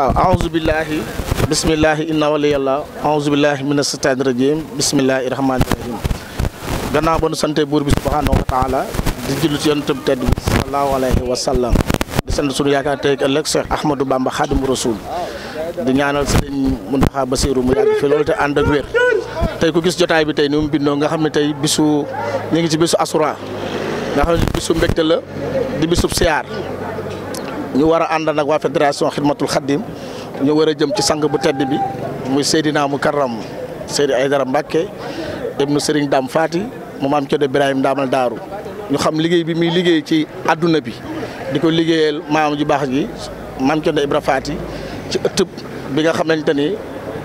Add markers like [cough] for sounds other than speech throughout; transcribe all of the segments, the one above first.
waaw aousubillahi bisimillahi inna waliyallah aousubillahi mina sataani rajim bisimillahi rahmaani rahim gannaaw ba nu sante buur bi subhanahu wa taala di jullu ci yonentam tedd bi sallallahu alayhi wa di sant sunu yaakaar tey ak ëllëg Cheikh Ahmadou Bamba Xaadimu Rasuul di ñaanal sëriñ te ànd ku gis jotaay bi tey ni mu bindoo nga xam ne tey bisu ñu ngi ci bisu asura nga xam ne bisu mbégte la di bisub siyaar ñu war a àndal nag waa fédération xidmatul xaddim ñu war a jëm ci sang bu tedd bi muy Seydina mu Karram Seydi Aydara Mbàkke ibnu Sëriñ Daam Faati mu maam Codé Ibrahim Daamal Daaru ñu xam liggéey bi muy liggéey ci àdduna bi di ko liggéeyal maam ju baax ji maam Codé Ibra Faati ci ëttëb bi nga xamante ni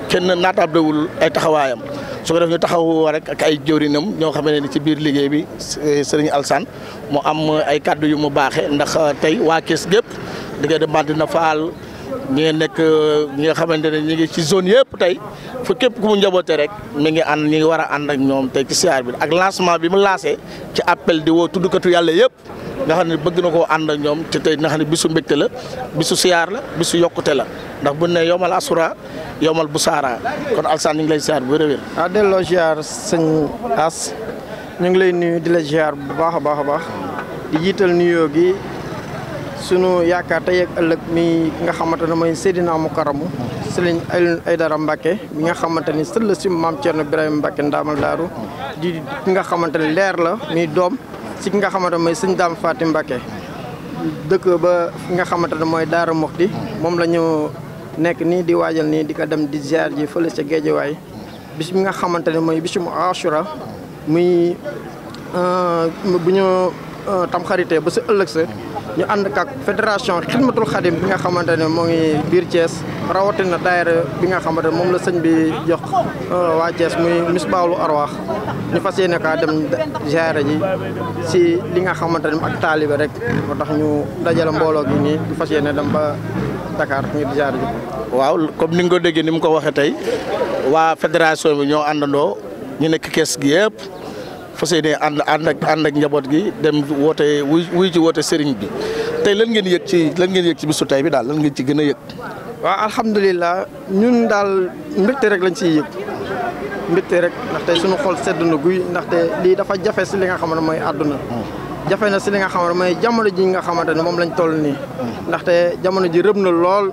kenn naataablewul ay taxawaayam soo ko def ñu taxawoo rek ak ay jëwriñam ñoo xam ne ni ci biir liggéey bi Sëriñ Alsaan mu am ay kàddu yu mu baaxee ndax tey waa Kees gépp diggante Madina Fall ngeen nekk ñi nga xamante ne ñi ngi ci zone yëpp tey fu képp ku njaboote rek mi ngi ànd ñi ngi war a ànd ak ñoom tey ci siyaar bi ak lancement bi mu lancé ci appel di woo katu yàlla yëpp nga xam ne bëgg na ko ànd ak ñoom ci tey nga xam ne bisu mbégte la bisu siyaar la bisu yokkute la ndax bu ne yomal asura yomal bu saara kon alsaan ñu ngi lay siyaar bu wér-wér ah delloo siyaar sëñ As ñu ngi lay nuy di la siyaar bu baax a baax a baax di sunu yaakaar tey ak ëllëg ki nga xamante ne mooy Seydina Moukaramou ay Alioune Aïdara Mbacke mi nga xamante ni sël la si maam Thierno Birahim Mbacke ndaamal daaru di ki nga xamante ne leer la muy doom si ki nga xamante ne mooy sëñ Daam Fatim Mbacke dëkk ba fi nga xamante ne mooy Daaru Muxti moom la ñu nekk nii di waajal nii di ko dem di ziar ji fële ca Géejawaay bis bi nga xamante ne mooy bisum Ashura muy euh, bu ñu euh, tam xaritee ba sa ëllëg sa ñu ànd ak fédération xidmatul xadim bi nga xamante ne moo ngi biir Thiès rawatina daayira bi nga xamante ne moom la sëñ bi jox euh, waa Thiès muy misbaalu arwaax ñu fas yéene kaa dem ziyaara ji si li nga xamante ne ak taalibe rek moo tax ñu dajale mbooloo gi nii ñu fas yéene dem ba Dakar ngir jaar ji. waaw comme ni nga ko déggee ni mu ko waxee tey waa fédération bi ñoo àndandoo ñu nekk kees gi yëpp. fas yéene ànd ak ànd ak njaboot gi dem woote wuy wuy ci woote sëriñ bi tey lan ngeen yëg ci lan ngeen ci bisu tey bi daal lan ngeen ci gën a yëg. waa alhamdulilah ñun daal mbégte rek lañ ciy yëg mbégte rek ndaxte suñu xool sedd na guy ndaxte lii dafa jafe si li nga xam ne mooy àdduna. jafe na si li nga xam ne mooy jamono ji nga xamante ne moom lañ toll nii. ndaxte jamono ji rëb na lool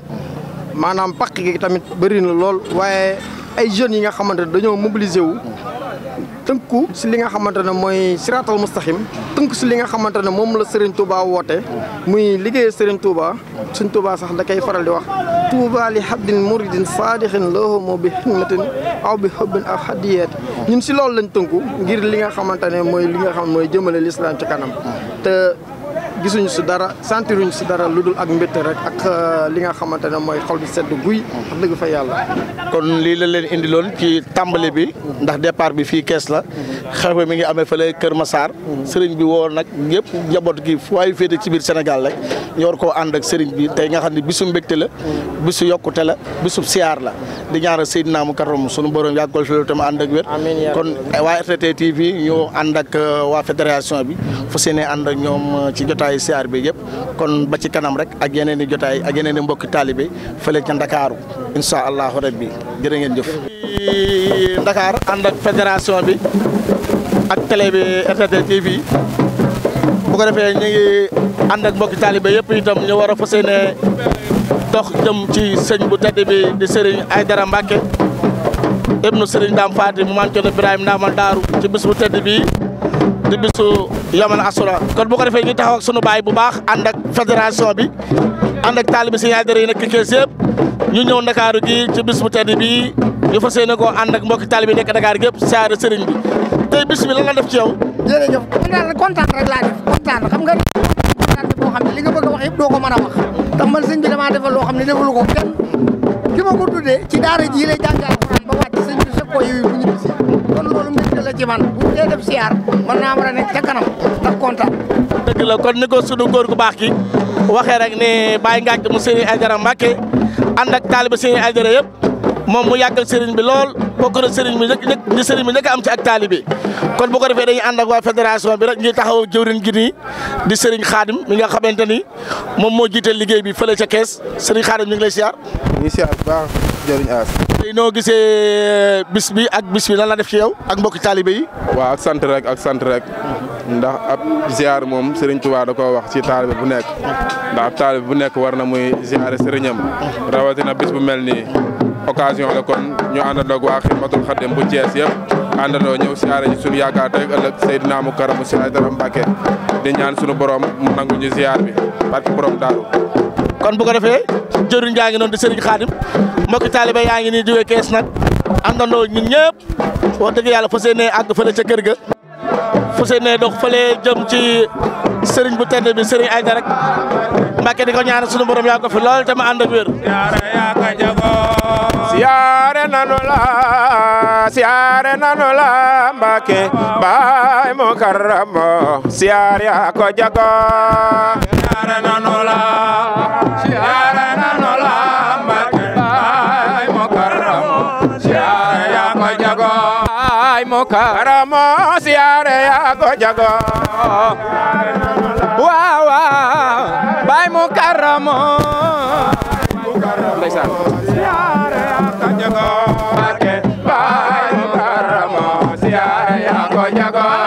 maanaam pàq gi tamit bëri na lool waaye ay jeunes yi nga xamante ne dañoo mobiliser wu. tënku si li nga xamante ne mooy siraatal mustaxim tënku si li nga xamante ne moom la Serigne Touba woote muy liggéey Serigne Touba suñ Touba sax da koy faral di wax Touba li habdin muridin saadixin loohu moo bi xidmatin aw bi hubbin aw hadiyeet ñun si loolu lañ tënku ngir li nga xamante ne mooy li nga xam mooy jëmale lislaam ci kanam te gisuñu si dara sentiruñu si dara lu dul ak mbétte rek ak euh, li nga xamante ne mooy xol bi sedd guy. wax fa yàlla. kon lii la leen indiloon ci tàmbali bi. ndax départ bi fii kees la. xew mi ngi amee fële Kër Massar. sëriñ bi woo nag ñëpp njaboot gi waaye féete ci biir Sénégal rek ñu war koo ànd sëriñ bi tey nga xam ne bisu mbégte la. bisu yokkute la bisu siyaar la. di ñaanal Seydina mu karam sunu borom yàggal fi loolu tam ànd ak wér. kon waa RTT TV ñu ànd ak euh, waa bi. fu seen ànd ñoom euh, ci jotaay jotaayu bi yëpp kon ba ci kanam rek ak yeneen i jotaay ak yeneen i mbokki taalibe fële ca Ndakaaru incha allahu rabbi jërë ngeen jëf. Ndakaar ànd ak fédération bi ak télé bi RTT TV bu ko defee ñu ngi ànd ak mbokki taalibe yëpp itam ñu war a fas yéene dox ci sëñ bu tedd bi di ay Aydara Mbacke ibnu Serigne Dame Fati mu maam Cerno Ibrahima Ndamal Daaru ci bis bu tedd bi di bisu. yomal asura kon bu ko defee ñu taxaw ak sunu baay bu baax ànd ak fédération bi ànd ak taalibi si ñaari yi nekk Kees yëpp ñu ñëw ndakaaru gi ci bis bu tedd bi ñu fas yéene ko ànd ak mbokki taalibi nekk Dakar gi yëpp siyaare sëriñ bi tey bis bi lan la def ci yow. jërëjëf man daal kontaan rek laa def kontaan xam nga kontaan boo xam ne li a yëpp doo ko mën a wax ndax man sëñ bi damaa defal loo xam ne defalu ko kenn ki ma ko tuddee ci daara ji lay jàngal alxuraan ba wàcc sëñ bi sëpp kon loolu mbégte la ci man bu dee def siyaar man naa war a nekk ca kanam ndax kontaan. dëgg la kon ni ko sunu góor gu baax ki waxee rek ne Baye Ngathie mu Serigne Aidara Mbacké ànd ak taaliba Serigne Aidara yëpp moom mu yàggal Serigne bi lool. bokk na sëriñ bi rek li sëriñ bi rek am ci ak taalibe kon bu ko defee dañuy ànd ak waa fédération bi rek ñuy taxaw jëwrin gi nii di sëriñ xaadim mi nga xamante ni moom moo jiite liggéey bi fële ca kees sëriñ xaadim ñu ngi lay siyaar. ñu ngi siyaar bu baax jëriñ aas. bis bi ak bis bi lan la def ci yow ak mbokki taalibe yi. waa ak sant rek ak sant rek ndax ab ziar moom sëriñ Tuubaa da koo wax ci taalibe bu nekk ndax ab taalibe bu nekk war na muy ziare rawatina bis mel nii occasion la Xidmatul Xadim bu Thiès yëpp àndandoo ñëw siyaare ji suñu yaakaar tey ëllëg Seydina mu karamu Cheikh Aïdara Mbacké di ñaan suñu borom mu nangu ñu ziar bi parce que borom daaru kon bu ko defee jëriñ jaa ngi noonu di Serigne Khadim mbokki taaliba yaa ngi nii jógee kees nag àndandoo ñun ñëpp wax dëgg yàlla fas yéenee àgg fële ca kër ga fas yéenee dox fële jëm ci Serigne bu tedd bi Serigne Aïdara rek Mbàkke di ko ñaanal sunu borom yaa ko fi lool te ma ànd ak wér. siyaare yaa ka jagoo. siyaare nanu la siyaare nanu la Mbàkke baay mu karamo siyaare yaa ko jagoo. siyaare nanu la siyaare mu karamo siyaare yaa ko jago waaw waaw bay mu karamo ndeysaan siyaare yaa ko jago barke bay mu karamo siyaare yaa ko jago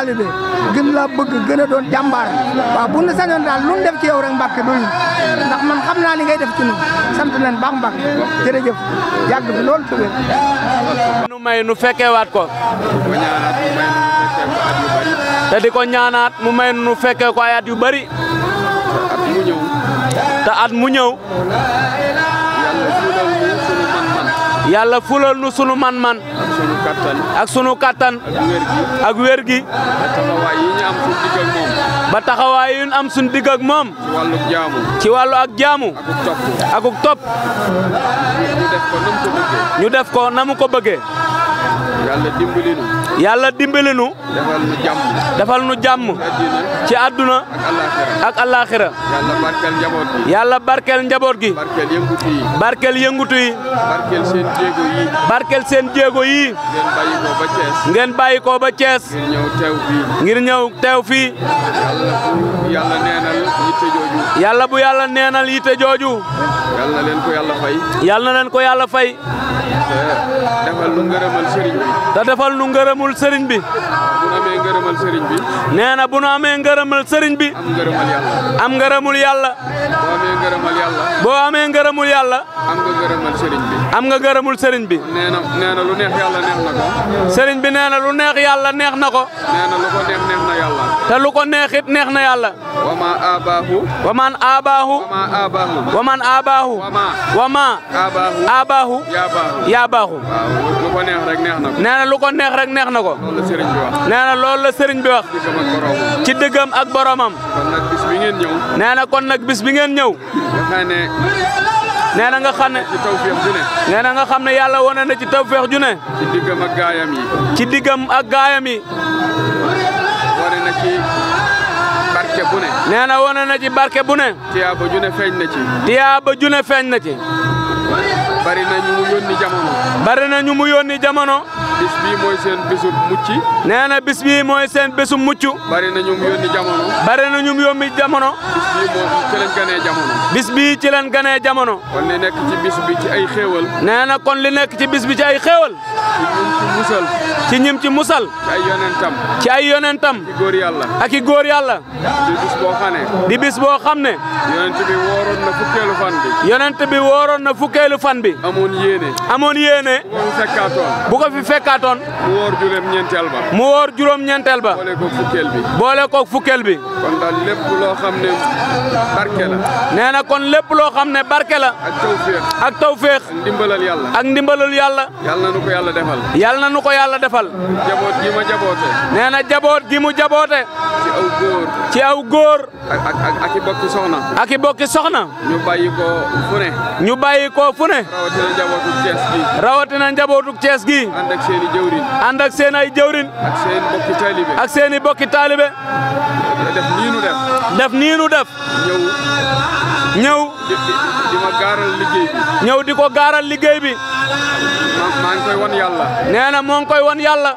taalibe gën laa bëgg gën a doon jàmbaar waaw bu ñu sañoon daal lu ñu def ci yow rek Mbàkke doy ndax man xam naa ni ngay def ci ñun sant nañ baax Mbàkke jërëjëf yàgg bi loolu tëwé nu may nu fekkeewaat ko te di ko ñaanaat mu may nu fekkee ko ay at yu bari te at mu ñëw yàlla fulal nu sunu man-man ak sunu kattan ak wér gi ba taxawaay yu ñu am suñu digg ak moom ci wàllu ak jaamu akuk topp ñu def ko na mu ko bëggee yàlla dimbali nu. yàlla dimbali nu. defal nu jàmm. ci àdduna. ak àllaaxira ak àllaaxira. yàlla barkeel njaboot gi. yàlla barkeel yi. barkel yëngutu yi. barkeel seen jéego yi. barkeel seen jéego yi. ngeen bàyyi ko ba Thiès. ngeen bàyyi ko ba ngir ñëw teew fii. ngir ñëw teew fii. yàlla bu yàlla neenal yite jooju. yàlla na leen ko yàlla fay. yàlla na leen ko yàlla fay. te defal nu ngërëmal sëriñ bi. te defal nu ngërëmul sëriñ bi. nee na bu nu amee ngërëmal sëriñ bi. am ngërëmal yàlla. am ngërëmul yàlla. boo amee ngërëmal yàlla. boo amee ngërëmul yàlla. am nga ngërëmal sëriñ bi. am nga ngërëmul sëriñ bi. nee na nee na lu neex yàlla neex na ko. sëriñ bi nee na lu neex yàlla neex na ko. nee na lu ko neex neex na yàlla. te lu ko neexit neex na yàlla. wama abaahu. wama waman abahu waman abahu wama abahu yaa baaxu nee na lu ko neex rek neex na ko nee na la sëriñ bi wax ci dëggam ak boromam nee na kon nag bis bi ngeen ñëw nee na nga xam ne ci tawfeex ju ne nee na nga xam ne yàlla wone na ci tawfeex ju ne ci diggam ak gaayam yi ci diggam ak gaayam yi wone na ci nee na na ci barke bu ne. tiyaaba ju ne feeñ na ci. tiyaaba ju ne feeñ na ci. bari na ñu mu yónni jamono. bari na ñu mu yónni jamono. bis bii mooy seen bésu mucc. nee na bis bii mooy seen bésu mucc. bari na ñu yónni jamono. bari na ñu yónni jamono. bis bii moom ci leen ganee jamono. bis bii ci leen ganee jamono. kon li nekk ci bis bi ci ay xéewal. nee na kon li nekk ci bis bi ci ay xéewal. ci ñim ci musal. ci ay yonentam. ci ay yonentam. ci góor yàlla. ak i góor yàlla. di bis boo xam ne. di bis boo xam ne. yonent bi wooroon na fukkeelu fan bi. yonent bi wooroon na fukkeelu fan bi. amoon yéene. amoon yéene. bu ko fi fekkaatoon. rakkaatoon. mu wóor juróom-ñeenteel ba. mu wóor juróom-ñeenteel ba. boole koog fukkeel bi. boole koog fukkeel bi. kon daal lépp loo xam ne barke la. nee na kon lépp loo xam ne barke la. ak tawféex. ak tawféex. ak ndimbalal yàlla. ak ndimbalal yàlla. yàlla na nu ko yàlla defal. yàlla na nu ko yàlla defal. jaboot gi ma jaboote. nee na jaboot gi mu jaboote. ci aw góor. ci aw góor. ak ak ak i bokki soxna. ak i bokki soxna. ñu bàyyi ko fu ne. ñu bàyyi ko fu ne. rawatina njabootu Cees gi. rawatina njabootu Cees gi. ànd ak seen seen ànd ak seen ay jëwriñ. ak seen bokki taalibe. ak seen i bokki taalibe. def nii nu def. def nii def. ñëw di di gaaral liggéey bi. ñëw di ko gaaral liggéey bi. maa ngi koy wan yàlla. nee na moo ngi koy wan yàlla.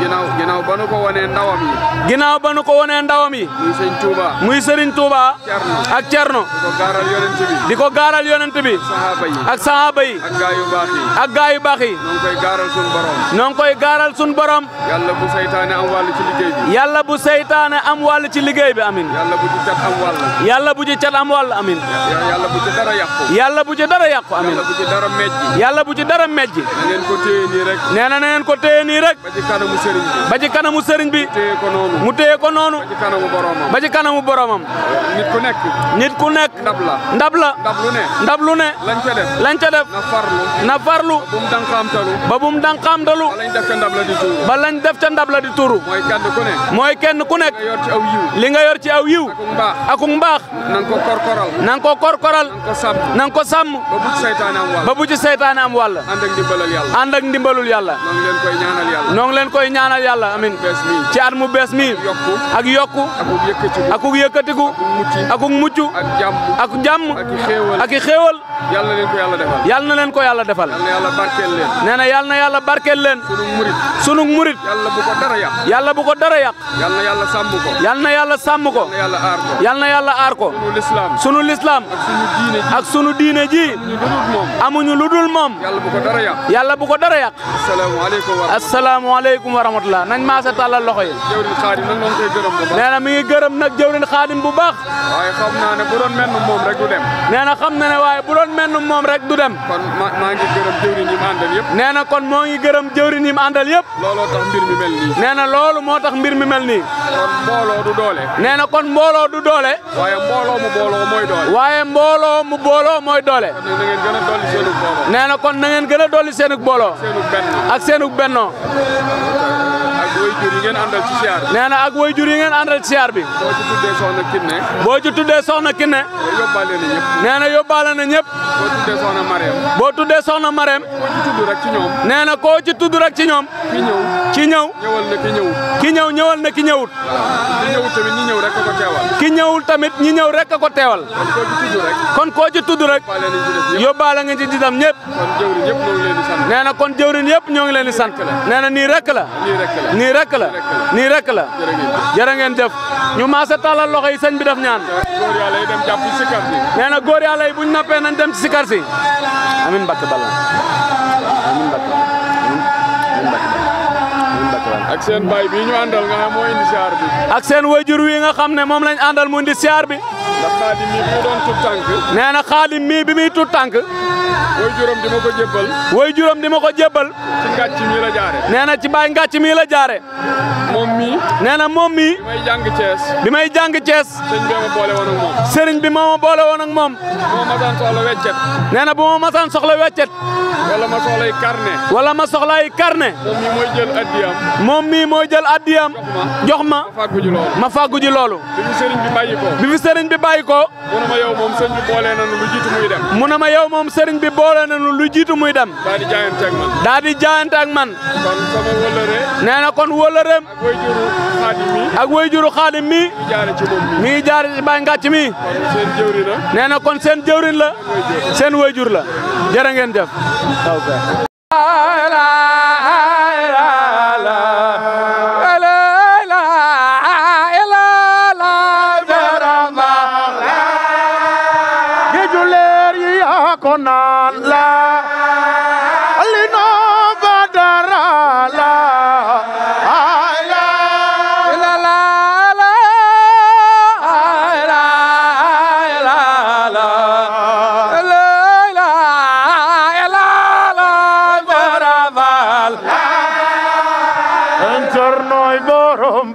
ginnaaw ginnaaw ba nu ko wanee ndawam yi. ginnaaw ba nu ko wanee ndawam yi. muy Serigne Touba. muy Serigne Touba. ak Cerno. di ko gaaral yonent bi. di ko gaaral yonent bi. ak sahaaba yi. ak gaa yu ak gaa yu baax yi. koy gaaral sun borom. noo gaaral sun borom. yàlla bu seytaane am wàll ci liggéey bi. yàlla bu seytaane am wàll ci liggéey bi amin. am yàlla amin yàlla bu ci dara yàqu yàlla bu ci dara yàqu amin yàlla bu ci dara mejji yàlla bu ci dara mejji na ngeen ko téye nii rek nee na na ngeen ko téye nii rek ba ci kanamu sëriñ bi ba ci kanamu sëriñ bi mu téye ko noonu ba ci kanamu boromam ba ci kanamu boromam nit ku nekk nit ku nekk ndab la ndab la ndab lu ne ndab lu ne lañ ca def lañ ca def na farlu na farlu ba bum danqaamtalu ba bum danqaamtalu ba lañ def ca ndab la di turu ba lañ def ca ndab la di turu mooy kenn ku nekk mooy kenn ku nekk li nga yor ci aw yiw ak mbaax ak mbaax nan ko korkor korkoral na nga ko korkoral na nga ko sàmm ba bu ci seytaane am wàll ànd ak ndimbalul yàlla noo ngi leen koy ñaanal yàlla amin ci at mu bees mi ak yokku ak ku yëkkatiku ak ku mucc ak jàmm ak i xéewal yàlla na leen ko yàlla defal yàlla na leen ko yàlla defal nee na yàlla na yàlla barkeel leen sunu murit yàlla bu ko dara yàq yàlla bu ko dara yàq ko yàlla na ko yàlla sunu lislaam ak sunu diine ji amuñu lu dul moom yàlla bu ko dara yàq asalaamaaleykum wa rahmatulah nañ maa sa loxo yi nee na mi ngi gërëm na jëwrin xaadim bu baax waaye xam naa ne bu doon menn moom rek du dem nee na xam na ne waaye bu doon menn moom rek du dem kon maa ngi gërëm jëwrin yi mu yëpp nee na kon moo ngi gërëm jëwrin yi yëpp mi mel nii nee na loolu moo tax mbir mi mel nii kon mbooloo du doole mooy [laughs] waaye mbooloo mu booloo mooy doole. nee na kon na ngeen gën a dolli seenug booloo. ak seenug benno jur yi ngeen na ak way jur yi ngeen àndal ci siyaar bi. boo ci tuddee soxna Kiné. boo ci tuddee soxna Kiné. yóbbaale na ñëpp. nee na yóbbaale na ñëpp. boo tuddee soxna Marème. nee na koo ci tudd rek ci ñoom. ki ñëw. ki ñëw. ñëwal na ki ñëwut. ki ñëwul tamit ñi ñëw rek ko teewal. ñëwul tamit ñi ñëw rek ko teewal. kon koo ci tudd rek. yóbbaale nga ci gisam ñëpp. nee na kon jëwrin yëpp ñoo ngi leen di sant. nee rek a nii rek la jërë ngeen jëf ñu maasa tàllal loxo yi sëñ bi def ñaan góor yàlla yi dem jàpp ci sikar si yi buñ nappee nañ dem ci sikar si amin mbakk balla amin a ak seen bay bi ñu àndal nga xam moo indi siyaar bi ak seen wajur wi nga xam ne moom lañ àndal mu indi siyaar bi ndax xaadim mii bi mu doon tut tànk nee na xaadim mii bi muy tut tànk woy juróom di ma ko jébbal woy juróom di ma ko jébbal ci ngàcc mii la jaare nee na ci baay ci mii la jaare moom mii nee na moom mii bi may jàng Cees bi may jàng Cees sëriñ bi ma boole woon ak moom bi ma boole woon ak moom ma soxla weccet nee na bu ma masaan soxla weccet wala ma soxlay carnet moom mii mooy jël addiyam moom mii jox ma ma fàggu ji loolu ma fàggu ji bi fi sëriñ ko bi fi sëriñ bi bi bàyyi ko. mu ne ma yow moom sëriñ bi boole nañu lu muy dem. mu ne ma yow moom sëriñ boole nañu lu jiitu muy dem. daa di jaayante ak man. daa di jaayante ak kon sama nee na kon wëllëreem. ak wayjuru xaadim mi. ak wayjuru xaadim mi. kon seen jëwrin la. nee na kon seen jëwrin la. seen wayjur la jërë borom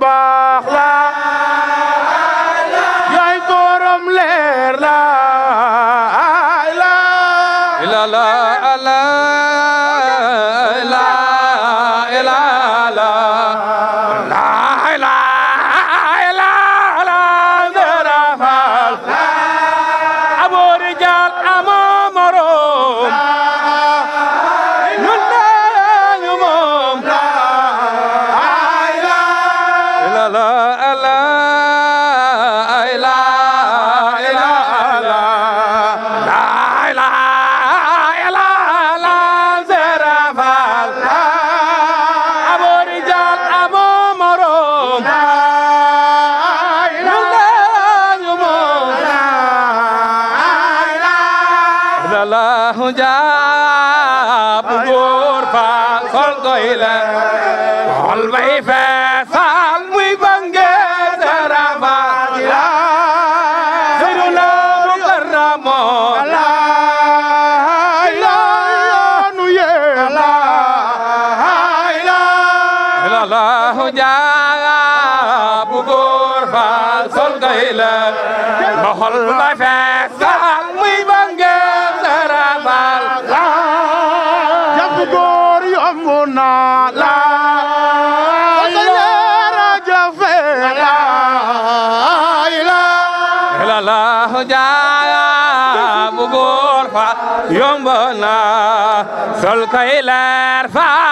yomb na sol kay leer fa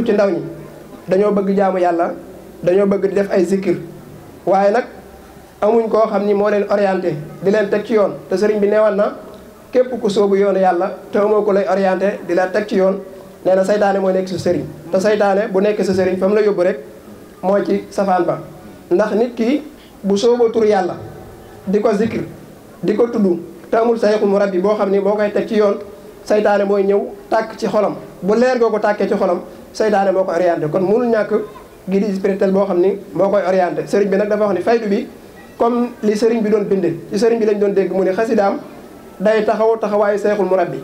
ëpp ci ndaw ñi dañoo bëgg jaamu yàlla dañoo bëgg di def ay zikir waaye nag amuñ koo xam ni moo leen orienté di leen teg ci yoon te sëriñ bi neewal na képp ku soobu yoonu yàlla te amoo ko lay orienté di la teg ci yoon nee na saytaane moo nekk sa sëriñ te saytaane bu nekkee sa sëriñ fa mu la yóbbu rek moo ci safaan ba ndax nit ki bu sooboo tur yàlla di ko zikir di ko tudd te amul sayxu mu rabbi boo xam ni boo koy teg ci yoon saytaane mooy ñëw tàkk ci seytaane moo ko orienté kon mënul ñàkk guide spirituel boo xam ni moo koy orienté sëriñ bi nag dafa wax ni faydu bi comme li sëriñ bi doon bind ci sëriñ bi lañ doon dégg mu ni xasidaam day taxaw taxawaayu seexul murabbi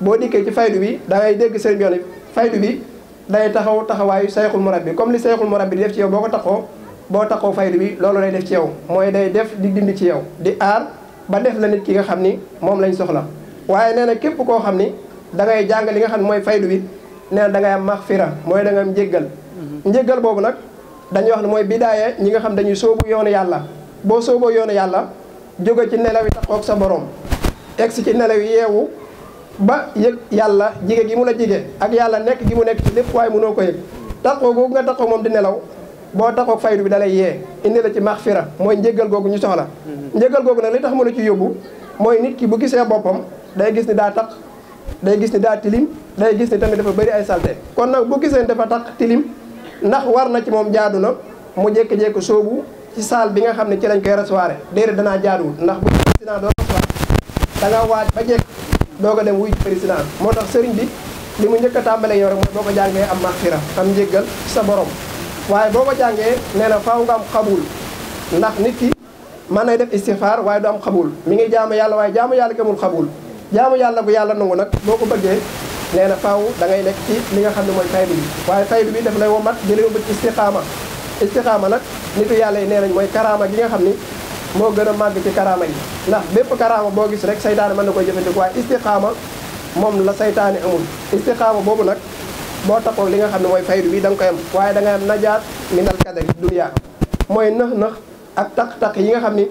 boo dikkee ci faydu bi da ngay dégg sëriñ bi bi day taxaw taxawaayu seexul bi comme li seexul murabbi di def ci yow boo ko taxoo boo taxoo faydu bi loolu lay def ci yow mooy day def di dindi ci yow di aar ba def la nit ki nga xam ni moom lañ soxla waaye nee na képp koo xam ni da ngay jàng li nga xam ni mooy faydu bi nee da ngay am maxfira mooy da nga am njéggal mhm. njéggal boobu nag dañuy wax ne mooy bidaaye ñi nga xam dañuy soobu yoonu yàlla boo sooboo yoonu yàlla jóge ci nelaw yi taxoog sa borom egsi ci nelaw yi yeewu ba yëg yàlla jige gi mu la jige ak yàlla nekk gi mu nekk ci lépp waaye mënoo ko yëg taxoo googu nga taxoo moom di nelaw boo tax faydu bi dalay yee indi la ci maxfira mooy njéggal googu ñu soxla mhm. njéggal googu nag li tax mu la ci yóbbu mooy nit ki bu gisee boppam day gis ni daa gis ni daa day gis ni tamit dafa bëri ay salté kon nag bu gisee dafa tax tilim ndax war na ci moom jaadu na mu jékki-jékki soobu ci salle bi nga xam ne ci lañ koy recevoir déedéet danaa jaaduwul ndax bu président doo recevoir da ba jekk doog a dem wuy président moo tax sëriñ bi li mu njëkk a tàmbalee yow rek mooy boo ko jàngee am maxfira am njéggal sa borom waaye boo ko jàngee nee na faaw nga am xabul ndax nit ki mën nay def istifaar waaye du am xabul mi ngi jaamu yàlla waaye jaamu yàlla gamul xabul jaamu yàlla bu yàlla nangu nag boo ko bëggee nee na faaw da ngay nekk ci li nga xam ne mooy faydu bi waaye faydu bi daf lay womat di la yóbbu ci istiqaama istiqaama nag nitu yàlla yi nee nañ mooy karaama gi nga xam ni moo gën a màgg ci karaama yi ndax bépp karaama boo gis rek saytaane mën na koy jëfandikoo waaye istiqaama moom la saytaane amul istiqaama boobu nag boo taxaw li nga xam ne mooy faydu bi da nga koy am waaye da ngay am najaat minal kadari dunya mooy nëx nëx ak taq-taq yi nga xam ni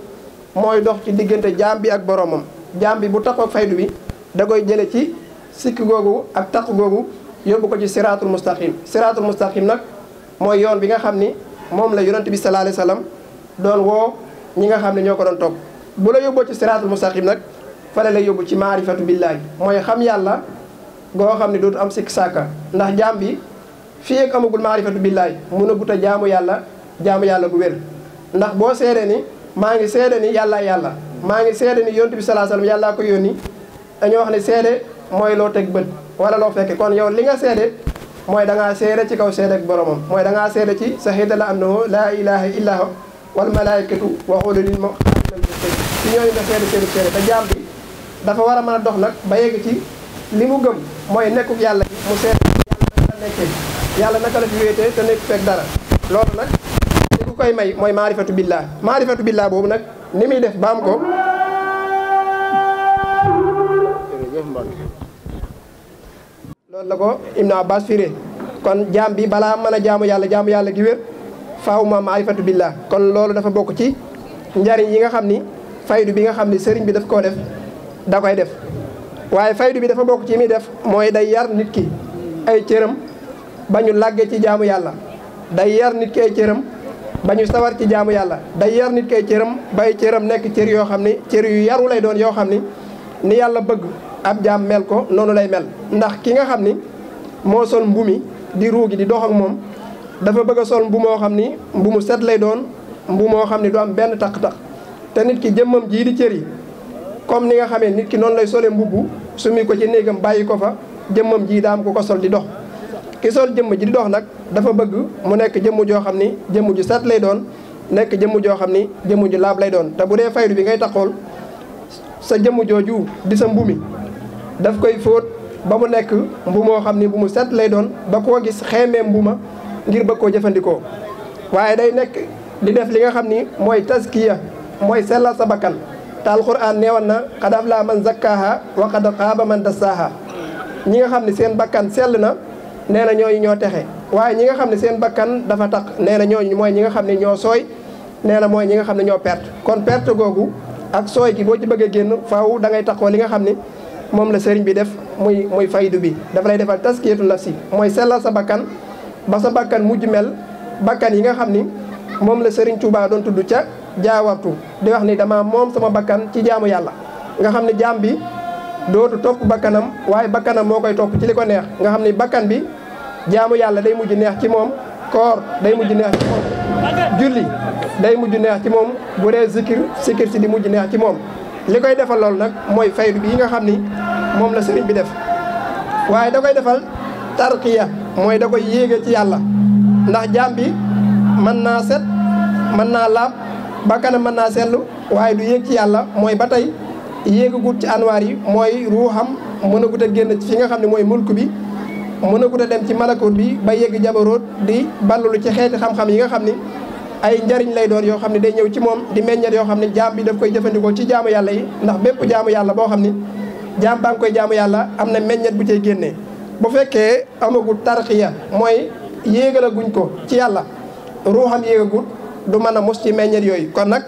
mooy dox ci diggante jaam bi ak boromam jaam bi bu taxaw faydu bi da koy jële ci sikk googu ak taq googu yóbbu ko ci siraatul mustaqim siraatul mustaqim nag mooy yoon bi nga xam ni moom la yonent bi sallallahu alayhi wasallam doon woo ñi nga xam ne ñoo ko doon topp bu la yóbboo ci siraatul mustaqim nag fale la yóbbu ci maarifatu billaahi mooy xam yàlla goo xam ne dootu am sikk sàkka ndax jaam bi fii ak amagul maarifatu billaahi mun a gut a jaamu yàlla jaamu yàlla bu wér ndax boo seede ni maa ngi seede ni yàlla yàlla maa ngi seede ni yonent bi sallallahu yàllaa ko yónni dañoo wax ne seede mooy loo teg bët wala loo fekke kon yow li nga seede mooy da ngaa seede ci kaw seede ak boromam mooy da ngaa seede ci sahida la annahu laa ilaha illa hu wal malaikatu wa ulul ilmi ci ñooñu te jaam bi dafa war a mën a dox nag ba yegg ci li mu gëm mooy nekku yàlla mu seede yàlla naka la nekkee fi wéetee te nekk fekk dara loolu nag li ku koy may mooy maarifatu billah maarifatu billah boobu nag ni muy def baam ko loolu la ko Ibn Abbas firee kon jaam bi balaa mën a jaamu yàlla jaamu yàlla gi wér faaw ma maarifatu billah kon loolu dafa bokk ci njariñ yi nga xam ni faydu bi nga xam ni sëriñ bi daf koo def da koy def waaye faydu bi dafa bokk ci muy def mooy day yar nit ki ay cëram ba ñu ci jaamu yàlla day yar nit ki ay cëram ba sawar ci jaamu yàlla day yar nit ki ay cëram bay cëram nekk cër yoo xam ni cër yu yaru lay doon yoo xam ni ni yàlla bëgg ab jaam mel ko noonu lay mel ndax ki nga xam ni moo sol mbuumi mi di ruugi di dox ak moom dafa bëgg a sol mbu moo xam ni mbu mu set lay doon mbu moo xam ni du am benn taq-taq te nit ki jëmmam jii di cër yi comme ni nga xamee nit ki noonu lay solee mbubb sumi ko ci néegam bàyyi ko fa jëmmam jii daam ku ko sol di dox ki sol jëmm ji di dox nag dafa bëgg mu nekk jëmm joo xam ni jëmm ju set lay doon nekk jëmm joo xam ni jëmm ju laab lay doon te bu dee faydu bi ngay taxool sa jëmm jooju di sa mbumi daf koy fóot ba mu nekk mbu moo xam ni bu mu set lay doon ba koo gis xeemee mbu ma ngir ba koo jëfandikoo waaye day nekk di def li nga xam ni mooy taskiya mooy sellal sa bakkan taal te alxuraan neewoon na xad laa man zakkaaha wa xad xaaba man dassaaha ñi nga xam ne seen bakkan sell na nee na ñooñu ñoo texe waaye ñi nga xam ne seen bakkan dafa tax nee na ñooñu mooy ñi nga xam ne ñoo sooy nee na mooy ñi nga xam ne ñoo pert kon perte googu ak sooy gi boo ci bëggee génn faaw da ngay taxoo li nga xam ni moom la sëriñ bi def muy muy faydu bi dafa lay defal taskiyatu nafsi mooy sellal sa bakkan ba sa bakkan mujj mel bakkan yi nga xam ni moom la sëriñ Touba doon tudd ca jaawartu di wax ni dama moom sama bakkan ci jaamu yàlla nga xam ne jaam bi dootu topp bakkanam waaye bakkanam moo koy topp ci li ko neex nga xam ni bakkan bi jaamu yàlla day mujj neex ci moom koor day mujj neex ci moom julli day mujj neex ci moom bu dee zikir sikir si di mujj neex ci moom li koy defal loolu nag mooy faydu bi nga xam ni moom la sëriñ bi def waaye da koy defal tarqiya mooy da koy yéege ci yàlla ndax jaam bi mën naa set mën naa laab bakkanam mën naa sellu waaye du yéeg ci yàlla mooy ba tey yéegagut ci anwaar yi mooy ruuxam mënagut a génn ci fi nga xam ne mooy mulk bi mënagut a dem ci malakoot bi ba yéeg jabaroot di ballulu ci xeeti xam-xam yi nga xam ni ay njariñ lay doon yoo xam ne day ñëw ci moom di meññal yoo xam ne jaam bi daf koy jëfandikoo ci jaamu yàlla yi ndax bépp jaamu yàlla boo xam ne jaam baa koy jaamu yàlla am na meññat bu cay génnee bu fekkee amagul tarxiya mooy yéegalaguñ ko ci yàlla ruuxam yéegagul du mën a mos ci meññat yooyu kon nag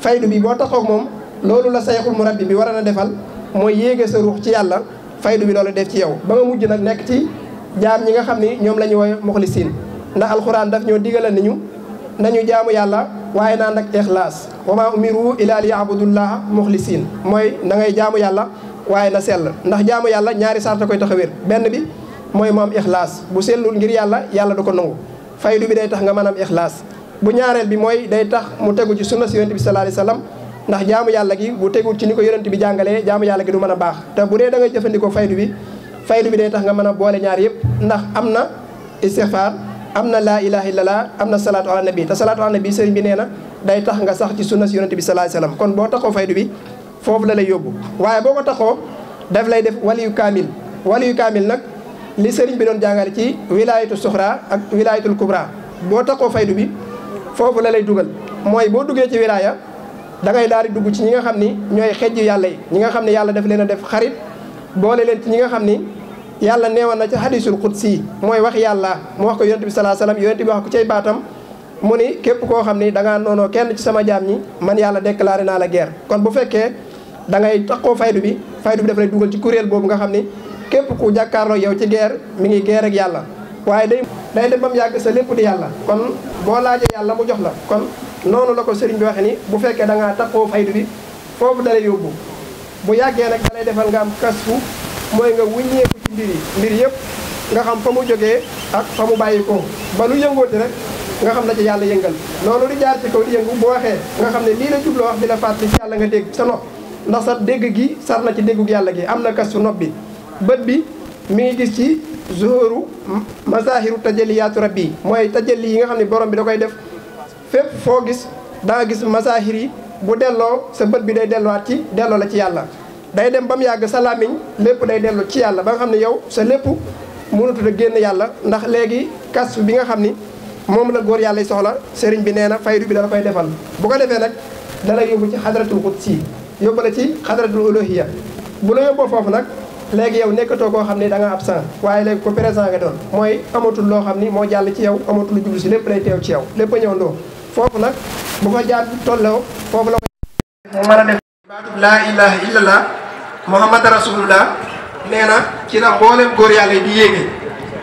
faydu bi boo taxaw moom loolu la sayxul murabbi bi war na defal mooy yéege sa ruux ci yàlla faydu bi loolu def ci yow ba nga mujj nag nekk ci jaam ñi nga xam ni ñoom la ñu woy muxlisiin ndax alxuraan daf ñoo digala nañu jaamu yàlla waaye naan ak ixlaas wa maa umiru illa li yaabudullaha muxlisiin mooy na ngay jaamu yàlla waaye na sell ndax jaamu yàlla ñaari sarta koy tax a wér benn bi mooy mu am ixlaas bu sellul ngir yàlla yàlla du ko nangu faydu bi day tax nga mën am ixlaas bu ñaareel bi mooy day tax mu tegu ci sunna si yonent bi sallallahu alayhi wasallam ndax jaamu yàlla gi bu tegul ci ni ko yonent bi jàngalee jaamu yàlla gi du mën a baax te bu dee da ngay jëfandikoo faydu bi faydu bi day tax nga mën a boole ñaar yëpp ndax am na istixfaar am na laa ilaha illallah am na salaatu ala nabi te salaatu ala nabi sëriñ bi nee na day tax nga sax ci sunna si yonente bi sallallahu alayhi wasallam kon boo taxoo faydu bi foofu la lay yóbbu waaye boo ko taxoo daf lay def waliyu kaamil waliyu kaamil nag li sëriñ bi doon jàngale ci wilayatul suxra ak wilayatul kubra boo taxoo faydu bi foofu la lay dugal mooy boo duggee ci wilaya da ngay daal di dugg ci ñi nga xam ni ñooy xejj yàlla yi ñi nga xam ne yàlla daf leen a def xarit boole leen ci ñi nga xam ni yàlla neewoon na ci hadisul qudsi mooy wax yàlla mu wax ko yonent bi salaa salaam yonent bi wax ko cay baatam mu ni képp koo xam ni da ngaa noonoo kenn ci sama jaam ñi man yàlla déclaré naa la guerre. kon bu fekkee da ngay taxoo faydu bi faydu bi daf lay ci kuréel boobu nga xam ni képp ku jàkkaarloo yow ci guerre mi ngi guerre ak yàlla waaye day. day dem ba mu yàgg sa lépp yàlla kon boo laajee yàlla mu jox la kon noonu la ko sëriñ bi waxee ni bu fekkee da ngaa taxoo faydu bi foofu dalay yóbbu bu yàggee nag dalay defal nga am kasfu mooy nga wuññeeku mbir yi mbir yëpp nga xam fa mu jógee ak fa mu bàyyi ko ba lu di rek nga xam na ci yàlla yëngal loolu di jaar ci kaw di yëngu boo waxee nga xam ne lii la jubloo wax di la fàttali ci yàlla nga dégg sa nopp ndax sa dégg gi sar na ci déggu yàlla gi am na kas su nopp bi bët bi mi ngi gis ci zuhuru masahiru tajaliyaatu rabbi mooy tajali yi nga xam ne borom bi da koy def fépp foo gis da gis masahir yi bu delloo sa bët bi day delluwaat ci delloo la ci yàlla day dem ba mu yàgg sa làmmiñ lépp day dellu ci yàlla ba nga xam ne yow sa lépp mënatu a génn yàlla ndax léegi kas bi nga xam ni moom la góor yàlla soxla sëriñ bi nee na faydu bi dala koy defal bu ko defee nag dala yóbbu ci xadratul qudsi yóbbu la ci xadratul uluhiyya bu la yóbboo foofu nag léegi yow nekkatoo koo xam ne da nga absent waaye léegi ko présent nga doon mooy amatul loo xam ni moo jàll ci yow amatul lu jublu si lépp lay teew ci yow lépp a ñëwandoo foofu nag bu ko jaar tolloo foofu ma muhammad rasulullah nee na ci la mbooleem góor yàlla yi di yéege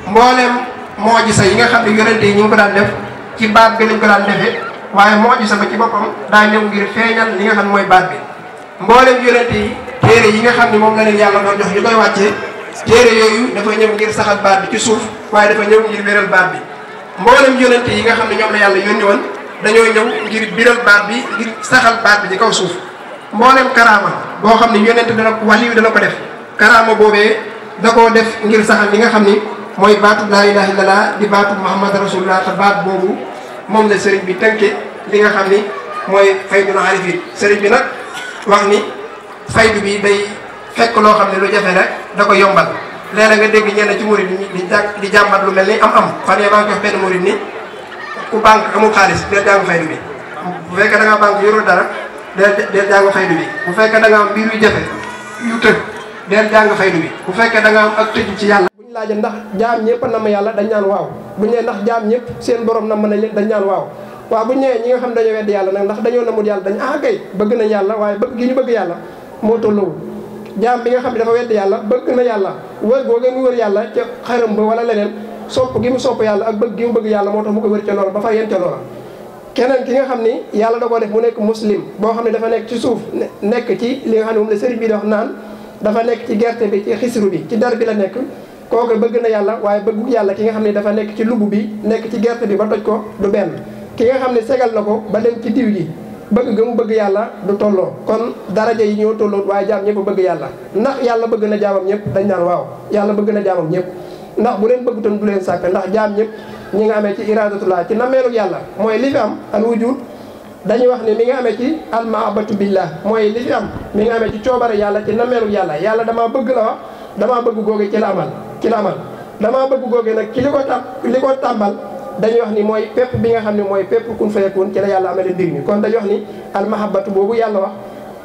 mbooleem moojisa yi nga xam ne yonente yi ñu ngi ko daan def ci baat bi lañ ko daan defee waaye moojisa ba ci boppam daa ñëw ngir feeñal li nga xam ne mooy baat bi mbooleem yi yi nga xam ne moom la leen yàlla doon jox ñu koy wàccee téere yooyu dafa ñëw ngir saxal baat bi ci suuf waaye dafa ñëw ngir wéral baat bi mboolem yonente yi nga xam ne ñoom la yàlla yónni woon dañoo ñëw ngir biral baat bi ngir saxal baat bi ci ka suuf mboolem karaama boo xam ne yonent dana ko waliyu dana ko def karaama boobee da koo def ngir saxal li nga xam ni mooy baatu laa ilaha di baatu muhammad rasulullah te baat boobu moom la sëriñ bi tënke li nga xam ni mooy faydul arifin sëriñ bi nag wax ni faydu bi day fekk loo xam ne lu jafe la da ko yombal léeg-léeg nga dégg ñenn ci murid ni di jàkk di jàmbat lu mel ni am am fan yee maa ngi jox ni ku banque amul xaalis dee jàng faydu bi bu fekkee dara del del jàng faydu bi bu fekkee da nga am mbir yu jafe yu të del jàng faydu bu fekkee da nga am ak tëj ci yàlla bu ñu laaje ndax jaam ñëpp na ma yàlla dañ naan waaw bu ñu nee ndax jaam ñëpp seen borom na mën a leen dañ naan waaw waaw bu ñu nee ñi nga xam dañoo wedd yàlla nag ndax dañoo namul yàlla dañ ah kay bëgg nañ yàlla waaye bëgg gi ñu bëgg yàlla moo tolluwul jaam bi nga xam ne dafa wedd yàlla bëgg na yàlla wër googu mu wër yàlla ca xaram ba wala leneen sopp gi mu sopp yàlla ak bëgg gi mu bëgg yàlla moo tax mu ko w ca loola ba fa yem ca loola keneen ki nga xam ni yàlla da koo def mu nekk muslim boo xam ne dafa nekk ci suuf nekk ci li nga xam ne moom la sëriñ bi di naan dafa nekk ci gerte bi ci xisru bi ci dara bi la nekk kooku bëgg na yàlla waaye bëggu yàlla ki nga xam ne dafa nekk ci lubb bi nekk ci gerte bi ba toj ko du benn ki nga xam ne segal na ko ba dem ci diw gi bëgg ga mu bëgg yàlla du tolloo kon daraja yi ñoo tolloon waaye jaam ñëpp bëgg yàlla ndax yàlla bëgg na jaamam ñëpp dañ naan waaw yàlla bëgg na jaamam ñëpp ndax bu leen bëggutoon du leen sàkk ndax jaam ñëpp ñi nga amee ci iradatullah ci nammeelu yàlla mooy li fi am al wujud dañuy wax ne mi nga amee ci al mahabatu billah mooy li fi am mi nga amee ci coobare yàlla ci nammeelu yàlla yàlla damaa bëgg la wax damaa bëgg googe ci la amal ci la amal damaa bëgg googe nag ci li ko ta li ko tàmbal dañuy wax ni mooy pepp bi nga xam ne mooy pepp kun fayakun ci la yàlla amale ndir ñi kon dañuy wax ni al mahabatu boobu yàlla wax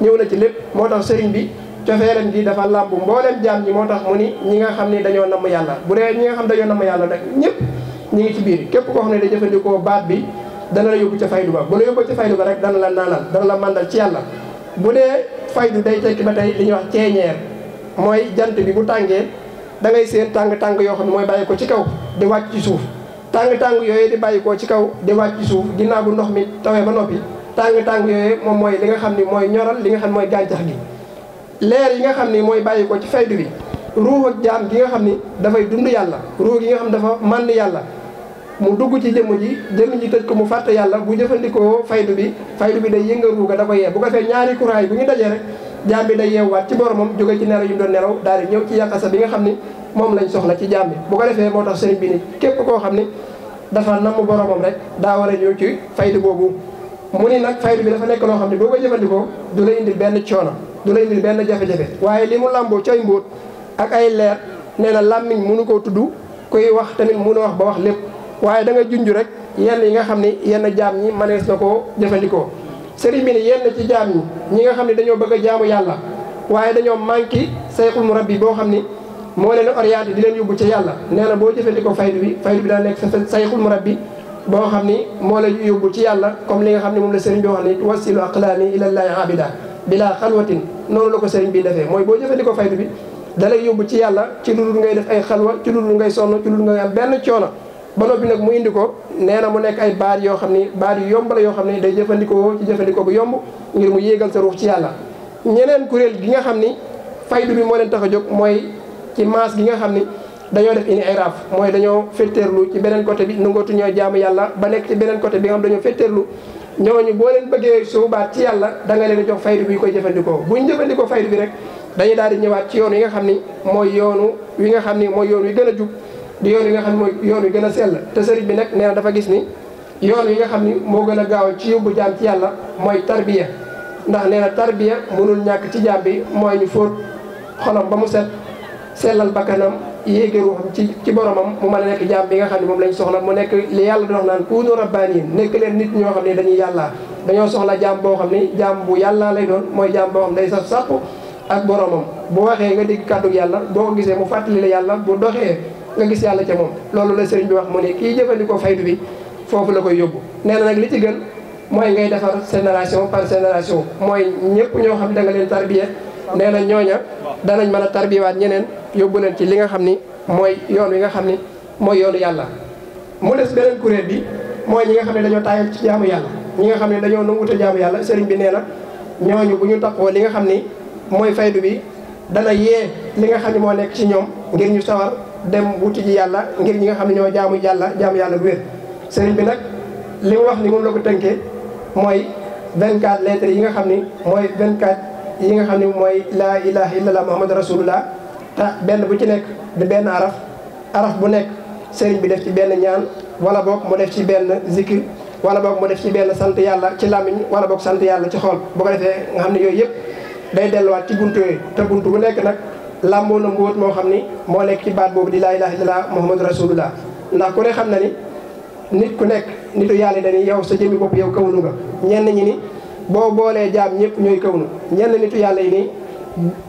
ñëw na ci lépp moo tax sëriñ bi cofeelam gi dafa làmb mbooleem jaam ñi moo tax ni ñi nga xam ne dañoo namm yàlla bu dee ñi nga xam dañoo namm yàlla rek ñëpp ñu ngi ci biir képp koo xam ne da jëfandikoo baat bi dana la yóbbu ca faydu ba bu la yóbbu ca faydu ba rek dana la naanal dana la màndal ci yàlla bu dee faydu day tekki ba tey li ñuy wax ceeñeer mooy jant bi bu tàngee da ngay seen tàng-tàng yoo xam ne mooy bàyyi ko ci kaw di wàcc ci suuf tàng-tàng yooyu di bàyyi ko ci kaw di wàcc ci suuf ginnaaw bu ndox mi tawee ba noppi tàng-tàng yooyu moom mooy li nga xam ni mooy ñoral li nga xam mooy gàncax gi leer yi nga xam ni mooy bàyyi ko ci faydu bi ruux jaam gi nga xam ni dafay dund yàlla ruux gi nga xam dafa mànd yàlla mu dugg ci jëmm ji jëmm ji tëj ko mu fàtte yàlla bu jëfandikoo faydu bi faydu bi day yënga ruuga da ko yee bu ko fee ñaari courant yi bu ñu dajee rek jaam bi day yeewwaat ci boromam jóge ci nelaw yu doon nelaw daal di ñëw ci yàqasa bi nga xam ni moom lañ soxla ci jaam bi bu ko defee moo tax sëriñ bi ni képp koo xam ni dafa namm boromam rek daa war a ñëw ci faydu boobu mu ni nag faydu bi dafa nekk loo xam ne boo ko jëfandikoo du lay indil benn coono du lay indil benn jafe waaye li mu làmboo ay mbóot ak ay leer nee na làmmiñ mënu koo tudd kuy wax tamit mënu wax ba wax lépp waaye da nga rek yenn yi nga xam ne yenn jaam ñi manees na koo jëfandikoo sëriñ bi ne yenn ci jaam ñi ñi nga xam ne dañoo bëgg a jaamu yàlla waaye dañoo manqué sayxul murabbi boo xam ni moo leen orienté di leen yóbbu ci yàlla nee na boo jëfandikoo fay faydu bi faydu bi daa nekk sa sayxul bi boo xam ni moo la yóbbu ci yàlla comme li nga xam ne moom la sëriñ bi wax ni wasilu aqlaani ilallaahi abida bila xalwatin noonu la ko sëriñ bi defee mooy boo jëfandikoo faydu bi dalay yóbbu ci yàlla ci lu dul def ay xalwa ci lu dul ngay ci lu dul ngay am benn coono ba bi nag mu indi ko nee na mu nekk ay baat yoo xam ni baat yu yomb la yoo xam ne day jëfandikoo ci jëfandikoo bu yomb mu yéegal sa ci yàlla ñeneen kuréel gi nga xam ni faydu bi moo leen tax a jóg mooy ci maas gi xam ni dañoo def ini iraaf mooy dañoo fetteerlu ci beneen côté bi nangootu ñoo jaamu yàlla ba nekk ci beneen côté bi nga xam dañoo fetteerlu ñooñu boo leen bëggee suubaat ci yàlla da nga leen jox faydu bi koy jëfandikoo buñ jëfandikoo faydu bi rek dañuy daal di ñëwaat ci yoon yi nga xam ni mooy yoonu wi nga xam ni mooy yoon wi gën a jub di yoon yi nga xam ne mooy yoon yu gën a sell te sëriñ bi nag nee na dafa gis ni yoon yi nga xam ni moo gën a gaaw ci yóbbu jaam ci yàlla mooy tarbiya ndax nee na tarbiya mënul ñàkk ci jaam bi mooy ñu fóot xolam ba mu set sellal bakkanam yéege ruuxam ci ci boromam mu mën ne nekk jaam bi nga xam ne moom lañ soxla mu nekk li yàlla di wax naan kuunu rabbaaniin nekk leen nit ñoo xam ne dañuy yàllaa dañoo soxla jaam boo xam ne jaam bu yàllaa lay doon mooy jaam day saf sàpp ak boromam yàlla boo ko gisee fàttali la yàlla bu doxee nga gis yàlla ca moom loolu la sëriñ bi wax mu ne kii jëfandikoo faydu bi foofu la koy yóbbu nee na nag li ci gën mooy ngay defar génération par génération mooy ñëpp ñoo xam da nga leen tarbiya nee na ñooña danañ mën a tarbiwaat ñeneen yóbbu leen ci li nga xam ni mooy yoon wi nga xam ni mooy yoonu yàlla mu des beneen kuréel bi mooy ñi nga xam ne dañoo taayal ci jaamu yàlla ñi nga xam ne dañoo nanguute jaamu yàlla sëriñ bi nee na ñooñu bu ñu taxoo li nga xam ni mooy faydu bi dana yee li nga xam ne moo nekk ci ñoom ngir ñu sawar dem wuti ji yàlla ngir ñi nga xam ne ñoo jaamu yàlla jaamu yàlla bu wér sëriñ bi nag li wax ni moom la ko tënkee mooy 24 lettres yi nga xam ni mooy 24 yi nga xam ni mooy laa ilaha illallah muhammadu rasulullah te benn bu ci nekk di benn araf araf bu nekk sëriñ bi def ci benn ñaan wala boog mu def ci benn zikir wala boog mu def ci benn sant yàlla ci làmmiñ wala boog sant yàlla ci xool bu ko defee nga xam ne yooyu yëpp day delluwaat ci bunt yooyu te buntu bu nekk nag làmboo na mbóot moo xam ni moo nekk ci baat boobu di laa ilaaha illallaah muhammadu rasulullah ndax ku ne xam na ni nit ku nekk nitu yàlla dañuy yow sa jëmmi bopp yow kawnu nga ñenn ñi ni boo boolee jaam ñëpp ñooy kawnu ñenn nitu yàlla yi nii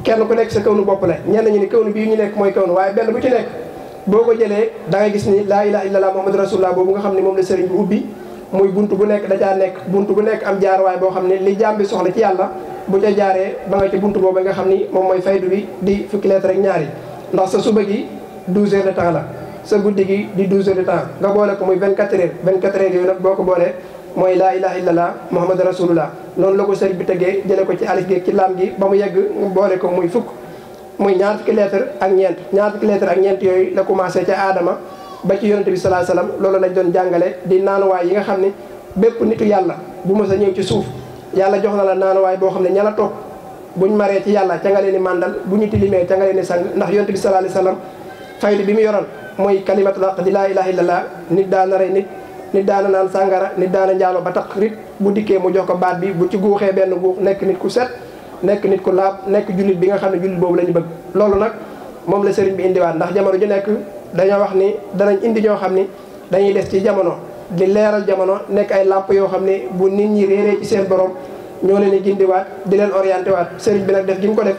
kenn ku nekk sa kawnu bopp la ñenn ñi ni kawnu bi ñu nekk mooy kawnu waaye benn bu ci nekk boo ko jëlee da ngay gis ni laa ilaaha illallaah muhammadu rasulullah boobu nga xam ne moom la sëriñ bi ubbi muy bunt bu nekk da caa nekk bunt bu nekk am jaarwaay boo xam ne li jaam bi soxla ci yàlla bu ca jaaree ba nga ci buntu boobu nga xam ni moom mooy faydu bi di fukki lettre rek ñaari ndax sa suba gi 12 heures de temps la sa guddi gi di 12 heures de temps nga boole ko muy 24 heures 24 heures yooyu nag boo ko boolee mooy laa ilaha illallah muhammad rasulullah noonu la ko sëriñ bi tegee jële ko ci alif gi ci gi ba mu yegg boole ko muy fukk muy ñaar fukki lettre ak ñeent ñaar fukki lettre ak ñeent yooyu la commencé ca aadama ba ci yonente bi salaa salaam loolu lañ doon jàngale di naanuwaay yi nga xam ni bépp nitu yàlla bu mos a ñëw ci suuf yàlla jox na la naanuwaay boo xam ne ña la toog ñu maree ci yàlla ca nga leen di màndal bu ñu tilimee ca nga leen di sang ndax yonent bi sallallahu alayhi wasallam faydu bi mu yoroon mooy kalimatul haqq di laa ilaha illallah nit daana rey nit nit daana naan sàngara nit daana njaalo ba tax rit bu dikkee mu jox ko baat bi bu ci guuxee benn guux nekk nit ku set nekk nit ku laab nekk jullit bi nga xam ne jullit boobu la bëgg loolu nag moom la sëriñ bi indiwaat ndax jamono ju nekk dañoo wax ni danañ indi ñoo xam ni dañuy des ci jamono di leeral jamono nekk ay làmp yoo xam ne bu nit ñi réeree ci seen borom ñoo leen di gindiwaat di leen orienté waat sëriñ bi nag def gi mu ko def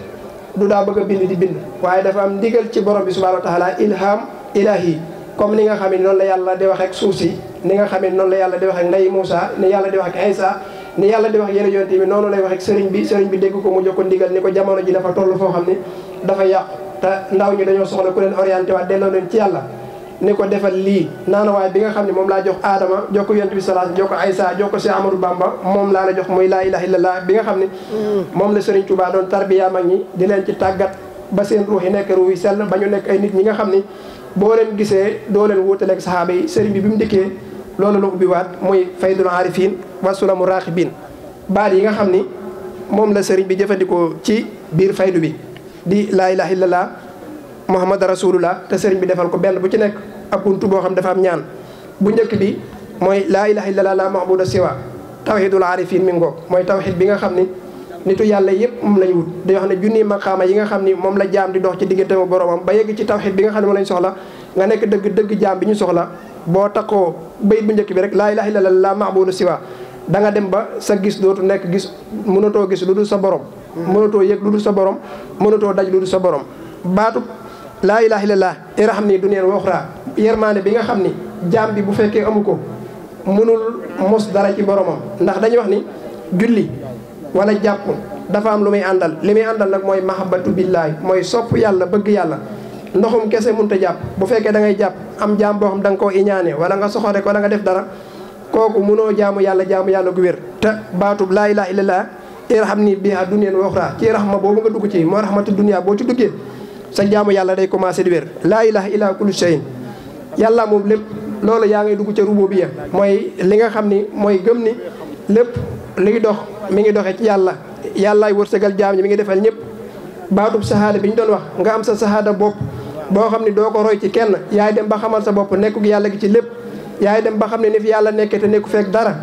du daa bëgg a bind di bind waaye dafa am ndigal ci borom bi subhanahu wa taala ilham ilahi comme ni nga xam ne noonu la yàlla di wax ak suuf si ni nga xam ne noonu la yàlla di wax ak nday Moussa ni yàlla di wax ak ni yàlla di wax ak yeneen yonent noonu lay wax ak sëriñ bi sëriñ bi dégg ko mu jox ko ndigal ni ko jamono ji dafa toll foo xam ne dafa yàqu te ndaw ñi dañoo soxla ku leen orienté waat delloo leen ci yàlla ni ko defal lii naanawaay bi nga xam ne moom laa jox aadama jox ko yonent bi salaas jox ko Aysa jox ko Cheikh Amadou Bamba moom laa la jox muy laa ilaha illallah bi nga xam ne mm. moom la Serigne Touba doon tarbiya mag ñi di ci tàggat ba seen ruux yi nekk ruux yi sell ba ñu nekk ay nit ñi nga xam ne boo leen gisee doo leen wuutaleeg saxaaba yi sëriñ bi bi mu dikkee loolu la ubbi waat muy faydul arifin wasulamu raxibin baat yi nga xam ni moom la sëriñ bi jëfandikoo ci biir faydu bi di laa ilaha illallah muhammad rasulullah te sëriñ bi defal ko benn bu ci nekk ab buntu boo xam dafa am ñaan bu njëkk bi mooy laa ilaha illallah la maabuda siwa tawhidul arifin mi ngoog mooy tawhid bi nga xam ni nitu yàlla yëpp moom lañ wut dañoo xam ne junni maqaama yi nga xam ni moom la jaam di dox ci diggante mu boromam ba yegg ci tawhid bi nga xam ne moom nga nekk dëgg dëgg jaam bi ñu soxla boo takkoo bay bu njëkk bi rek laa ilaha illallah la maabuda siwa da nga dem ba sa gis dootu nekk gis mënatoo gis lu dul sa borom hmm. mënatoo yëg lu dul sa borom mënatoo daj lu dul sa borom baatu laa ilaha illallah irham nii du neen waxraa yermaane bi nga xam ni jaam bi bu fekkee amu ko mënul mos dara ci boromam ndax dañuy wax ni julli wala jàpp dafa am lu muy àndal lu muy àndal nag mooy mahabbatu billaay mooy sopp yàlla bëgg yàlla ndoxum kese mënta jàpp bu fekkee dangay jàpp am jaam boo xam da nga koo iñaane wala nga soxore ko wala nga def dara kooku mënoo jaamu yàlla jaamu yàlla gu wér te baatub laa ilaha illallah irham nii biha duniyeen waxraa ci rahma boobu nga dugg ci moo rahmatu dunya boo ci duggee sa jaamu yàlla day commencé di wér laa ilaha illa kullu shay'in yàlla moom lépp loolu yaa ngay dugg ca ya mooy li nga xam ni mooy gëm ni lépp li liy dox mi ngi doxee ci yàlla yàllaay wërsëgal jaam ñi mi ngi defal ñëpp baatub sahaada bi ñu doon wax nga am sa saxaada bopp boo xam ni doo ko roy ci kenn yaay dem ba xamal sa bopp nekkug yàlla gi ci lépp yaay dem ba xam ne ni fi yàlla nekke te nekku fekk dara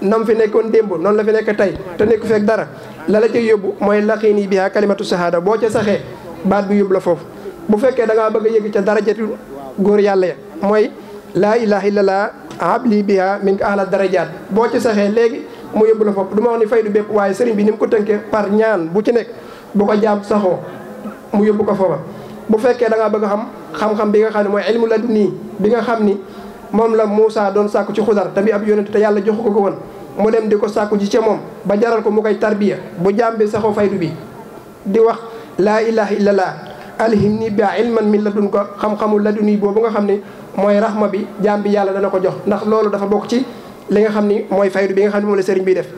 nam fi nekkoon démb noonu la fi nekk tey te nekku fekk dara la la mooy laqiin yi biha kalimatu sahaada boo ca saxee baat bi yóbbu la foofu bu fekkee da ngaa bëgg a yëg ca darajatu góor yàlla ya mooy laa la laa ilaha lii habli biha min ka ahla darajaat boo ci saxee léegi mu yóbbu la foofu du ma wax ni fay du waaye sëriñ bi ni mu ko tënkee par ñaan bu ci nekk bu ko jaam saxoo mu yóbbu ko foofa bu fekkee da ngaa bëgg a xam xam-xam bi nga xam ne mooy ilmu la nii bi nga xam ni moom la Moussa doon sàkku ci xudar tamit ab yonent te yàlla joxu ko ko woon mu dem di ko sàkku ji ca moom ba jaral ko mu koy tarbiya bu jaam saxoo faydu bi laa ilaha illallah alhimni bia ilman min ladun ko xam-xamu laduni boobu nga xam ne mooy raxma bi jaam bi yàlla dana ko jox ndax loolu dafa bokk ci li nga xam ni mooy faydu bi nga xam ne moom la sëriñ bi def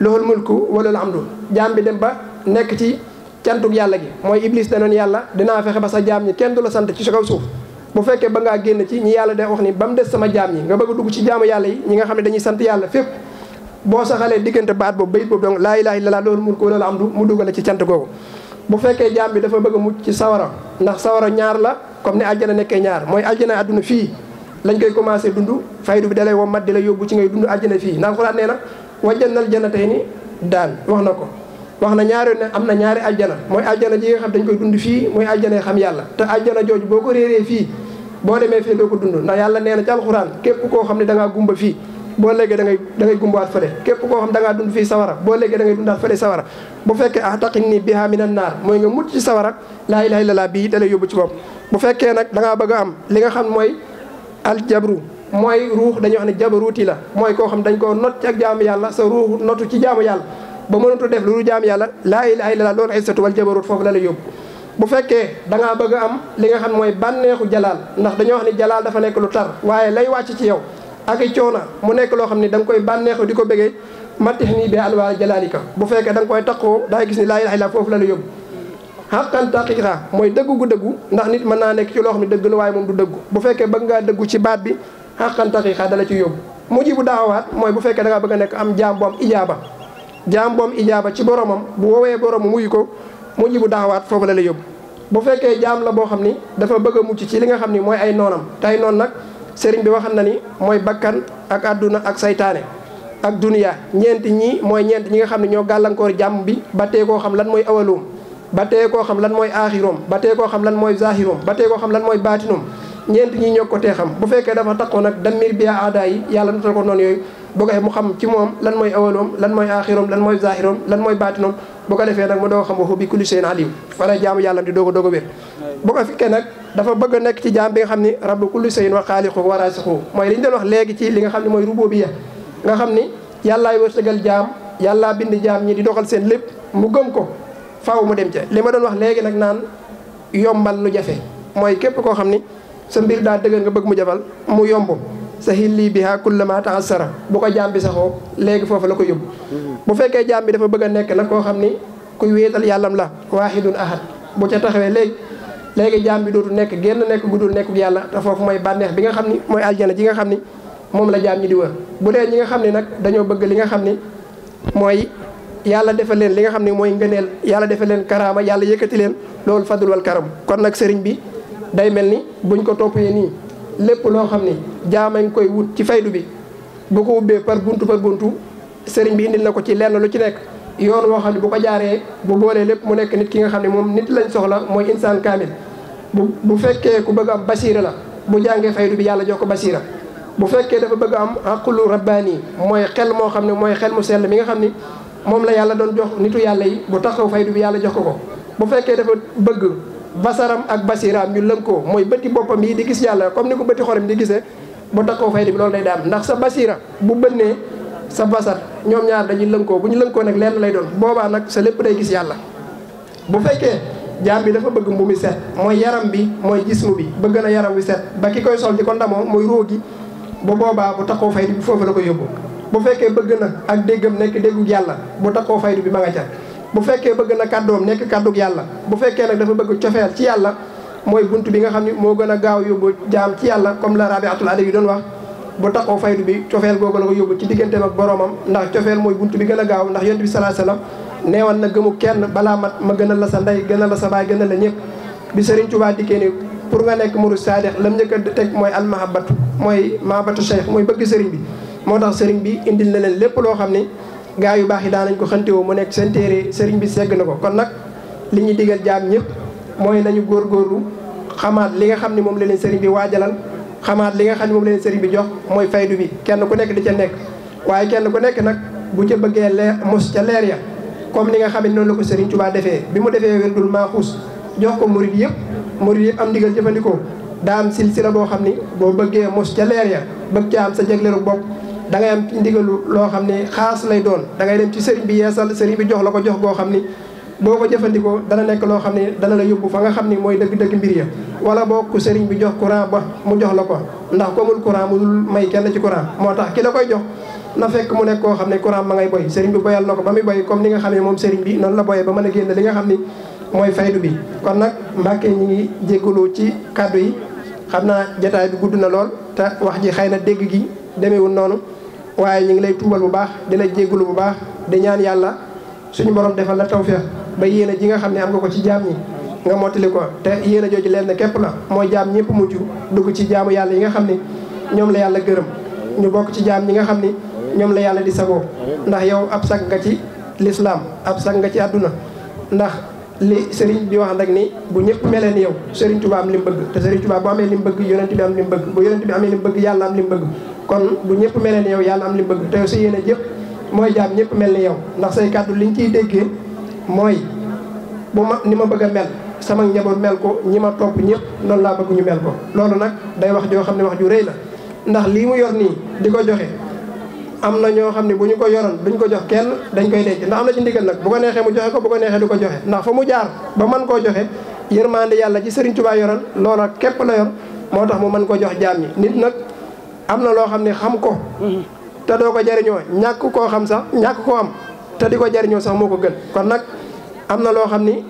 loxul mulku wala lu am du jaam bi dem ba nekk ci cantuk yàlla gi mooy iblis yàlla dinaa fexe ba sa jaam ñi kenn du la sant ci sa kaw suuf fekkee ba ngaa génn ci ñi yàlla de wax ni ba mu des sama jaam ñi nga bëgg a dugg ci jaamu yàlla yi ñi nga xam ne dañuy sant yàlla fépp boo saxalee diggante baat boobu bayit boobu donc laa ilaaha illallaah loolu mulku wala lu am du mu dugal ci cant googu bu fekkee jaam bi dafa bëgg a mucc ci sawara ndax sawara ñaar la comme ni àjjana nekkee ñaar mooy àjjana àdduna fii lañ koy commencé dund fay du bi dalay mat di la yóbbu ci ngay dund àjjana fii ndax alxuraan nee na tey jannatayni daan wax na ko wax na ñaari ne am na ñaari àjjana mooy àjjana ji nga xam dañ koy dund fii mooy àjjana xam yàlla te àjjana jooju boo ko réeree fii boo demee fii doo ko dund ndax yàlla nee na ci alxuraan képp koo xam ne da gumba fii boo léegee da ngay da ngay gumbaat fële képp koo xam da ngaa dund fii sawara boo léegee da ngay dundaat fële sawara bu fekkee ah taqin nii biha minan naar mooy nga mucc ci sawara laa ilaha illallah bii dalay yóbbu ci bopp bu fekkee nag bëgg am li nga xam mooy aljabru mooy ruux dañuy wax ne jabaruuti la mooy koo xam dañ koo not ci ak yàlla sa ruux notu ci jaamu yàlla ba mënatu def lu jaamu yàlla laa ilaha illallah loolu aysatu wal jabaruut foofu la lay yóbbu bu fekkee da bëgg am li nga xam mooy bànneexu jalaal ndax dañoo wax ni jalaal dafa nekk lu tar waaye lay wàcce ci yow ak i coona mu nekk loo xam ne danga koy bànneexu di ko bëggee mattix nii bee alwaa jalaalika bu fekkee da nga koy takkoo daa gis ni laa ilaaha illaa foofu la la yóbbu xaqan taqiqa mooy dëggu gu dëggu ndax nit mën naa nekk ci loo xam ni dëgg la waaye moom du dëggu bu fekkee bëgg ngaa dëggu ci baat bi xaqan taqiqa dala ci yóbbu mu ji bu daawaat mooy bu fekkee danga bëgg a nekk am jaam bu am ijaaba jaam bu am ijaaba ci boromam bu woowee boromam muy ko mu ji bu daawaat foofu la la yóbbu bu fekkee jaam la boo xam ni dafa bëgg a ci li nga xam ni mooy ay noonam te ay noon sëriñ bi waxam na ni mooy bakkan ak àdduna ak seytaane ak duniya ñeenti ñii mooy ñeent ñi nga xam ne ñoo gàllankoor jàmm bi ba tee koo xam lan mooy awaloom ba tee koo xam lan mooy aaxiroom ba tee koo xam lan mooy zaahiroom ba tee koo xam lan mooy baatinoom ñeent ñi ñoo ko tee xam bu fekkee dafa takkoon nag damir bi aada yi yàlla natal ko noonu yooyu bu ko defee mu xam ci moom lan mooy awaloom lan mooy aaxiroom lan mooy zaahiroom lan mooy baatinoom bu ko defee nag mu doog a xam waxu bi kulli shay'in alim wala jaamu yàlla di doog a doog a wér bu ko fikkee nag dafa bëgg a nekk ci jaam bi nga xam ni rabbu kulli shay'in wa xaaliquhu wa raasixuhu mooy li ñu doon wax léegi ci li nga xam ne mooy rububiyya nga xam ni yàllaay wërsëgal jaam yàllaa bind jaam ñi di doxal seen lépp mu gëm ko faaw mu dem ca li ma doon wax léegi nag naan yombal lu jafe mooy képp koo xam ni sa mbir daa dëgër nga bëgg mu jafal mu yomb sa xilli biha kullama taassara bu ko jaam bi saxoo léegi foofu la ko yóbbu bu fekkee jaam bi dafa bëgg a nekk nag koo xam ni kuy wéetal yàllam la waahidun ahad bu ca taxawee léegi léegi jaam bi dootu nekk génn nekk guddul nekkuk yàlla te foofu mooy bànneex bi nga xam ni mooy aljana ji nga xam ni moom la jaam ñi di wër bu dee ñi nga xam ne nag dañoo bëgg li nga xam ni mooy yàlla defal leen li nga xam ne mooy ngëneel yàlla defal leen karaama yàlla yëkkati leen loolu fadul wal karam kon nag sëriñ bi lépp loo xam ni jaamañ koy wut ci faydu bi bu ko ubbee par buntu par buntu sëriñ bi indil na ko ci lenn lu ci nekk yoon woo xam ne bu ko jaaree bu boolee lépp mu nekk nit ki nga xam ne moom nit lañ soxla mooy insaan kaamil bu bu fekkee ku bëgg am basiira la bu jàngee faydu yàlla jox ko basiira bu fekkee dafa bëgg am aqlu rabbaani mooy xel moo xam ne mooy xel mu sell mi nga xam ni moom la yàlla doon jox nitu yàlla yi bu taxaw faydu bi yàlla jox ko ko bu fekkee dafa bëgg basaram ak basiraam ñu lënkoo mooy bëti boppam yi di gis yàlla comme ni ko bëti xoram di gisee bu takkoo fayda bi loolu day daal ndax sa basira bu bënnee sa basar ñoom ñaar dañuy lënkoo bu ñu lënkoo nag lenn lay doon boobaa nag sa lépp day gis yàlla bu fekkee jaam bi dafa bëgg mbu mi set mooy yaram bi mooy jismu bi bëgg na yaram wi set ba ki koy sol di ko ndamoo mooy róo gi bu boobaa bu takkoo fayda bi foofu la ko yóbbu bu fekkee bëgg na ak déggam nekk déggu yàlla bu takkoo fayda bi ma nga ca bu fekkee bëgg na kàddoom nekk kàddug yàlla bu fekkee nag dafa bëgg cofeel ci yàlla mooy bunt bi nga xam ne moo gën a gaaw yóbbu jaam ci yàlla comme la rabiatul adawi doon wax bu taxoo faydu bi cofeel googu la ko yóbbu ci digganteem ak boromam ndax cofeel mooy bunt bi gën a gaaw ndax yonent bi salaa salaam neewoon na gëmu kenn balaa mat ma a la sa ndey a la sa baay gënal la ñëpp bi Serigne Touba dikkee ni pour nga nekk murid saadix lam njëkk a teg mooy almahabatu mooy mahabatu cheikh mooy bëgg sëriñ bi moo tax sëriñ bi indil na leen lépp loo xam ni gaa yu baax yi daanañ ko xantewoo mu nekk seen téere sëriñ bi segg na ko kon nag li ñu digal jaam ñëpp mooy nañu góorgóorlu xamaat li nga xam ne moom la leen sëriñ bi waajalal xamaat li nga xam ne moom la leen sëriñ bi jox mooy faydu bi kenn ku nekk di ca nekk waaye kenn ku nekk nag bu ca bëggee leer mos ca leer ya comme ni nga xam ne noonu la ko sëriñ Tuubaa defee bi mu defee wérdul maaxuus jox ko murid yëpp murid yëpp am ndigal jëfandikoo daa am silsila boo xam ni boo bëggee mos ca leer ya bëgg ca am sa jagleeru bopp da ngay am ndigalu loo xam ne xaas lay doon da ngay dem ci sëriñ bi yeesal sëriñ bi jox la ko jox goo xam ni boo ko jëfandikoo dana nekk loo xam ne dana la yóbbu fa nga xam ni mooy dëgg-dëgg mbir ya wala boo bi jox courant ba mu jox la ko ndax ko mul courant may kenn ci courant moo tax koy jox na fekk mu nekk koo xam ne courant ma ngay boy sëriñ bi ko ba muy boy comme ni nga ne moom sëriñ bi noonu a génn li nga xam ni mooy faydu bi kon nag Mbàkke ñi ngi jéggalu ci kàddu yi xam naa jataay bi gudd na lool te wax ji xëy na dégg gi demeewul noonu waaye ñu ngi lay tuubal bu baax di la jéggulu bu baax di ñaan yàlla suñu borom defal la tawféex ba yéen ji nga xam ne am nga ko ci jaam ñi nga mottali ko te yéen a jooju leen ne képp la mooy jaam ñëpp mujj dugg ci jaamu yàlla yi nga xam ne ñoom la yàlla gërëm ñu bokk ci jaam ñi nga xam ni ñoom la yàlla di sagoo ndax yow ab sag nga ci lislaam ab sag nga ci àdduna ndax li sëriñ bi wax rek ni bu ñëpp melee ni yow sëriñ Tuubaa am li mu te sëriñ Tuubaa kon bu ñëpp mel ni yow yàlla am li bëgg te sa yéene jëpp mooy jaam ñëpp mel ni yow ndax say kàddu liñ ciy déggee mooy bu ma ni ma bëgg a mel sama njaboot mel ko ñi ma topp ñëpp noonu laa ñu mel ko. loolu nag day wax joo xam ne wax ju rëy la ndax lii mu yor nii di ko joxe am na ñoo xam ne bu ñu ko yoroon duñ ko jox kenn dañ koy denc ndax am na ci ndigal nag bu ko neexee mu joxe ko bu ko neexee du ko joxe ndax fa mu jaar ba mën koo joxe yërmande yàlla ci Serigne Touba yoroon loola képp la yor moo tax mu mën ko jox jaam yi am na loo xam ne xam ko mm-hmm. te doo ko jariñoo ñàkk koo xam sax ñàkk koo am te di ko jariñoo sax moo ko gën kon nag am na loo xam ni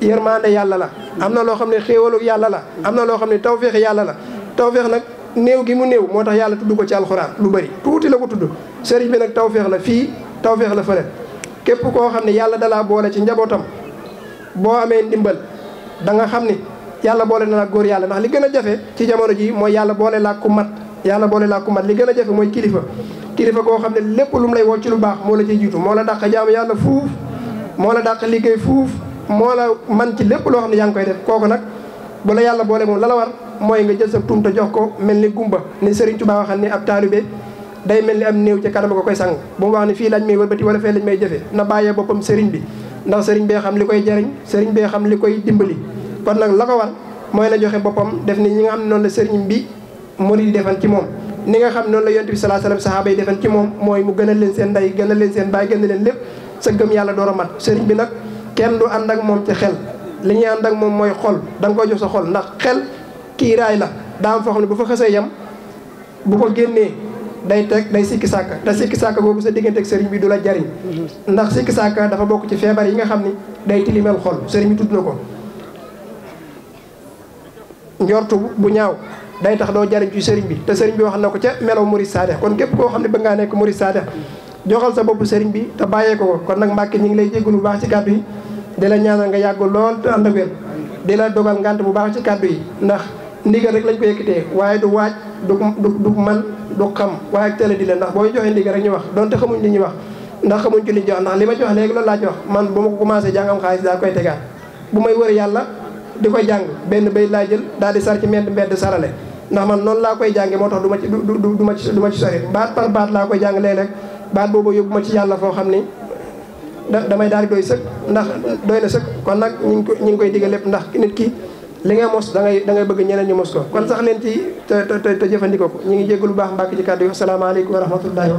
yërmande yàlla la am na loo xam ne xéewalu yàlla la am na loo xam ne tawféex yàlla la tawféex nag néew gi mu néew moo tax yàlla tudd ko ci alxuraan lu bari tuuti la ko tudd sëriñ bi nag tawféex la fii tawféex la fële képp koo xam ne yàlla dalaa boole ci njabootam boo amee ndimbal da nga xam ni yàlla boole na góor yàlla ndax li gën a jafe ci jamono ji mooy yàlla boole laa ku mat yàlla boole laa ku mat li gën a jafe mooy kilifa kilifa goo xam ne lépp lu mu lay woo ci lu baax moo la ciy jiitu moo la dàq jaamu yàlla fuuf moo la dàq liggéey fuuf moo la man ci lépp loo xam ne yaa ngi koy def kooku nag bu la yàlla boole moom la la war mooy nga jël sa tumta jox ko mel ni gumba ni Serigne Touba xam ni ab taalibe day mel ni am néew ci kanam ko koy sang bu mu wax ne fii lañ may wëlbati wala fee lañ may jëfe na bàyyee boppam Serigne bi ndax Serigne bee xam li koy jariñ Serigne bee xam li koy dimbali kon nag la ko war mooy na joxe boppam def ni ñi nga xam ne noonu la Serigne bi murid yi defan ci moom ni nga xam noonu la yonent bi salaa salaam sahaaba yi defan ci moom mooy mu gënal leen seen ndey gënal leen seen baay gënal leen lépp sa gëm yàlla doo a mat sëriñ bi nag kenn du ànd ak moom ci xel li ñuy ànd ak moom mooy xol da nga koy jox sa xol ndax xel kiiraay la daa am foo xam ne bu fa xasee yam bu ko génnee day teg day sikki sàkka te sikki sàkka googu sa diggante ak sëriñ bi du la jariñ ndax sikki sàkka dafa bokk ci feebar yi nga xam ni day tilimel xol sëriñ bi tudd na ko bu ñaaw day tax doo jariñ ci sëriñ bi te sëriñ bi wax na ko ca melaw murid saadix kon képp koo xam ne ba ngaa nekk murid saadix joxal sa bopp sëriñ bi te bàyyee ko kon nag Mbàkke ñu ngi lay jéggul bu baax ci kàddu yi di la ñaanal nga yàgg lool te ànd ak wér di la dogal ngànt bu baax ci kàddu yi ndax ndigal rek lañ ko yëkkatee waaye du waaj du du man du xam waaye ak télé di la ndax boo joxee ndigal rek ñu wax donte xamuñ li ñuy wax ndax xamuñ ci liñ li ma ci wax léegi loolu laa ci wax man bu ma ko xaalis daal koy tegaat bu may wër yàlla di ko jàng benn bay laa jël daal di sar ci mbedd mbedd sarale ndax man noonu laa koy jànge moo tax du ma ci du du ma ci ma ci sori baat par baat laa koy jàng léeg-léeg baat boobu yóbbu ma ci yàlla foo xam ni damay daal di doy sëkk ndax doy na sëkk kon nag ñu ngi ko ñu ngi koy digal lépp ndax nit ki li nga mos da ngay da ngay bëgg ñeneen ñu mos ko kon sax leen ci te te te jëfandikoo ko ñu ngi jéggalu baax mbàkk ci kàddu yi asalaamaaleykum wa rahmatullahi wa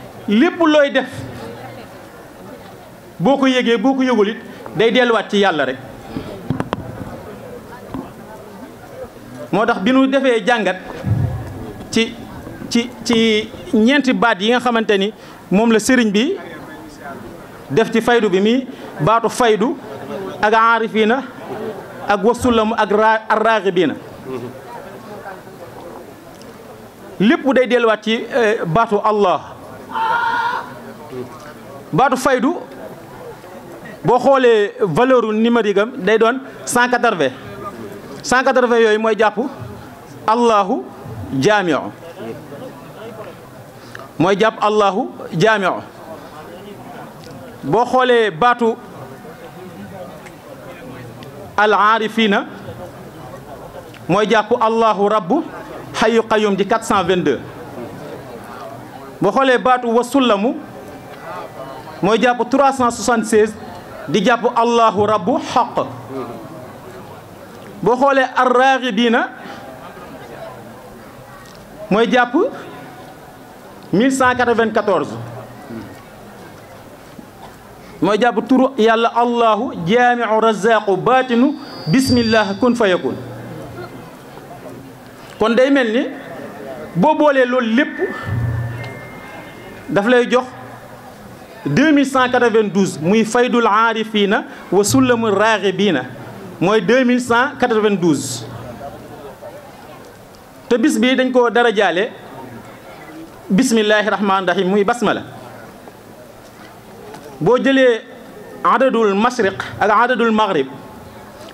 lépp looy def boo ko yégee boo ko yëgul it day delluwaat ci yàlla rek moo tax bi nu defee jàngat ci ci ci ñeenti baat yi nga xamante ni moom la sëriñ bi def ci faydu bi mi baatu faydu ak aarifiina ak wasulamu ak ak raaxibiina lépp day delluwaat ci euh, baatu Allah baatu faydu boo xoolee valeur numérique day doon cent quatre cent quatre yooyu mooy jàpp allahu jaamiu mooy jàpp allahu jaamiu boo xoolee baatu al aarifiina mooy jàpp allahu rabbu xayu cent vingt 422 boo xoolee baatu wasullamu mooy jàpp 376 di jàpp allahu rabbu xaq boo xoolee arraaxibiina mooy jàpp 1194 mooy jàpp turu yàlla allahu jaamiu razaqu baatinu bismillah kun fa yakun kon day mel ni boo boolee loolu lépp daf lay jox 2192 muy faydul aarifiina wa sullamul raaxibiina mooy 2192 te bis bi dañ koo dara jaale bismillahi rahmaani rahim muy basmala boo jëlee adadul mashriq ak adadul maghrib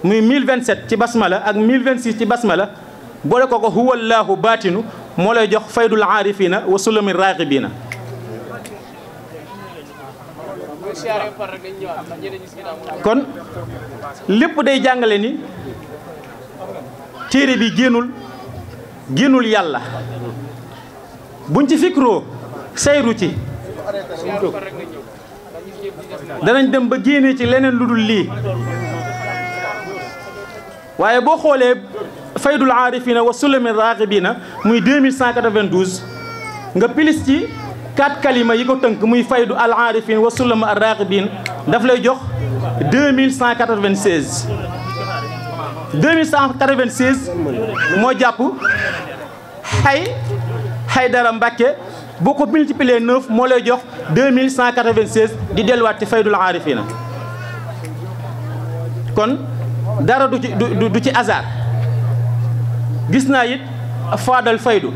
muy 1027 ci basmala ak 1026 ci basmala boole ko ko huwallaahu baatinu moo lay jox faydul aarifiina wa sullamul raaxibiina kon lépp day jàngale ni téere bi génnul génnul yàlla buñ ci fikroo sayru ci danañ dem ba génnee ci leneen lu dul lii waaye boo xoolee faydul aarifina wa sulami raaxibina muy 2192 nga pilis ci quatre kalima yi ko tënk muy faydu al arifin wa sulama ar daf lay jox deux mille cent quatre moo jàpp xay xay dara mbàkke boo ko multiplier neuf moo lay jox deux mille di delluwaat ci faydul arifina kon dara du ci du du ci hasard gis naa it faadal faydu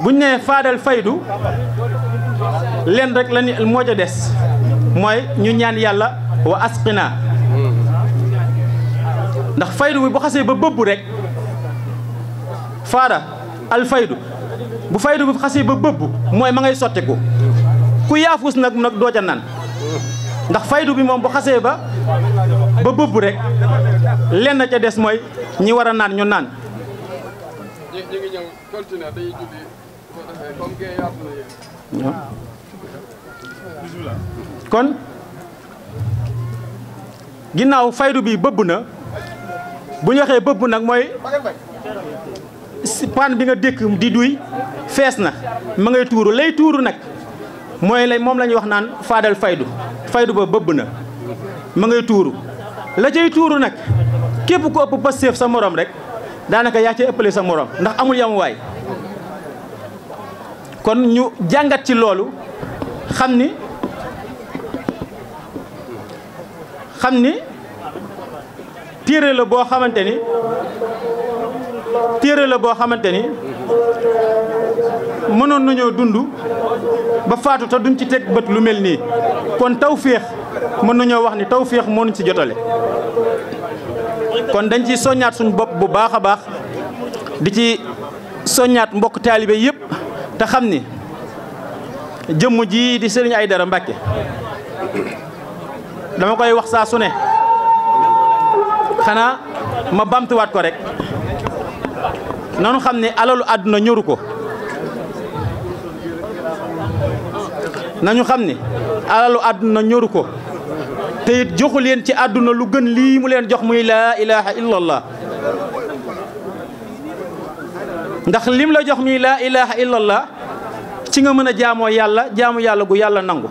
buñ nee faadal faydu leen rek la ñu moo ca des mooy ñu ñaan yàlla wa asqina ndax faydu bi bu xasee ba bëbb rek faada al faydu bu faydu bi xasee ba bëbb mooy ma ngay sottiku ku yaafus nag nag doo ca nan ndax faydu bi moom bu xasee ba ba bëbb rek lenn ca des mooy ñi war a naan ñu naan kon ginnaaw faydu bi bëbb na bu ñu waxee bëbb nag mooy paan bi nga dékk di duy fees na ma ngay tuuru lay tuuru nag mooy lay moom la wax naan faadal faydu faydu ba bëbb na ma ngay tuuru la cay tuuru nag képp ku ëpp pasteef sa morom rek. daanaka yaa ci ëppale sa morom ndax amul waay kon ñu jàngat ci loolu xam ni xam ni téere la boo xamante ni téere la boo xamante ni mënoon nañoo dund ba faatu te duñ ci teg bët lu mel nii kon tawféex mën nañoo wax ni tawféex moo ñu ci jotale kon dañ ci soññaat suñu bopp bu baax a baax di ci soññaat mbokk taalibe yëpp te xam ni jëmm ji di ay dara Mbacke dama koy wax saa su ne xanaa ma bamtuwaat ko rek nanu xam ni alalu àdduna ñoru ko nañu xam ni alalu àdduna ñoru ko te it leen ci àdduna lu gën lii mu leen jox muy laa ilaha illallah ndax lim la jox muy laa ilaha illallah ci nga mën a jaamoo yàlla jaamu yàlla gu yàlla nangu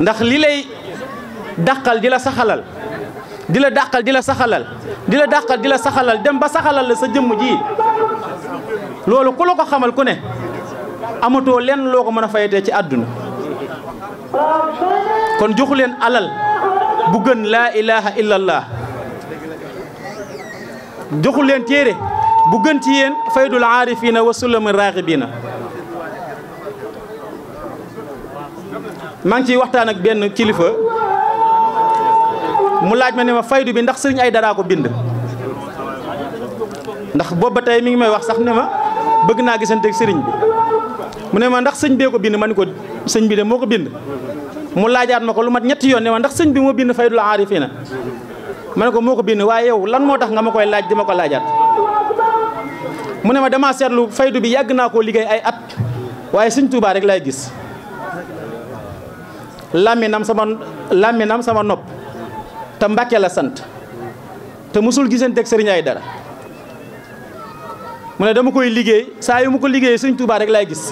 ndax li lay dàqal di la saxalal di la dàqal di la saxalal di la dàqal di la saxalal dem ba saxalal la sa jëmm ji loolu ku la ko xamal ku ne amatoo lenn loo ko mën a faytee ci àdduna kon joxu leen alal bu gën laa ilaha illallah joxu leen téere bu gën ci yéen faydul aarifina wa sulami raaxibina maa ngi ciy waxtaan ak benn kilifa mu laaj ma ne ma faydu bi ndax sëriñ ay daraa ko bind ndax boobu ba tey mi ngi may wax sax ne ma bëgg naa gisante ak sëriñ bi mu ne ma ndax sëñ bee ko bind ma ni ko sëñ bi de moo ko bind mu laajaat ma ko lu mat ñetti yoon ne ma ndax sëñ bi moo bind faydul aarifina ma ne ko moo ko bind waaye yow lan moo tax nga ma koy laaj di ma ko laajaat mu ne ma demaa seetlu faydu bi yàgg naa koo liggéey ay at waaye sëñ Tuubaa rek laay gis làmminam sama làmminam sama nopp te Mbàkke la sant te mësul gisante ak sëriñaay dara mu ne dama koy liggéey saa yu ma ko liggéey sëñ Touba rek laay gis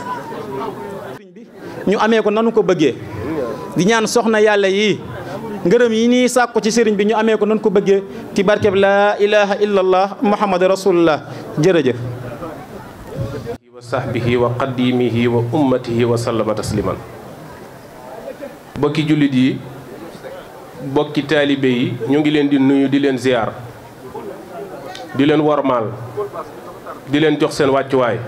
ñu amee ko nanu ko bëggee di ñaan soxna yàlla yi ngërëm yi nii sàkku ci sëriñ bi ñu amee ko nanu ko bëggee ci barkeb laa ilaha illallah muhammad rasulullah jërëjëf wa sahbihi wa qadimihi wa ummatihi wa sallama tasliman bokki jullit yi bokki taalibe yi ñu ngi leen di nuyu di leen ziar di leen warmaal dileen jox seen wàccuwaay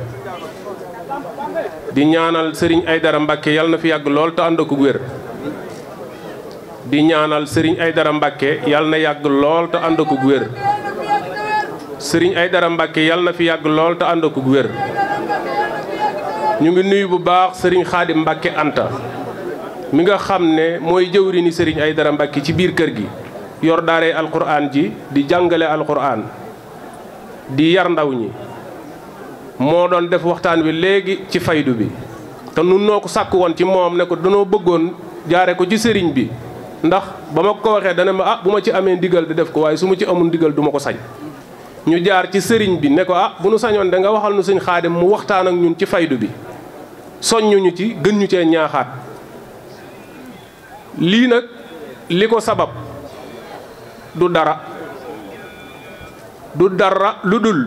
di ñaanal sëriñ ay dara Mbàkke yàlla na fi yàgg lool te ànd ak wér di ñaanal sëriñ ay dara Mbàkke yàlla na yàgg lool te ànd ak wér sëriñ dara Mbàkke yàlla na fi yàgg lool te ànd ak wér ñu ngi nuyu bu baax sëriñ Xaadim Mbàkke Anta mi nga xam ne mooy jëwri ni sëriñ dara Mbàkke ci biir kër gi yor daaree alquran ji di jàngale alquran di yar ndaw ñi moo doon def waxtaan wi léegi ci faydu bi te nun noo ko sàkk woon ci moom ne ko danoo bëggoon jaare ko ci sëriñ bi ndax ba ma ko waxee dana ma ah bu ma ci amee ndigal di def ko waaye su ma ci amul ndigal duma ko sañ ñu jaar ci sëriñ bi ne ko ah bu nu sañoon da nga waxal nu suñ xaadim mu waxtaan ak ñun ci faydu bi soññuñu ci gën ñu cee ñaaxaat lii nag li ko sabab du dara du dara lu dul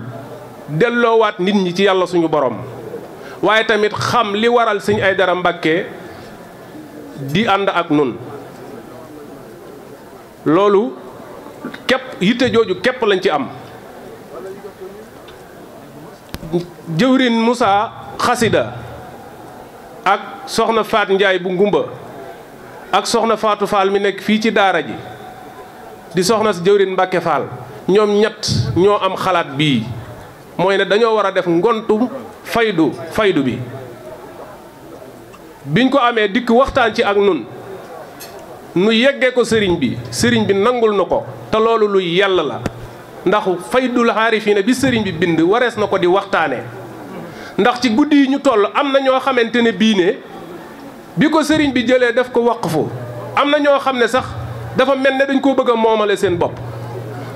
delloowaat nit ñi ci yàlla suñu boroom waaye tamit xam li waral ay dara Mbàkke di ànd ak nun loolu képp yitte jooju képp lañ ci am jëwrin Moussa xasida ak soxna faat Njaay bu ngumba ak soxna faatu Fall mi nekk fii ci daara ji di soxna si jëwrin Mbàkke Fall ñoom ñett ñoo am xalaat bii mooy ne dañoo war a def ngontu faydu faydu bi biñ ko amee dikk waxtaan ci ak nun nu yeggee ko sëriñ bi sëriñ bi nangul na ko te loolu lu yàlla la ndax faydul xaarifiina bi sëriñ bi bind warees na ko di waxtaanee ndax ci guddi yi ñu toll am na ñoo xamante ne bii ne bi ko sëriñ bi jëlee def ko fu am na ñoo xam ne sax dafa mel ne dañ koo bëgg a moomale seen bopp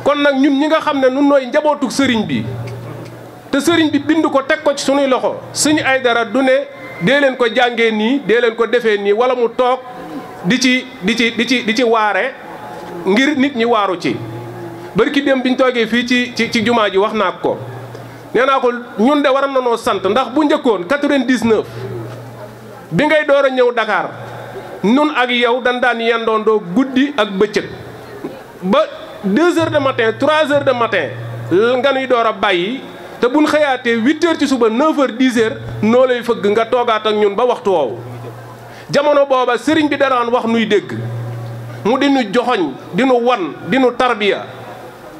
kon nag ñun ñi nga xam ne nun nooy njabootug sëriñ bi te sëriñ bi bind ko teg ko ci sunuy loxo suñu ay dara du ne dee ko jànge nii dee leen ko defee nii wala mu toog di ci di ci di ci di ci waare ngir nit ñi waaru ci barki dem biñ toogee fii ci ci ci jumaa ji wax naa ko nee naa ko ñun de war na noo sant ndax bu njëkkoon 99 bi ngay door a ñëw dakaar nun ak yow dañ daan yendoondoo guddi ak bëccëg ba 2 heures de matin 3 heures de matin nga nuy door a bàyyi te buñ xëyaatee huit heures ci suba neuf heures dix heures noo lay fëgg nga toogaat ak ñun ba waxtu woowu jamono booba sëriñ bi danaan wax nuy dégg mu di nu joxoñ di nu wan di nu tarbiya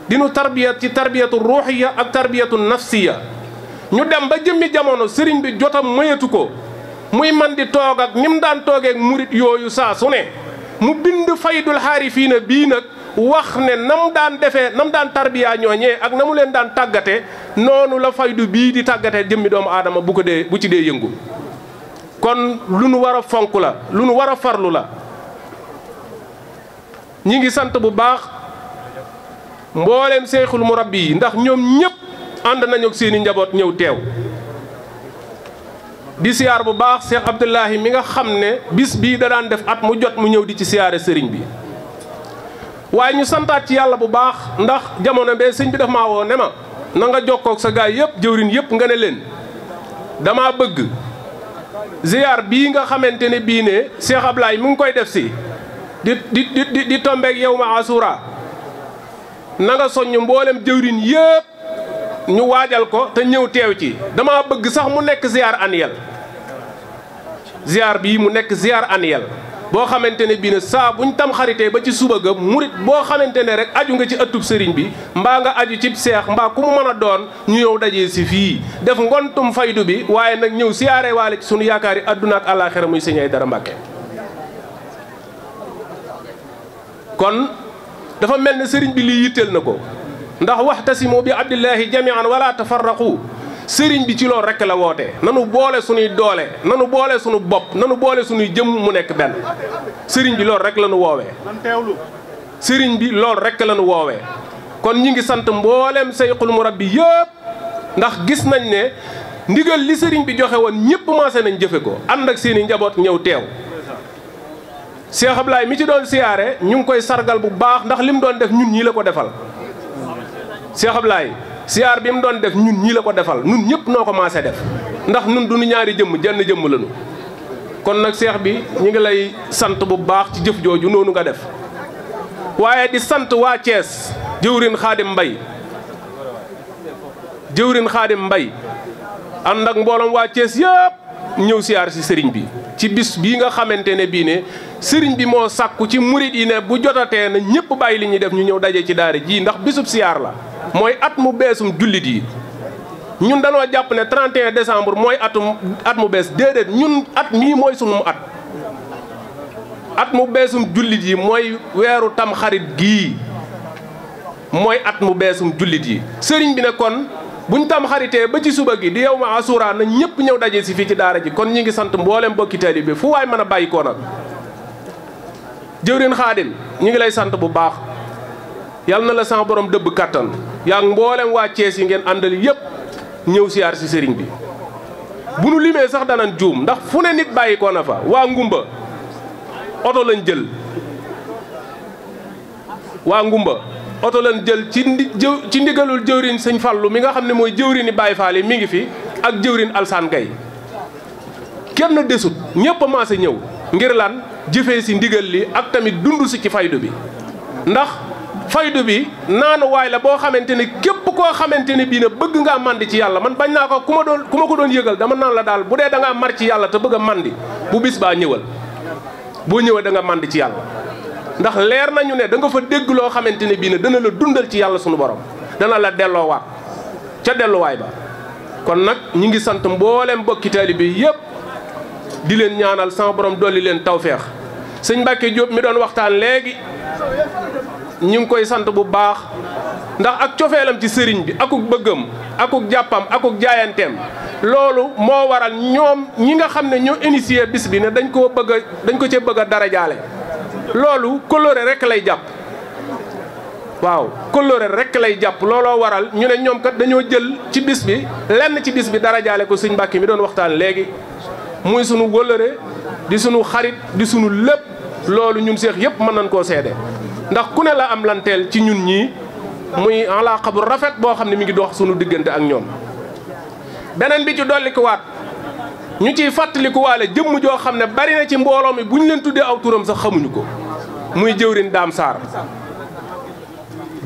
di nu tarbiya ci tarbiyatu ruuxiya ak tarbiyatu nafsiya ñu dem ba jëmmi jamono sëriñ bi jotam mayatu ko muy man di toog ak daan toogeek murit yooyu saa su ne mu bind faydul xaarifiina bii nag wax ne nam daan defee nam daan tarbiyaa ñooñee ak na mu leen daan tàggate noonu la faydu bii di tàggate jëmmi doomu aadama bu ko dee bu ci dee yëngu kon lu nu war a fonk la lu nu war a farlu la ñi ngi sant bu baax mbooleem seexul murabbi yi ndax ñoom ñépp ànd nañu ak seeni njaboot ñëw teew di siyaar bu baax Cheikh Abdoulahi mi nga xam ne bis bii da daan def at mu jot mu ñëw di ci siyaare sëriñ bi waaye ñu santaat ci yàlla bu baax ndax jamono bee sëñ bi def maa woo ne ma nanga nga jokkoog sa gaay yëpp jëwrin yëpp nga ne leen damaa bëgg ziar bii nga xamante ne bii ne Cheikh Ablaye mu ngi koy def si di di di di tombeeg yow ma asura na nga soññ mboolem jëwrin yëpp ñu waajal ko te ñëw teew ci damaa bëgg sax mu nekk ziar annuel ziar bii mu nekk ziar annuel boo xamante ne bii na saa buñ tam xaritee ba ci suba ga murit boo xamante ne rek aju nga ci ëttub sëriñ bi mbaa nga aju cib seex mbaa ku mu mën a doon ñu yow daje si fii def ngontum faydu bi waaye nag ñëw siyaare waale ci sunu yaakaar yi àdduna ak àllaaxira muy sëñ Aydara Mbàkke kon dafa mel ne sëriñ bi lii yitteel na ko ndax moo bi abdillahi jamian wala tafarraqu sëriñ bi ci loolu rek la woote nanu boole suñuy doole nanu boole suñu bopp nanu boole suñuy jëm mu nekk benn sëriñ bi loolu rek la nu woowee sëriñ bi loolu rek la nu woowee kon ñi ngi sant mbooleem sayxul bi yëpp ndax gis nañ ne ndigal li sëriñ bi joxe woon ñëpp maase nañ jëfe ko ànd ak seeni njaboot ñëw teew Cheikh Ablaye mi ci doon siyaare ñu ngi koy sargal bu baax ndax li mu doon def ñun ñii la ko defal Cheikh siyaar bi mu doon def ñun ñii la ko defal nun ñëpp noo ko maasee def ndax ñun du ñu ñaari jëmm jenn jëmm lañu kon nag seex bi ñu ngi lay sant bu baax ci jëf jooju noonu nga def waaye di sant waa Thiès jëwrin xaadim mbay jëwrin xaadim mbay ànd ak mbooloom waa Thiès yëpp ñëw siyaar si sëriñ bi ci bis bii nga xamante ne bii ne sëriñ bi moo sàkku ci murit yi ne bu jotatee na ñëpp bàyyi li ñuy def ñu ñëw daje ci daara ji ndax bisub siyaar la mooy at mu beesum jullit yi ñun dañoo jàpp ne 31 décembre mooy atum at mu bees déedéet ñun at mii mooy sunu at at mu beesum jullit yi mooy weeru tam xarit gii mooy at mu beesum jullit yi sëriñ bi ne kon buñ tam xaritee ba ci suba gi di yow ma asura na ñëpp ñëw daje si fii ci daara ji kon ñi ngi sant mboolem bokki taalibe bi fu waay mën a bàyyi koo nag jëwrin xaadim ñi ngi lay sant bu baax yal na la sama borom dëbb kattan yaa ngi mboolem waa Cees yi ngeen àndal yëpp ñëw siyaar si sëriñ bi bu nu limee sax danan juum ndax fu ne nit bàyyi koo na fa waa ngumba oto lañ jël waa ngumba oto lan jël ci jëw ci ndigalul jëwriñ sëñ Fallu mi nga xam ne mooy jëwriñi Baay Faal yi mi ngi fi ak jëwriñ Alsaan Gay kenn desut ñëpp a maase ñëw ngir lan jëfee si ndigal li ak tamit dund si ci faydu bi ndax faydu bi naanu waay la boo xamante ne képp koo xamante ne bii ne bëgg ngaa mandi ci yàlla man bañ naa ko ku ma doon ku ma ko doon yëgal dama naan la daal bu dee dangaa ngaa mar ci yàlla te bëgg a mandi bu bis baa ñëwal boo ñëwee da nga ci yàlla ndax leer nañu ne da nga fa dégg loo xamante ne bii ne dana la dundal ci yàlla sunu borom dana la delloowaat ca delluwaay ba kon nag ñi ngi sant mbooleem bokki taalibe bi yëpp di leen ñaanal sama borom dolli leen tawféex sëñ Mbàkke Diop mi doon waxtaan léegi ñi ngi koy sant bu baax ndax ak cofeelam ci sëriñ bi akuk bëggam akuk jàppam akuk jaayanteem loolu moo waral ñoom ñi nga xam ne ñoo initié bis bi ne dañ koo bëgg dañ ko cee bëgg a dara jaale loolu coloré rek lay jàpp waaw coloré rek lay jàpp looloo waral ñu ne ñoom kat dañoo jël ci bis bi lenn ci bis bi dara jaale ko sëñ mbàkki mi doon waxtaan léegi muy sunu wëllëre di sunu xarit di sunu lépp loolu ñun seex yëpp mën nañ koo seede ndax ku ne la am lanteel ci ñun ñii muy alaaqa bu rafet boo xam ne mi ngi dox sunu diggante ak ñoom beneen bi ci dolli ñu ciy fàttaliku waale jëmm joo xam ne bari na ci mbooloo mi bu ñu leen tuddee aw turam sa xamuñu ko muy jëwrin daam saar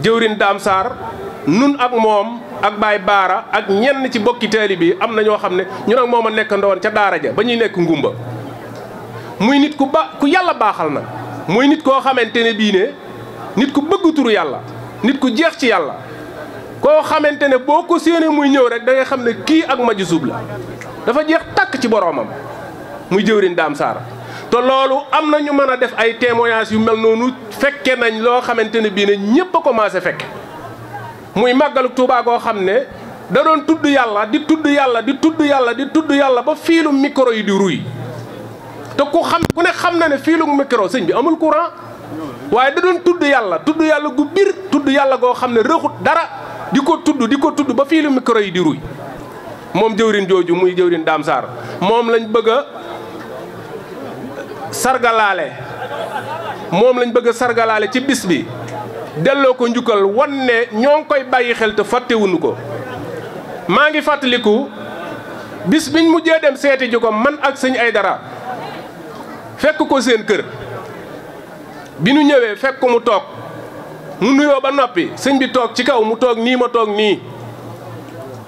jëwrin daam saar nun ak moom ak baay baara ak ñenn ci bokki taali bi am na ñoo xam ne ñu nag moom a nekk ca daara ja ba ñuy nekk ngumba muy nit ku ba ku yàlla baaxal na muy nit koo xamante ne bii ne nit ku bëgg turu yàlla nit ku jeex ci yàlla koo xamante ne boo ko séenee muy ñëw rek dangay xam ne kii ak maju sub la dafa jeex takk ci boromam muy jëwriñ daam saar te loolu am na ñu mën a def ay témoignages yu mel noonu fekke nañ loo xamante ne bii ne ñëpp a commencé fekk muy màggalu Tuubaa goo xam ne da doon tudd yàlla di tudd yàlla di tudd yàlla di tudd yàlla ba fiilu micro yi di ruy te ku xam ku ne xam na ne fiilu micro sëñ bi amul courant waaye da doon tudd yàlla tudd yàlla gu biir tudd yàlla goo xam ne rëxut dara di ko tudd di ko tudd ba fiilu micro yi di ruy moom jëwrin jooju muy jëwrin Dame Sarr moom lañ bëgg a sargalaale moom lañ bëgg sargalaale ci bis bi delloo ko njukkal wan ñoo ngi koy bàyyi xel te fàttewuñu ko maa ngi fàttaliku bis biñ mujjee dem seeti ji man ak sëñ ay dara fekk ko seen kër bi nu ñëwee fekk mu toog mu nuyoo ba noppi sëñ bi toog ci kaw mu toog nii ma toog nii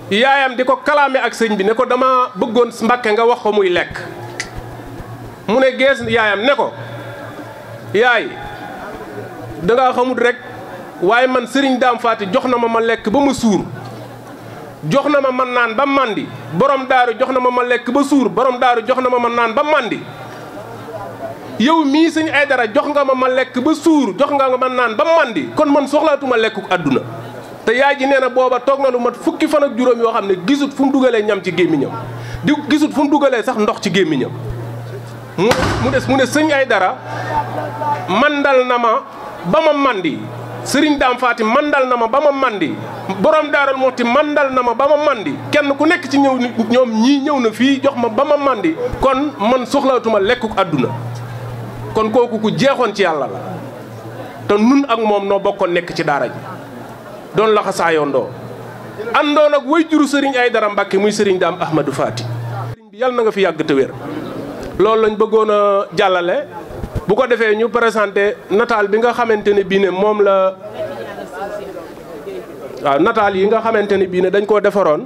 yaayam di ko kalaame ak sëñ bi ne ko dama bëggoon mbakke nga wax ko muy lekk mu ne gees yaayam ne ko yaay dangaa xamut rek waaye man sëriñ daam faati jox na ma ma lekk ba ma suur jox na ma man naan ba màndi borom daaru jox na ma ma lekk ba suur borom daaru jox na ma ma naan ba màndi yow mii sëñ Aydara jox nga ma ma lekk ba suur jox nga ma naan ba màndi kon man soxlaatuma lekku àdduna te yaay ji nee na booba toog na lu mat fukki fanak ak juróom yoo xam ne gisut fu mu dugalee ñam ci gémmiñam di gisut fu mu dugalee sax ndox ci gémmiñam mu des mu ne sëñ ay dara mandal na ma ba ma mandi sëriñ daam faati mandal na ma ba ma mandi borom daaral moxti mandal na ma ba ma mandi kenn ku nekk ci ñëw ñoom ñii ñëw na fii jox ma ba ma mandi kon man soxlaatuma lekkuk àdduna kon kooku ku jeexoon ci yàlla la te nun ak moom noo bokkoon nekk ci daara ji doon laxasaayoondoo àndoon ak way juru sëriñ ay dara Mbàkke muy sëriñ daam Ahmadou Faati sëriñ bi yàlla na nga fi yàgg te wér loolu lañ bëggoon a jàllale bu ko defee ñu présenté nataal bi nga xamante ne bii ne moom la waaw nataal yi nga xamante ne bii ne dañ koo defaroon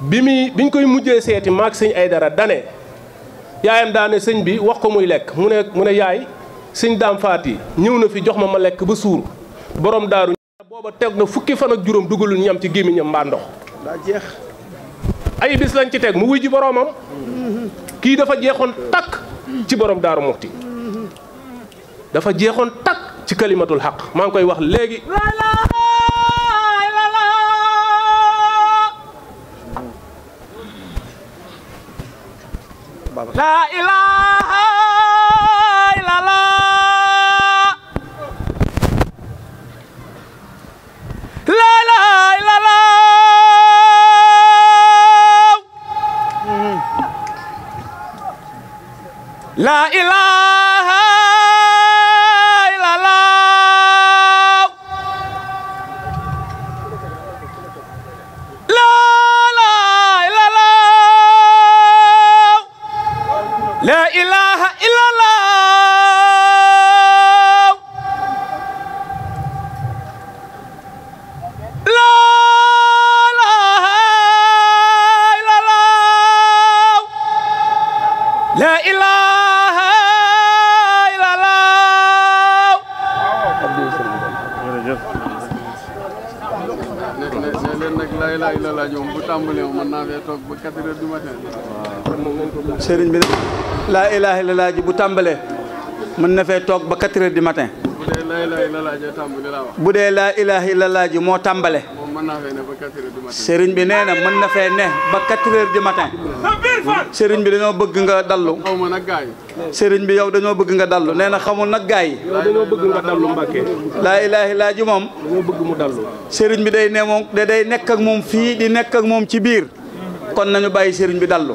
bi muy biñ koy mujjee seeti maag sëñ ay dara dane yaayam daane sëñ bi wax ko muy lekk mu ne mu ne yaay sëñ daam faati ñëw na fi jox ma ma lekk ba suur borom daaru booba teg na fukki fanak ak juróom dugalul ñam ci gémmiñam mbaa ndox daa ay bis lañ ci teg mu wuy ji boroomam kii dafa jeexoon takk ci borom daaru muxti dafa jeexoon takk ci kalimatul xaq maa ngi koy wax léegi laa ilaaha laa ji bu tàmbalee mën na fee toog ba 4 heures matin. bu dee laa ilaaha illallaah ji tàmbali laa moo tàmbale. moom mën naa fee sëriñ bi nee na mën na fee ne ba 4 heures du matin. sëriñ bi dañoo bëgg nga dallu. xaw ma nag sëriñ bi yow dañoo bëgg nga dallu nee na xamul nag gaa yi. dañoo bëgg nga dallu Mbàkke. laa ilaaha illaa ji moom. dañoo mu dallu. sëriñ bi day day nekk ak moom fii di nekk ak moom ci biir kon nañu bàyyi sëriñ bi dallu.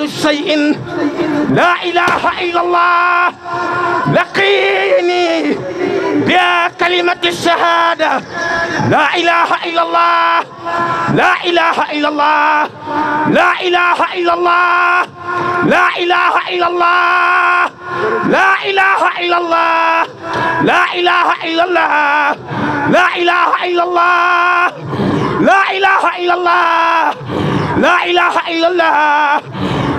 كل شيء لا إله إلا الله لقيني بكلمة الشهادة لا إله إلا الله لا إله إلا الله لا إله إلا الله لا إله إلا الله لا إله إلا الله لا إله إلا الله لا إله إلا الله لا إله إلا الله لا إله إلا الله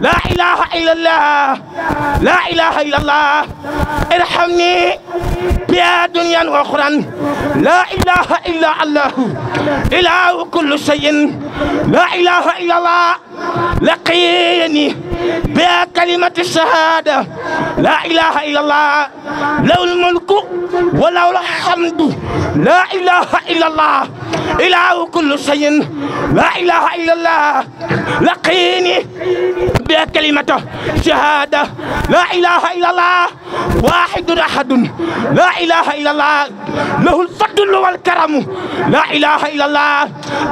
لا إله إلا الله لا إله إلا الله ارحمني بها دنيا وأخرى لا إله إلا الله إله كل شيء لا إله إلا الله لقيني بها كلمة الشهادة لا إله إلا الله له الملك وله الحمد لا إله إلا الله إله كل شيء لا إله إلا الله لقيني بها كلمته شهادة لا إله إلا الله واحد أحد لا إله إلا الله له الفضل والكرم لا إله إلا الله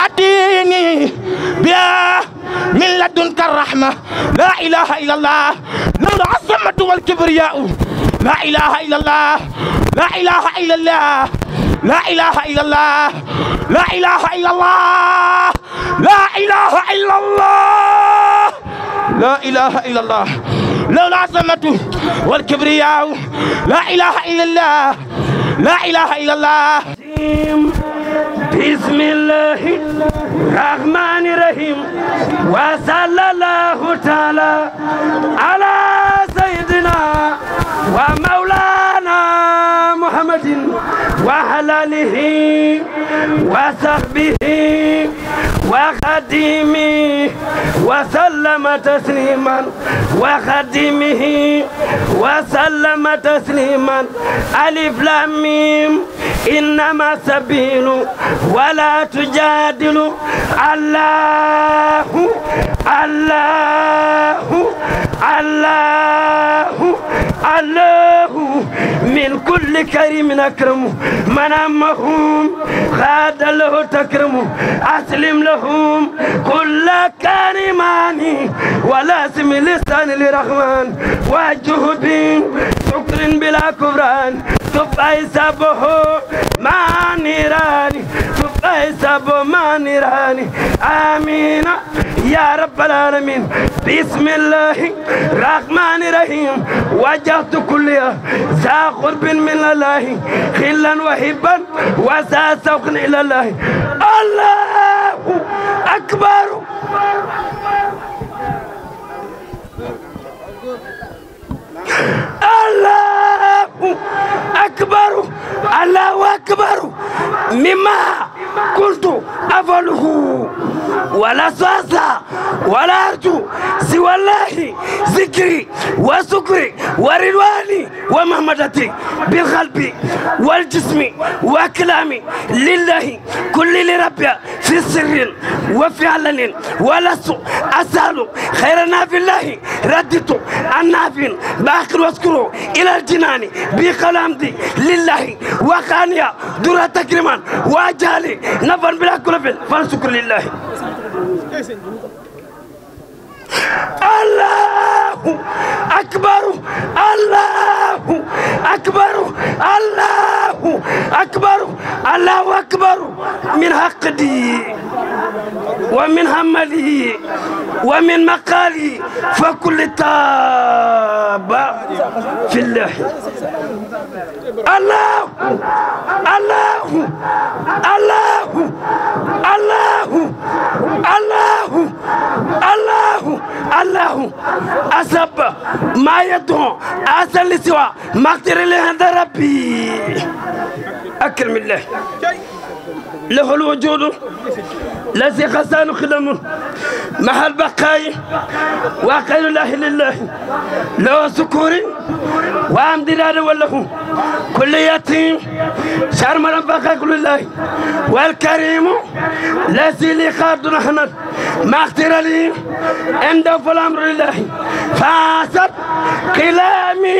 أتيني بها من لدنك الرحمة لا إله إلا الله له العظمة والكبرياء لا إله إلا الله لا إله إلا الله لا إله إلا الله لا إله إلا الله لا إله إلا الله لا إله إلا الله لا العظمة والكبرياء لا إله إلا الله لا إله إلا الله بسم الله الرحمن الرحيم وصلى الله تعالى على سيدنا ومولانا مولانا محمد وعلى آله وصحبه وخديمه وسلم تسليما وخديمه وسلم تسليما ألف لام ميم إنما سبيل ولا تجادل الله الله الله الله من كل كريم أكرمه من أمهم خاد له تكرمه أسلم لهم كل كريماني ولا اسم لسان لرحمن وجه شكر بلا كفران tubay sabo manirani tubay sabo manirani amina ya rabbal alamin bismillahi rahmani rahim wajjahtu kulliya za qurbin min allahi khillan wa hibban wa za sawqan ila allahi allahu akbar allahu akbaru allahu akbaru mimma kuntu afaluhu wala sasa wala arju si wallahi zikri wa sukri wa ridwani wa mahmadati bil qalbi wal jismi wa kalami lillahi kulli li rabbi fi sirrin wa fi alanin wa lastu asalu khayra nafillahi radditu an nafin فاقر واذكروا إلى الجنان بقلامدي لله وقانيا درا تكرما وجالي نفا بلا كلفل فالشكر لله الله أكبر الله أكبر الله أكبر الله أكبر من حق دي ومن همله ومن مقاله فكل طاب في الله الله الله الله الله الله الله الله أسب ما يدعو أسل سوى مغفر لي عند ربي أكرم الله له الوجود الذي خزان خدمه مع البقاء وقيل الله لله لو سكور وامدلال وله كل يتيم شرم ربك كل الله والكريم الذي لي خالد رحمة ما اختر لي عنده في الأمر الله فاسد كلامي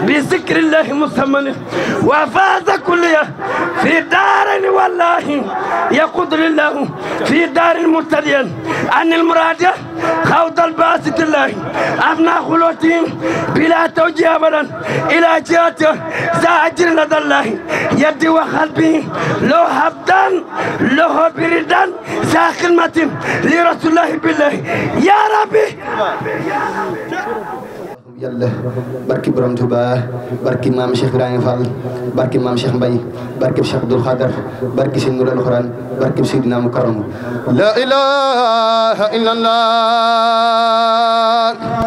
بذكر الله مسمن وفاز كل في دار والله يقدر الله في دار المتدين عن المراد خوض الباسط الله أبناء خلوتهم بلا توجيه أبدا إلى جهته سأجر لدى الله يدي وقلبي لو هبدا لو بردا سا خدمة لرسول الله بالله يا ربي yàlla barki borom Tuuba barki maam Cheikh Ibrahima Fall barki maam Cheikh Mbaye barki Cheikh Abdoul Khadar barki seen nurul Alxuraan barki Seydina Mukarram la ilaha illallah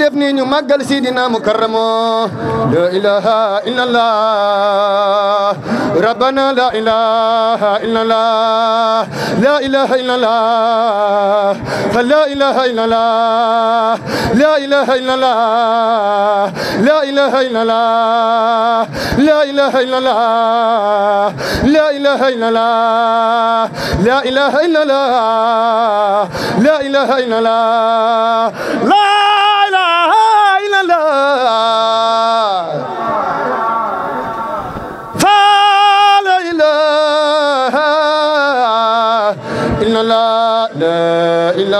def nii ñu màggal sidina mukarramo la ilaha illallah rabbana la ilaha illallah la ilaha illallah la ilaha illallah la ilaha illallah la ilaha illallah la ilaha illallah la ilaha illallah la ilaha illallah la ilaha illallah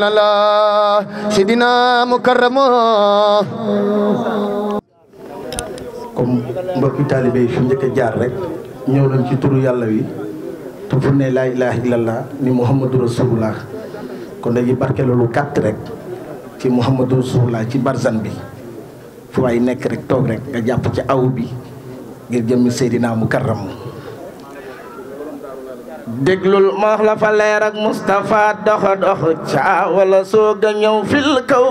صلى الله سيدنا مكرم comme mbokki taalibe yi fi njëkk a jaar rek ñëw nañ ci turu yàlla wi te fu ne laa ilaaha illallah ni muhammadu rasulullah kon dañuy barke loolu kàtt rek ci muhammadu rasulullah ci barzan bi fu waay nekk rek toog rek nga jàpp ci aw bi ngir jëmmi seydinaa mukarram déglul moox la fa leer ak Moustapha doxa dox caa wala fil kaw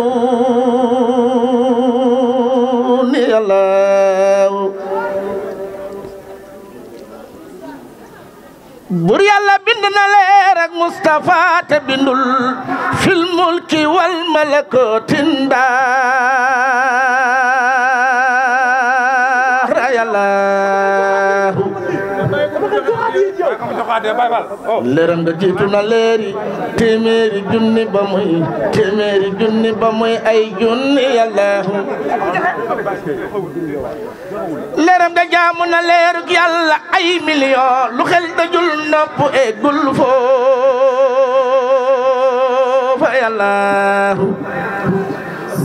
bur yàlla bind na leer ak te bindul fil mulki wal malakotin daa leeram oh. nga jiitu na leeri téeméeri junni ba muy téeméeri junni ba muy ay junni yàllaahu leeram nga jaamu na leerug yàlla ay million lu xel dajul nopp e gul foofa yàllaahu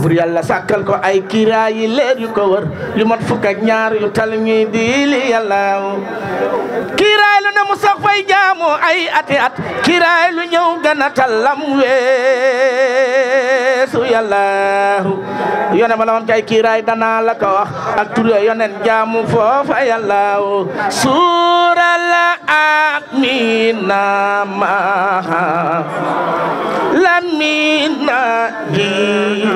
bur yàlla sàkkal ko ay kiraa yi leer yu ko wër yu mat fukk ak yu tal ñuy diili yàlla kiiraay lu ne mu sax fay jaamu ay ati at kiiraay lu ñëw gana tallam weesu yàllaahu yone ma la moom ci danaa la ko wax ak ture yonen jaamu foofa yàllaahu suural amina maha lamina ji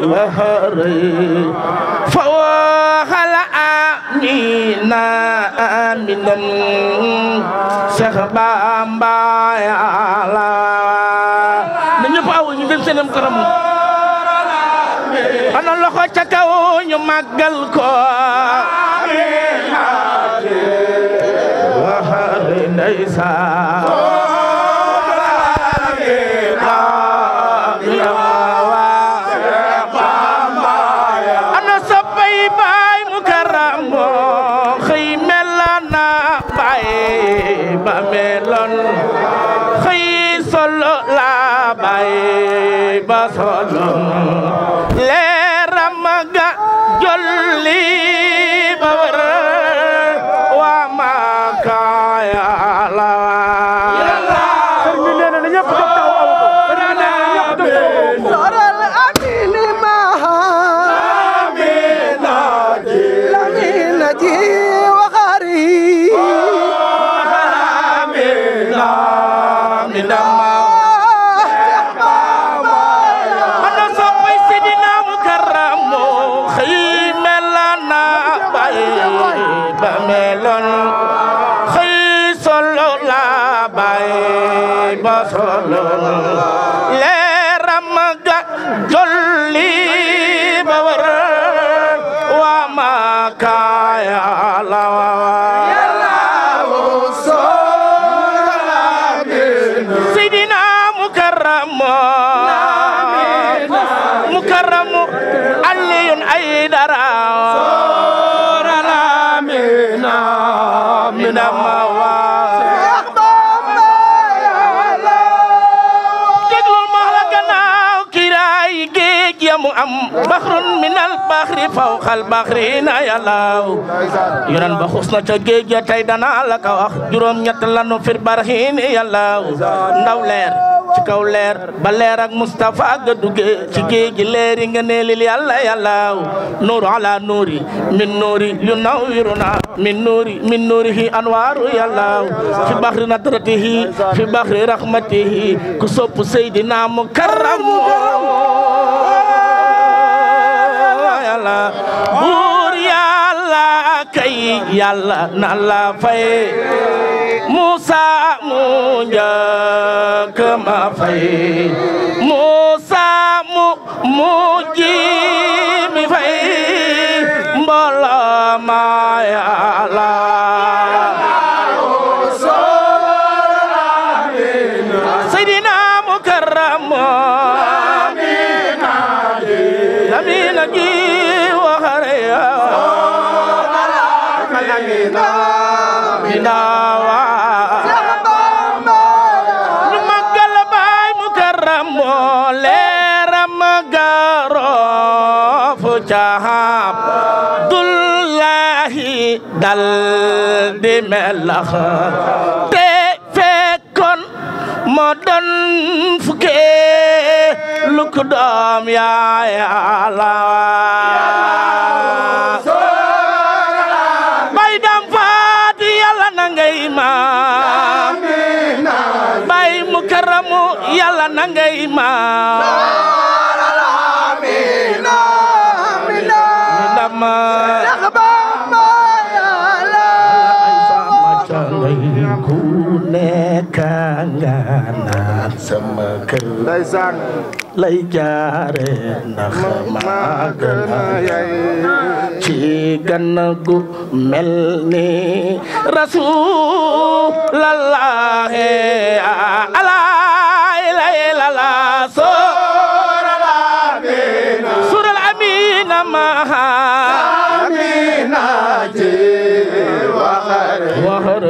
وهري فوحل آمينا آمينا سخبام بايالا من يبقى وجدين سنم كرم أنا لخو تكاو يمغل كو وهري نيسان bi fawqal baxri na yàllaaw yonan ba xus na ca géej ya tey danaa la ko wax juróom ñett lanu fir barxi ni ndaw leer ci kaw leer ba leer ak Moustapha ga dugge ci géej gi leer yi nga neelil yàlla yàllaaw nuuru ala nuuri min nuuri yu nawiruna min nuuri min nuurihi anwaaru yàllaaw fi baxri nadratihi fi baxri rahmatihi ku sopp seydina mukarram kay yàlla na la fay Musa mu njëkk ma fay Musa mu mujj mi fay mbooloo ma yàlla dal di melax te fekkoon moo doon fukke lu doom yaay la bay dam faati yàlla na ngay maam bay mukaramu yàlla na ngay maam sama kër ndeysaan lay jaare ndax maa gën a yay ci gën gu mel ni rasulallah alaay lay suural amina suural amina maha amina ji waxar waxar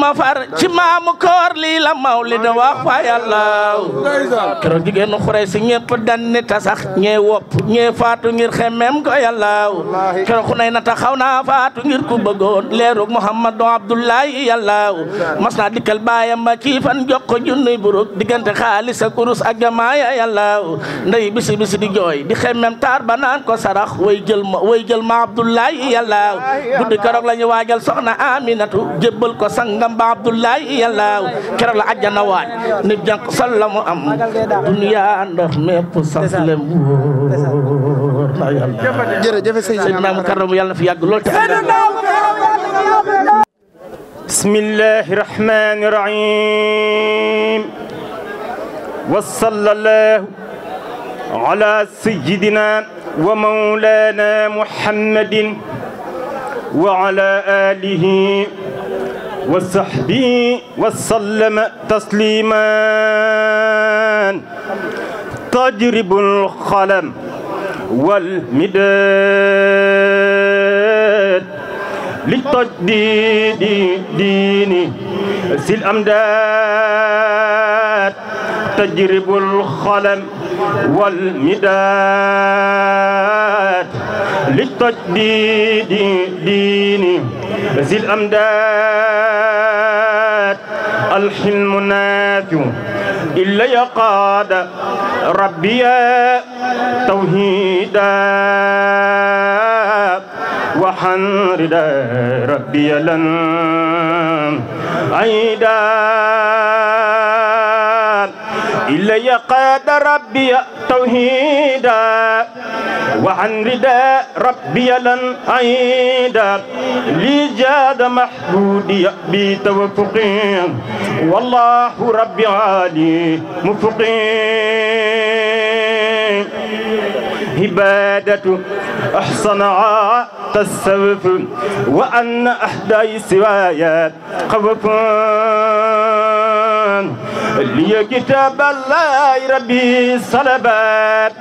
ma far ci maamu koor lii la mawlid wax fa yàlla keroog jigéenu xurey si ñëpp dan ni tasax ñee wopp ñee faatu ngir xemem ko yàlla keroog ku nay na taxaw naa faatu ngir ku bëggoon leerug Muhammadu Abdullahi yàlla mas naa dikkal baayam ba ci jox ko junni buruk diggante xaalis ak urus ak jamaaya yàlla ndey bisi bisi di jooy di xemem taar ba naan ko sarax way jël ma way jël guddi keroog la waajal soxna Aminatu jébbal ko sangam bamba abdullahi yàllaaw keroog la ajjana waaj ni jànq salla mu am duniya ndox mépp sas lem wóor na yàlla jërëjëf Seydina Mukarram yàlla na fi yàgg lool te bismillahi rahmani rahim wa sallallahu ala sayyidina wa mawlana muhammadin wa ala alihi وصحبه وسلم تسليما تجرب القلم والمداد لتجديد ديني سي الأمداد تجرب القلم والمداد للتجديد ديني ذي الأمداد الحلم نافع إلا يقاد ربي توحيدا وحنرد ربي لن عيدا إلي قاد ربي توحيدا وعن رداء ربي لن عيدا لي جاد محدودي بتوفقين والله ربي عالي مفقين هبادة أحسن عاق السبف وأن أحداي سوايا خوف لي كتاب الله ربي صلبات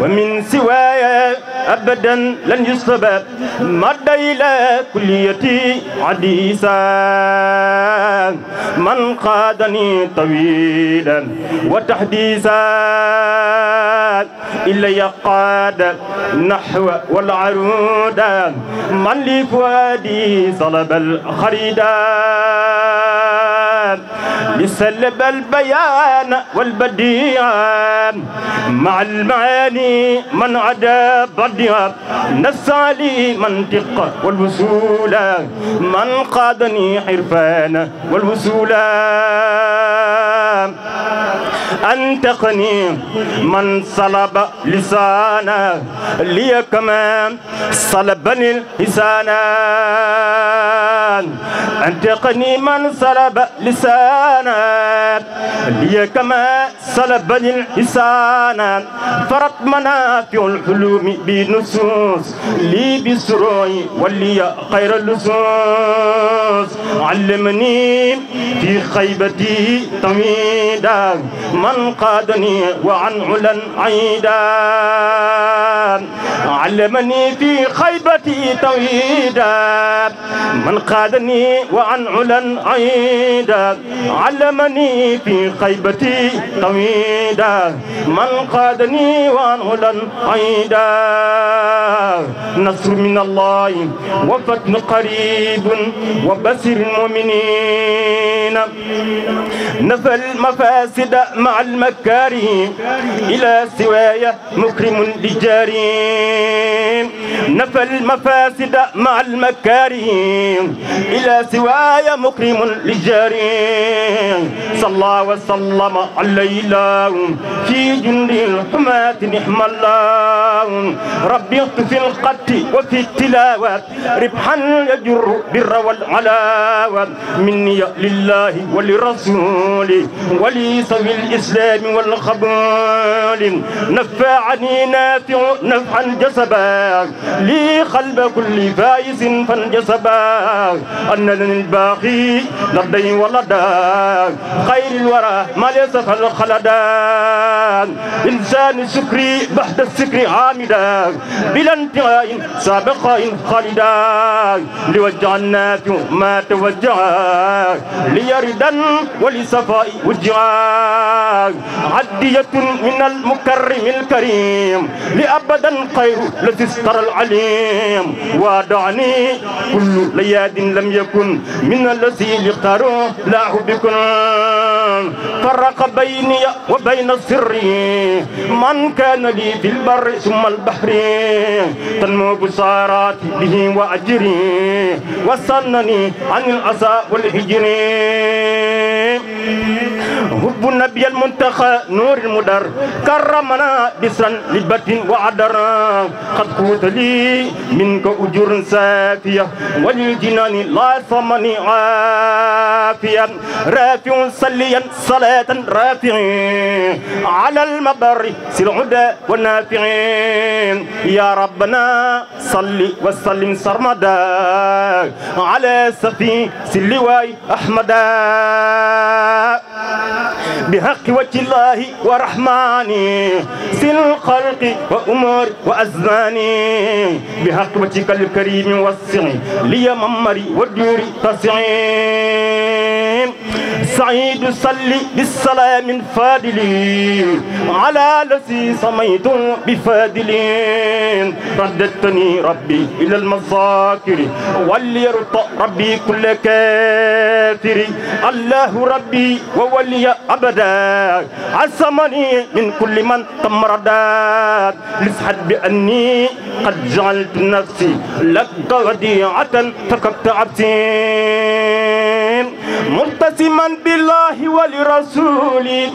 ومن سوايا أبدا لن يصلبات مد إلى كليتي عديسا من قادني طويلا وتحديثا إلا يقال الفؤاد نحو والعرود من لفؤادي صلب الخريدا لسلب البيان والبديع مع المعاني من عدا بديع نفس علي منطق والوصول من قادني حرفان والوصول أن تقني من صلب لسانا لي كما صلبني الإنسان أن تقني من صلب لسانا لي كما صلبني الإنسان فرط منافع الحلوم بنصوص لي بسروي ولي خير اللصوص علمني في خيبتي تميدا من قادني وعن علا عيدا علمني في خيبتي توحيدا من قادني وعن علا عيدا علمني في خيبتي توحيدا من قادني وعن علا عيدا نصر من الله وفتن قريب وبسر المؤمنين نفى المفاسد مع مع المكاره إلى سواي مكرم بجاري نفى المفاسد مع المكاره إلى سواي مكرم لجاري صلى وسلم على في جند الحماة نحم الله ربي في القت وفي التلاوات ربحا يجر بر والعلاوات مني لله ولرسوله ولسوي الإسلام الإسلام والقبول نفعني نافع نفعا جسبا لي قلب كل فايز فانجسبا أن الباقي لدي ولدا خير الورى ما ليس فالخلدان إنسان سكري بعد السكر عامدا بلا انتهاء سابقا خالدا لوجه النافع ما توجه ليردا ولصفاء وجهان عدية من المكرم الكريم لأبدا خير الذي استرى العليم ودعني كل لياد لم يكن من الذي لقروا لا بكم فرق بيني وبين السر من كان لي في البر ثم البحر تنمو بصارات به وأجري وسنني عن الأسى والهجر هب النبي المنتخى نور المدر كرمنا بسرا للبت وعدر قد قوت لي منك أجر سافية وللجنان لا ثمن عافيا رافع صليا صلاة رافعين على المبر سلعدى والنافعين يا ربنا صل وسلم سرمدا على سفي سلواي أحمدا بحق وجه الله ورحماني في الخلق وأمر وأزماني بحق وجهك الكريم وسعي لي ممري ودوري تسعي سعيد صلي بالسلام الفاضل على الذي سميت بفاضل رددتني ربي إلى المذاكر وليرط ربي كل كافر الله ربي وولي علي أبدا عصمني من كل من تمردا لسحت بأني قد جعلت نفسي لك وديعة فككت عبتي ملتسما بالله ولرسوله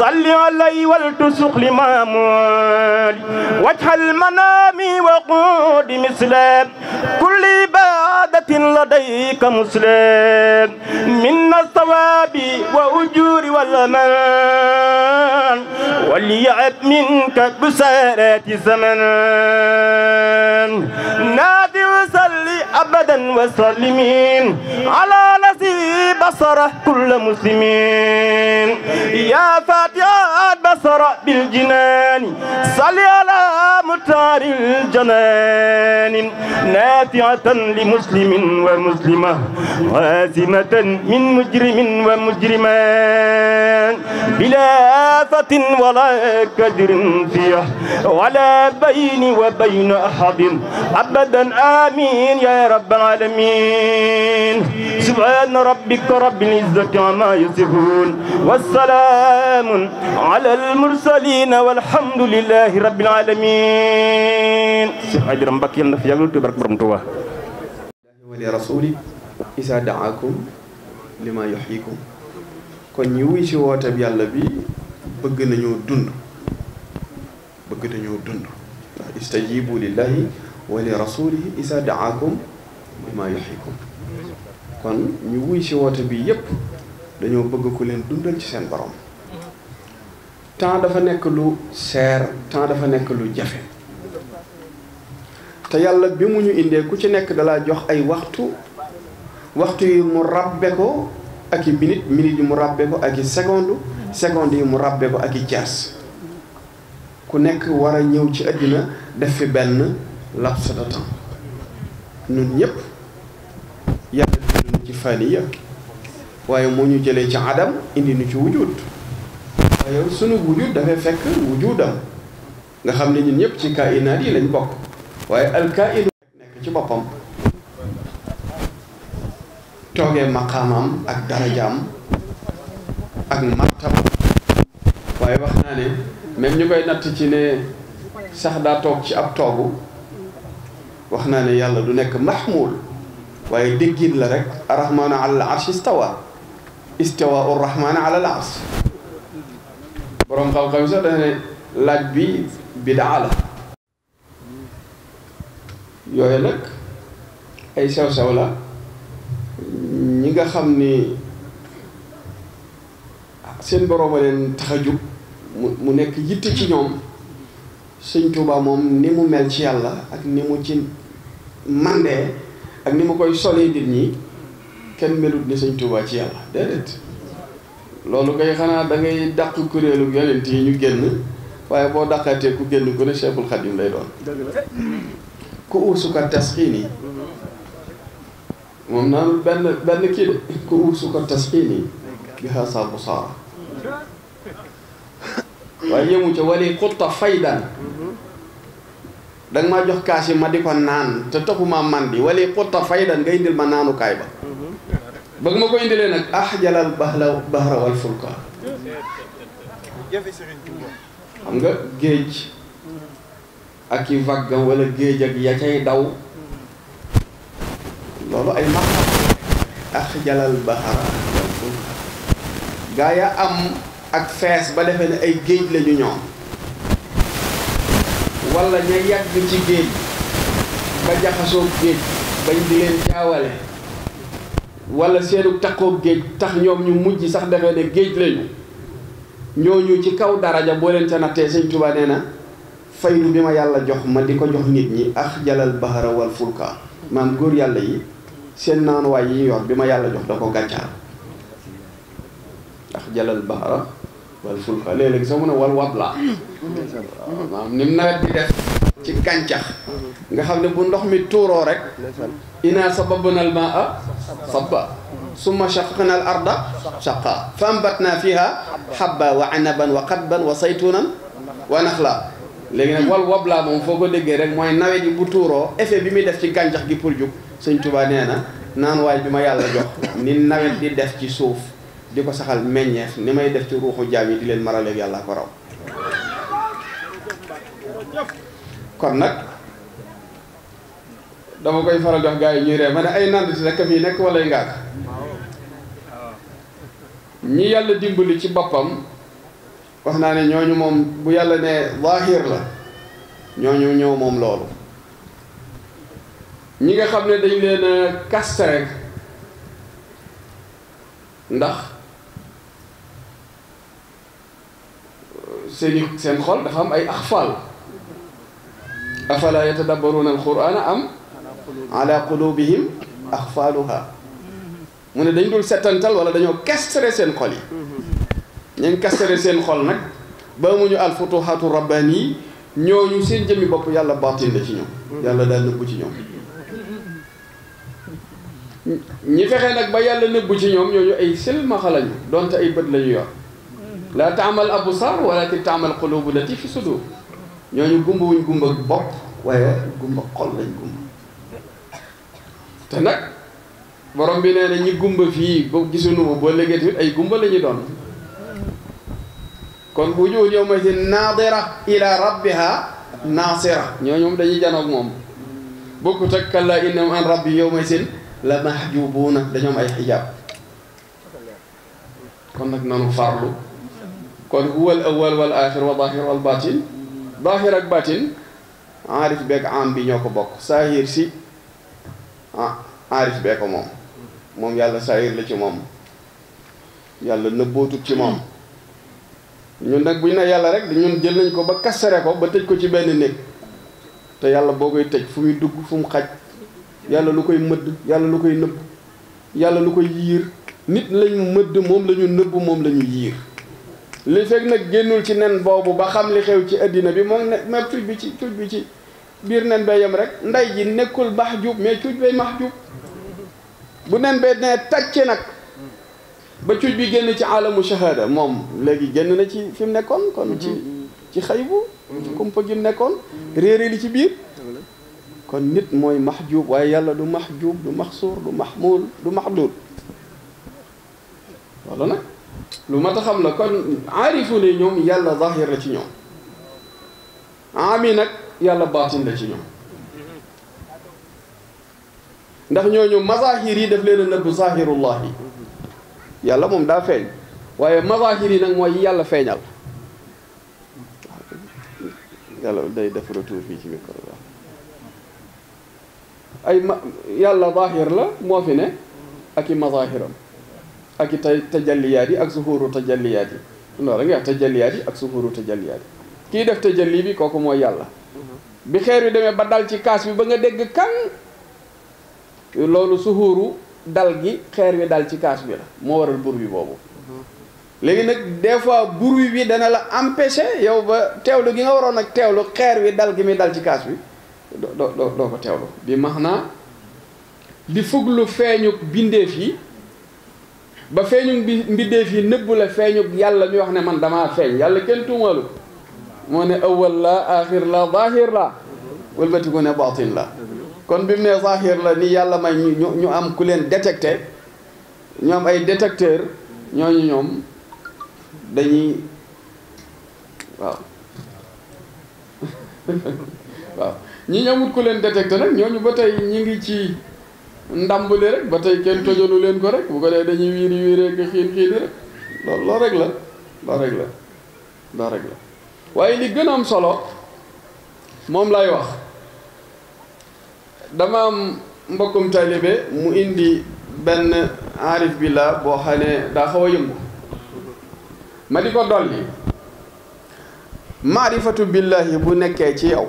صل علي ولتسق لمامول وجه المنام وقود مثل كل باب سعادة لديك مسلم من الثواب وأجور والأمان وليعب منك بسارات الزمن نادي وصلي أبدا وسلمين على نسيب بصره كل مسلمين يا فاتحة بصر بالجنان صلي على مطار الجنان نافعة لي مسلم ومسلمة عاصمة من مجرم ومجرمان بلا آفة ولا كدر فيه ولا بيني وبين أحد أبدا آمين يا رب العالمين سبحان ربك رب العزة عما يصفون والسلام على المرسلين والحمد لله رب العالمين Cheikh Aïdara Mbacke yal na fi yàgg loolu te barke borom Tuuba wali rasuli isa daakum li ma kon ñi wuy ci yàlla bi bëgg nañoo dund bëgg nañoo dund ndax istajibu lillahi wa li rasulihi isa daakum kon ñu wuy ci woote bi yépp dañoo bëgg ku leen dundal ci seen borom temps dafa nekk lu seer temps dafa nekk lu jafe te yàlla bi mu ñu indee ku ci nekk dalaa jox ay waxtu waxtu yi mu ràbbe ko ak i minute minute yi mu ràbbe ko ak i seconde seconde yi mu ràbbe ko ak i jaas ku nekk war a ñëw ci àddina def fi benn laps de temps ñun ñëpp yàlla jëlee ci faniya waaye moo ñu jëlee ci adam indi ñu ci wujud waaye sunu wujud dafay fekk wujudam nga xam ne ñun ñëpp ci kainaat yi lañ bokk. waaye alkaaidu nekk ci boppam toogee maqaamam ak darajaam ak martaba waaye wax naa ne même ñu koy natt ci ne sax daa toog ci ab toogu wax naa ne yàlla du nekk mahmul waaye déggin la rek arrahmanu al al arsh borom xam-xam sax dana ne laaj bi bidaa yooyu nag ay sew-sew la ñi nga xam ni seen borooma leen tax a jub mu nekk yitte ci ñoom sëñ Tuubaa moom ni mu mel ci yàlla ak ni mu ci màndee ak ni mu koy solee nit ñi kenn melut ni sëñ Tuubaa ci yàlla déedéet loolu kay xanaa dangay ngay dàq kuréelu yonent yi ñu génn waaye boo dàqaatee ku génn ku ne Cheikhul Khadim lay doon ku'usuka tasxiini moom naan benn benn kii de ku'usuka tasxiini bihaa saabu saara waaye yëmu ca wali xutta faydan danga maa jox kaas yi ma di ko naan te taxuma man di wali xutta faydan nga indil ma naanukaay ba bëgg ma ko indilee nag axjalal bahla bahra wal fulka xam nga géej ak i vaggam walla géej ak ya cay daw loolu ay maqam ak jalal baxara gaa ya am ak fees ba defee ne ay géej la ñu ñoom wala ña yàgg ci géej ba jaxasoo géej bañ di leen jaawale wala seenu takkoo géej tax ñoom ñu mujj sax defee ne géej lañu ñooñu ci kaw daraja boo leen ca nattee Sëñ Tuubaa nee na faydu bi ma yàlla jox ma di ko jox nit ñi ak jalal bahara wal fulka maam góor yàlla yi seen naanuwaay yi yor bi ma yàlla jox da ko gàccaar ak jalal bahara wal fulka léeg-léeg sax mu wal wabla maam ni mu nawet def ci gàncax nga xam ne bu ndox mi tuuroo rek inaa sababnal maa sabba summa shaqaqnal arda shaqa fa ambatna fiha habba wa anaban wa qadban wa saytunan wa naxla léegi nag wal wablaa moom foo ko déggee rek mooy nawet bi bu tuuroo effet bi muy def ci gàncax gi pour jug sëñ Tuubaa nee na naan waay bi ma yàlla jox ni nawet di def ci suuf di ko saxal meññeef ni may def ci ruuxu jaam yi di leen maraleeg yàlla ko raw dama koy faral jox gars yi ñuy ma ne ay nanditi rek a fii nekk wala ngaak ñi yàlla dimbali ci boppam wax naa ne ñooñu moom bu yàlla ne zahir la ñooñu ñëw moom loolu ñi nga xam ne dañ leen kaste rek ndax seeni seen xol dafa am ay axfaal afala yatadabbaruuna alqurana am ala qulubihim axfaaluha mu ne dañ dul settantal wala dañoo kastre seen xol yi ñu ngi kastare seen xol nag ba amuñu alfutuhaatu rabbaani yi ñooñu seen jëmmi bopp yàlla baatin la ci ñoom yàlla daal nëbbu ci ñoom ñi fexe nag ba yàlla nëbbu ci ñoom ñooñu ay silmaxa lañu donte ay bët lañu yor laa taamal absaar walakin taamal quluubu lati fi ñoo ñu gumba wuñ gumba bopp waaye gumba xol lañ gumba te nag borom bi nee na ñi gumba fii ba gisuñu ba boo léegi tamit ay gumba la doon kon wujuhun yawmaidin naadira ila rabbiha naasira ñooñu dañuy janoog moom bokkut ak kallaa innahum an rabbi yawmaidin la mahjubuuna dañoo am ay xijaab kon nag nanu farlu kon huwa al wal axir wa daahir wal baatin daahir ak baatin aarif beeg am bi ñoo ko bokk saahir si ah aarif bee moom moom yàlla saahir la ci moom yàlla nëbbootut ci moom ñun nag bu ñu ne yàlla rek ñun jël nañ ko ba kassare ko ba tëj ko ci benn néeg te yàlla boo koy tëj fu muy dugg fu xaj yàlla lu koy mëdd yàlla lu koy nëbb yàlla lu koy yiir nit lañu mëdd moom lañu ñu nëbb moom la ñu yiir li fekk nag génnul ci nen boobu ba xam li xew ci addina bi moom ne même cuuj bi ci cuuj bi ci biir nen bay yem rek nday ji nekkul bax jub mais cuuj bay max jub bu nen bay nee tàcce nag ba cuuj bi génn ci aalamu shahada moom léegi génn na ci fi nekkoon kon ci mm-hmm. ci xaybu mm-hmm. kumpa gi mu nekkoon réere li ci biir kon nit mooy mahjub waaye yàlla du mahjub du maxsuur du mahmul du mahdud wala nag lu mat a xam la kon aarifu ne ñoom yàlla zahir la ci ñoom ami nag yàlla baatin la ci ñoom ndax ñooñu mazahir yi def leen a nëbb zahirullahi yàlla moom daa feeñ waaye mazahir yi nag mooy yàlla feeñal yàlla day def retour fii ci ay ma yàlla zahir la moo fi ne ak i mazahiram ak i tay tajalliyaat yi ak zuhuru tajalliyaat yi non da ngay wax yi ak zuhuru tajalliyaat yi kii def tajalli bi kooku mooy yàlla bi xeer yu demee ba dal ci kaas bi ba nga dégg kan loolu suhuru dal gi xeer wi dal ci kaas bi la moo waral bruit boobu léegi nag des fois bruit bi dana la empêcher yow ba teewlu gi nga waroon nag teewlu xeer wi dal gi muy dal ci kaas bi doo doo doo ko teewlu bi max naa di fuglu feeñu bindeef yi ba feeñuk bi mbindeef yi nëbbu la feeñuk yàlla mi wax ne man damaa feeñ yàlla kenn tuumaalu moo ne awwal la axir la zahir la wëlbatiku ne batin la kon bi mu nee zahir la ni yàlla may ñu ñu am ku leen détecté ñu am ay détecteur ñooñu ñoom dañuy waaw ñii [laughs] ñi ñamut ku leen détecté nag ñooñu ba tey ñu ngi ci ndambali rek ba tey kenn tojalu leen ko rek bu ko dee dañuy wiiri wiiri ko xiin xiini rek loolu loo rek la loo rek la loo rek la waaye li gën a am solo moom lay wax dama am mbokkum taalibe mu indi benn arif bi boo xam ne daa xaw a yëngu ma di ko dolli maarifatu billahi bu nekkee ci yow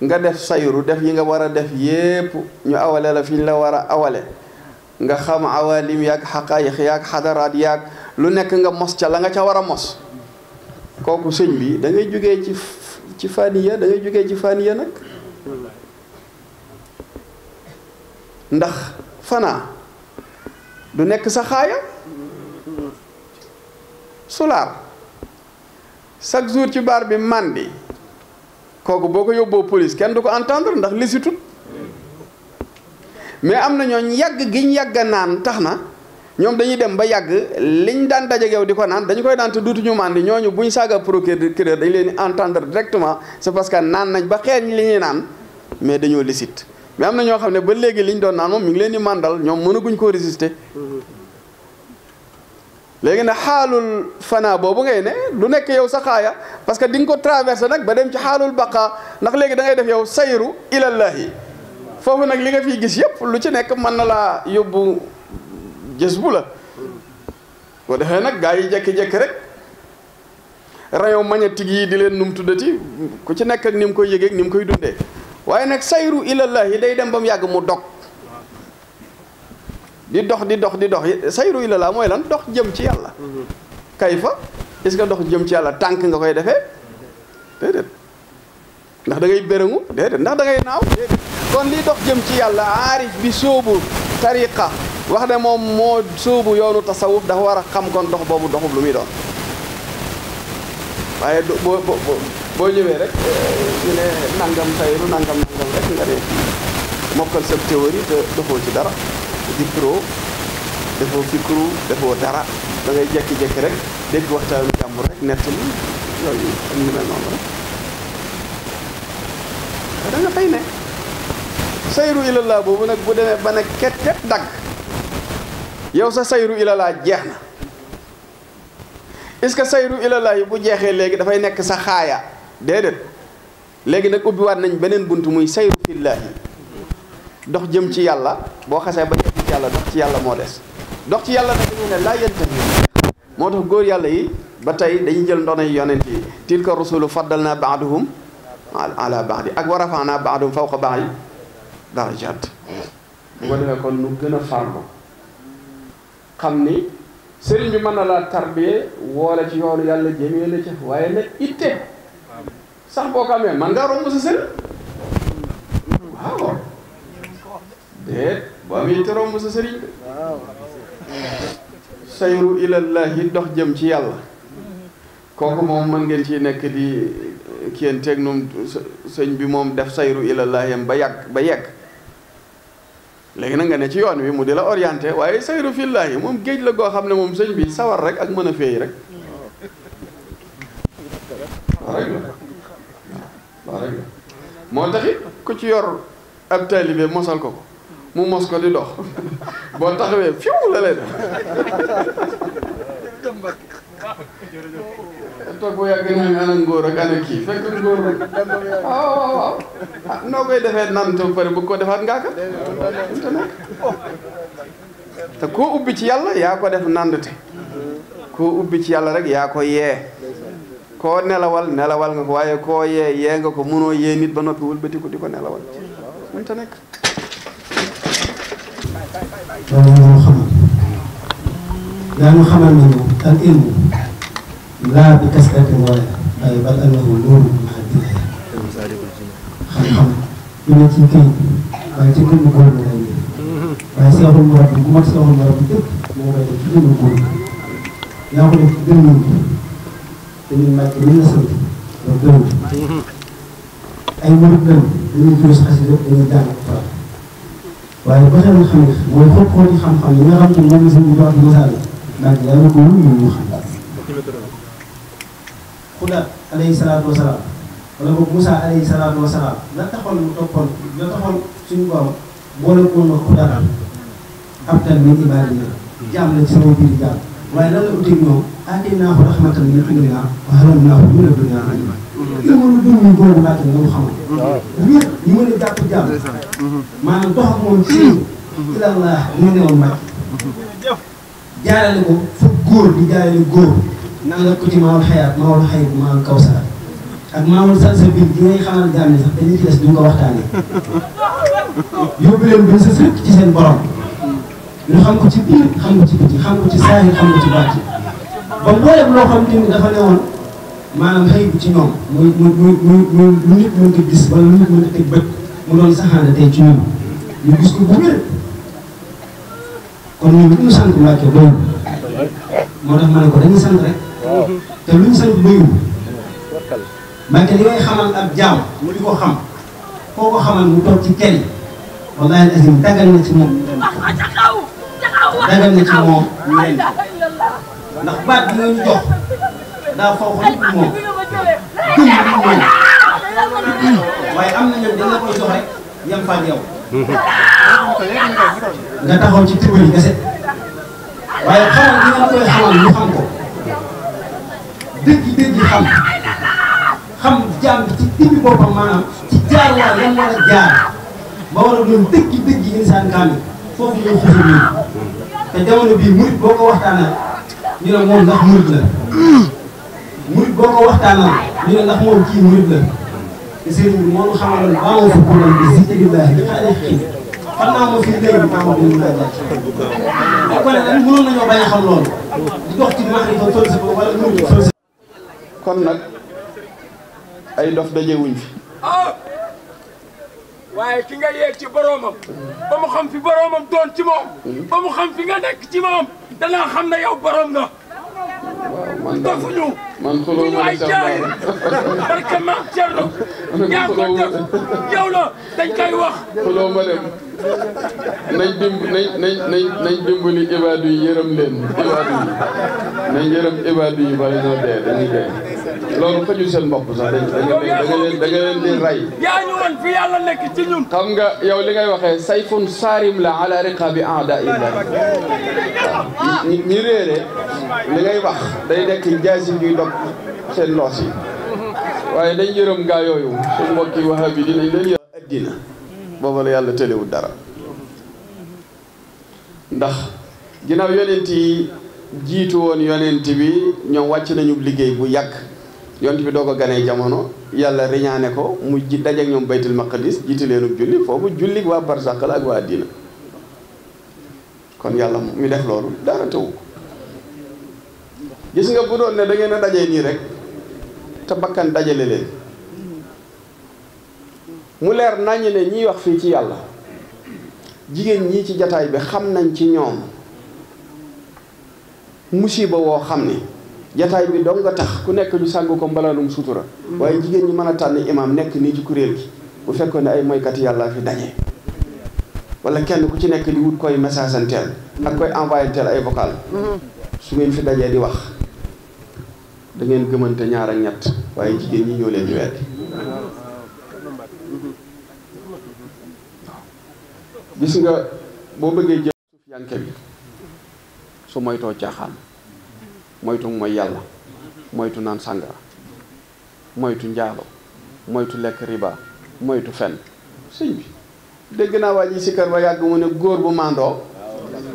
nga def sayru def yi nga war a def yépp ñu awale la fi la war a awale nga xam awalim yaag xaqaayiq yaag xadaraat yaag lu nekk nga mos ca la nga ca war a mos kooku sëñ bi dangay ngay jógee ci ci faniya da ngay jógee ci faniya nag ndax fanaa du nekk sa xaaya sulaar chaque jour ci baar bi mandi kooku boo ko yóbboo police kenn du ko entendre ndax lisitut mais am na ñooñ yàgg giñ yàgg a naan tax na ñoom dañuy dem ba yàgg liñ daan dajeeg yow di ko naan dañu koy naan te duutuñu mandi ñooñu buñ saaga procureur dañ leen entendre directement c'est parce naan nañ ba ñi li ñuy naan mais dañoo licite mais am na ñoo xam ne ba léegi liñ doon naan moom mi ngi leen di màndal ñoom guñ koo résister léegi nag xaalul fanaa boobu ngay ne lu nekk yow sa xaaya parce que di ko traversé nag ba dem ci xaalul baqa ndax léegi dangay ngay def yow sayru ilallahi foofu nag li nga fi gis yëpp lu ci nekk mën na laa yóbbu jës la boo defee nag gaa yi jekki-jekki rek rayon magnétique yi di leen num tuddati ku ci nekk ak ni mu koy yëgeeg ni mu koy dundee waaye nag sayru yi day dem ba mu yàgg mu dog di dox di dox di dox sayru ilallah mooy lan dox jëm ci yàlla kay fa est-ce que dox jëm ci yàlla tànk nga koy defee ndax dangay ngay ndax dangay naaw kon lii dox jëm ci yàlla aarif bi soobu tariqa wax ne moom moo sóobu yoonu tasawuf dafa war a xam kon dox boobu doxub lu muy doon waaye boo ñëwee rek eh, ñu ne nangam tayru nangam nangam rek nga ne mokkal sa théorie te defoo ci dara dikkiroo defoo fikru defoo dara dangay ngay jekki-jekki rek dégg waxtaanu jàmbur rek nett yooyu am ñu mel noonu ne sayru ilallah boobu nag bu demee ba ne kettet dagg yow sa sayru ilallah jeex na est-ce que sayru ilallah yi bu jeexee léegi dafay nekk sa xaaya déedéet léegi nag ubbiwaat nañ beneen bunt muy sayru fillaahi dox jëm ci yàlla boo xasee ba yegg ci yàlla dox ci yàlla moo des dox ci yàlla nag dañu ne laa yantahi moo tax góor yàlla yi ba tey dañuy jël ndonoy yonent yi tilka rusulu faddal naa baaduhum ala baadi ak war afaanaa baaduhum fawqa baadi darajat bu ko defee kon nu gën a farlu xam ni sëriñ bi mën na laa tarbiyee woo la ci yoonu yàlla jëmee la ca waaye nag itte sax boo ko amee man ngaa romb sa sëriñ waaw déet boo amee te romb dox jëm ci yàlla kooku moom mën ngeen ciy nekk di eh, kiyeen teeg num sëñ bi moom def sayru ilallahi am ba yàgg ba yegg léegi na nga ne ci yoon wi mu di la orienté waaye sayru fillahi moom géej la goo xam ne moom sëñ bi sawar rek ak mën a féey rek moo taxit ku ci yor ab taalibe mosal ko ko mu mos ko di dox boo taxawee fiw la lay def toog boo yàgg kii ah, ah, ah. noo koy defee nan te pare bëgg ko defaat ngaa ka te koo ubbi ci yàlla yaa ko def nandte koo ubbi ci yàlla rek yaa ko yee koo nelawal nelawal nga ko waaye koo yee yee nga ko munoo yee nit ba noppi wëlbati ko di ko nelawal mënta nekk loolu moo xam-xam ñu ne ci këy waaye ci dund góor ñi lay ñëw waaye seexul mu rabbi bu mat seexul mu rabbi dëkk moo koy def ci dund góor ko def ci dañuy màcc li nga sant ba gëm ay murid gën dañuy tuus xasida dañuy jàng faral waaye ba tey xam ne mooy xool xool yi xam-xam yi nga xam ne moom la sëñ bi wax di misaal nag yàlla ko wóor ñu ñu xam daal. Xudaat alayhi salaatu wa salaam wala boog Moussa alayhi salaatu wa salaam la taxoon mu toppoon la taxoon suñu borom boole ko woon nga Xudaat abdan min ibaadina jaam la ci sama biir jaam waaye lan la uti ñoom. aataynaahu rahmatan min indinaa wa haramnaahu min ad-dunyaa ajran. ilmu lu ñu borom laajte nga mu xamal. wér ñu mën a jàpp jàmm. maanaam dox ak moom ci. ilallah mu ne woon màcc. jaarale ko fu góor di jaarale góor. nan la ko ci maawul xayaat maawul xayib maawul kawsar ak maamul salsa bi di ngay xamal jàmm sax dañuy ci des du nga ko waxtaanee yóbbu leen ba sës rek ci seen borom ñu xam ko ci biir xam ko ci biti xam ko ci saahir xam ko ci bàcc. ba mboolem loo xam te ni dafa newoon maanaam xëy bu ci ñoom muy muy muy muy lu nit mën ko gis wala lu nit a teg mu doon gis ko bu kon ñun lu ñu sant Mbàkke doyul moo tax ma ko dañuy sant rek te lu sant doyul Mbàkke li xamal ab jaam mu di ko xam koo ko xamal mu toog ci kenn wallahi al azim dagal na ci moom dagal na ci moom ndax baat bi ñu jox daa xaw am na ñoom dañ la koy jox ci tibb yi kese waaye xam ko dëgg dëgg xam xam jaam ci tibb boppam maanaam ci jaar waa lan war a jaar ba war a doon dëgg dëgg insaan kaamil foofu ñuy xufu ñun te jamono bii murit boo ko waxtaanee. ñu moom ndax murit boo ko waxtaanal ñu ne ndax moom kii murit la te sëriñ bi moo ñu xamaloon baa ma fa kuréel bi si tëgg di xaale xii fan naa moo fi léegi bi a laaj bu ko ne lan mënoon nañoo bañ a xam loolu di dox ci maarifa falsafa wala kon nag ay dof dajewuñ fi waaye ki nga yeeg ci boroomam ba mu xam fi boroomam doon ci moom ba xam fi nga nekk ci moom danaa xam ne yow boroom nga man dafa ñu man xulóo ma ay jaay parce que maam ñaa ko def la dañ koy wax xulóo ma dem nañ dimb nañ nañ nañ nañ yi yërëm leen ibaadu yi nañ yërëm ibaadu yi bala ñoo dee dañuy dee loolu fajul seen bopp sax dañ da leen da nga di rey yaa ñu woon fi yàlla nekk ci ñun xam nga yow li ngay waxee sayfun saarim la ala riqabi aada illah ñi réere ngay wax day nekk jaasi ñuy dog seen noos yi waaye dañ yërëm gaa yooyu suñu mbokki waxaab yi dinañ leen yërëm addina booba yàlla tëlewul dara ndax ginnaaw yonent yi jiitu woon yonent bi ñoom wàcc nañu liggéey bu yàgg yonent bi doo ko ganee jamono yàlla riñaane ko mu ji dajeek ñoom baytul maqadis jiitu leenu julli foofu julli waa barsàq la ak waa addina kon yàlla mi def loolu dara tewu ko gis nga bu doon ne dangeen a daje nii rek te bakkan dajale leen mu leer nañu ne ñiy wax fii ci yàlla jigéen ñii ci jataay bi xam nañ ci ñoom musiba woo xam ne jataay bi dong nga tax ku nekk ñu sàng ko mbalalum sutura waaye jigéen ñi mën a tànn imaam nekk nii ci kuréel gi bu fekkoon ne ay moykat yàlla fi daje wala kenn ku ci nekk di wut koy message anteel ak koy envoyé teel ay vocal mm-hmm. su ngeen fi dajee di wax da ngeen gëmante ñaar ak ñett waaye jigéen ñi ñoo leen weddi gis nga boo bëggee jël sufiyanke bi su moytoo caaxaan moytu mooy yàlla moytu naan sàngara moytu njaalo moytu lekk riba moytu fen sëñ bi dégg naa waa ji si kër ba yàgg mu ne góor bu màndoo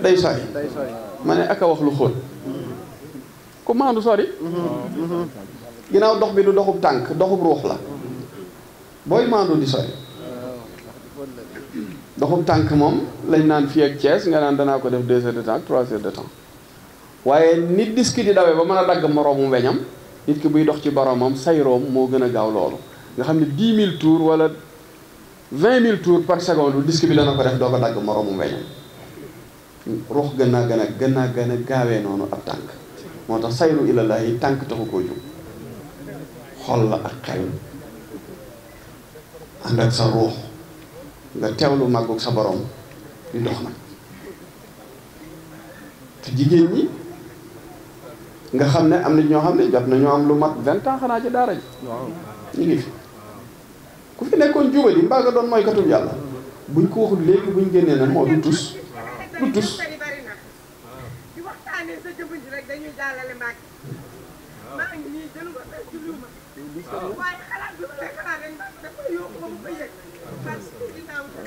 day sori ma ne aka wax lu xóot ku maandu sori. ginnaaw dox bi du doxub tànk doxub ruux la booy maandu di sori. doxub tànk moom lañ naan fii ak Thiès nga naan danaa ko def deux heures de temps trois heures de temps waaye nit dis ki di dawee ba mën a dagg moroomu weñam nit ki buy dox ci boromam sayroom moo gën a gaaw loolu nga xam ne dix mille tour walla vingt mille tours par seconde disque bi dana ko def doo ko dagg moroomu weñam ruux gën naa gën a gën naa gën a gaawee noonu ab tànk moo tax sayru la ay tànk taxu koo jóg xol la ak xel ànd ak sa ruux nga teewlu sa borom di dox nag te jigéen ñi nga xam ne am na ñoo xam ne jot nañoo am lu mat vingt ans xanaa ci daara ji ñu ngi fi ku fi nekkoon jubali mbaa nga doon mooy katul yàlla buñ ko waxul léegi buñ génnee na moo du tus du tus ji rek dañuy jàllale Mbacke. waaw maa ngi nii jëlu ma fekk jubluwuma. waaw waaye xalaat bi ma lay xalaat rek maa ngi def ko yóbbu ma ko yëg. parce que ginnaaw bi.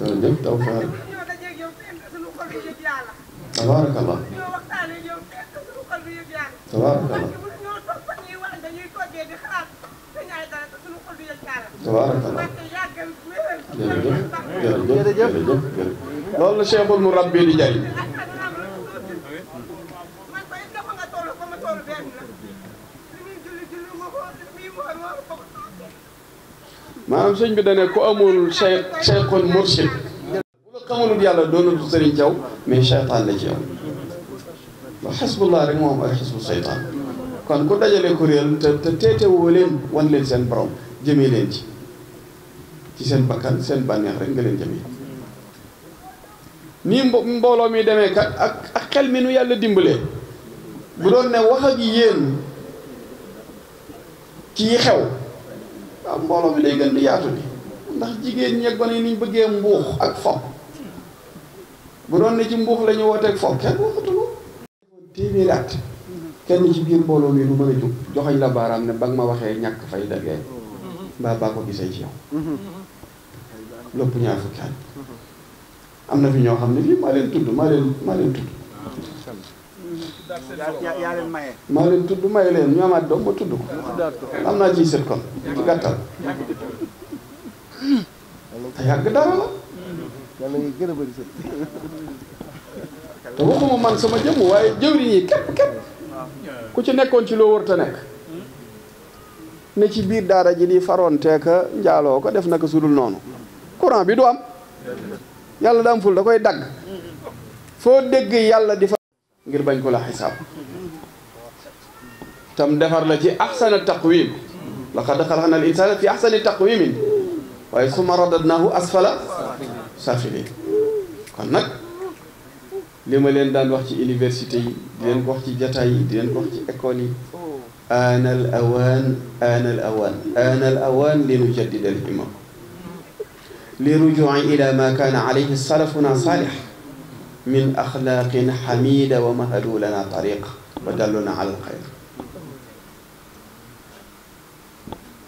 loolu lépp taw faa. ñoo dajeeg yow fekk suñu xol bi yëg yàlla. tabaarakallah. ñoo waxtaanee yow fekk suñu xol bi yëg yàlla. tabaarakallah. parce que bu ñoo toog fa ñuy wax dañuy toggee di xalaat suñu ay dara te suñu xol bi yëg yàlla. tabaarakallah. jërëjëf jërëjëf jërëjëf loolu la Cheikhul Murabbi di jariñ maanaam sëñ bi dane ko amul cheikh cheikhul mursid bu la xamalul yàlla doonatu sëriñ Thiaw mais cheytaan la ci yow ndax xisbullah rek moom ay xisbu seytaan kon ku dajale kuréel te te teete leen wan leen seen borom jëmee leen ci ci seen bakkan seen bànneex rek nga leen jëmee nii mbooloo mi demee kat ak xel mi nu yàlla dimbalee bu doon ne wax ak yéen ci xew waaw mbooloo mi day gën di yaatu bi ndax jigéen ñi ak gone yi niñ bëggee mbuux ak fopp bu doon ne ci mbuux la ñu wooteeg fopp kenn waxatul téeméeri at kenn ci biir mbooloo mi bu mën a jóg joxañ la baaraam ne ba ma waxee ñàkk fay dagee mbaa baa ko gisee ci yow lépp ñaar fukki am na fi ñoo xam ne fii maa leen tudd maa leen maa leen tudd yaa leen maye. maa leen tudd maye leen ñu amaat doom ma tudd ko. am naa ciy sët kon ci gàttal. te yàgg dara la. man sama jëmm waaye jëwriñ yi képp képp ku ci nekkoon ci loo wër nekk. ne ci biir daara ji ni faroon teeka njaaloo ko def naka sudul noonu courant bi du am yàlla da ful da koy dagg foo dégg yàlla di fa ngir bañ ko la xisaab tam defar la ci axsana taqwim laqad xalaqna al insana fi axsani taqwimin waaye summa radadnaahu asfala safilin kon nag li ma leen daan wax ci université yi di leen wax ci jataay yi di leen wax ci école yi ana al awaan ana al awaan ana al awaan li nujaddida al himam li ila ma kaana alayhi salafuna saalih min axlaaqin xamida wa mahadu lana tariq wa dalluna ala alxayr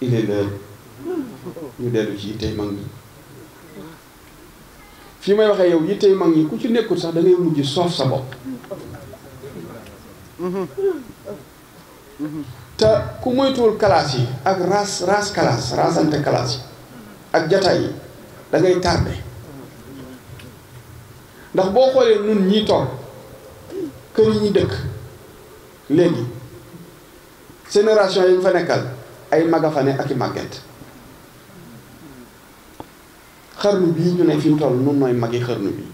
il est l'heure ñu dellu ci yittey mag ñi fii may waxee yow yittey mag ñi ku ci nekkul sax da ngay mujj soof sa bopp te ku moytuwul kalaas yi ak raas raas kalaas raasante kalaas yi ak jataay yi da ngay tardé ndax boo xoolee nun ñii toog kër yi ñu dëkk léegi génération yi mu fa nekkal ay mag fa ne ak i màgget xarnu bii ñu ne fi mu toll nun nooy maggi xarnu bi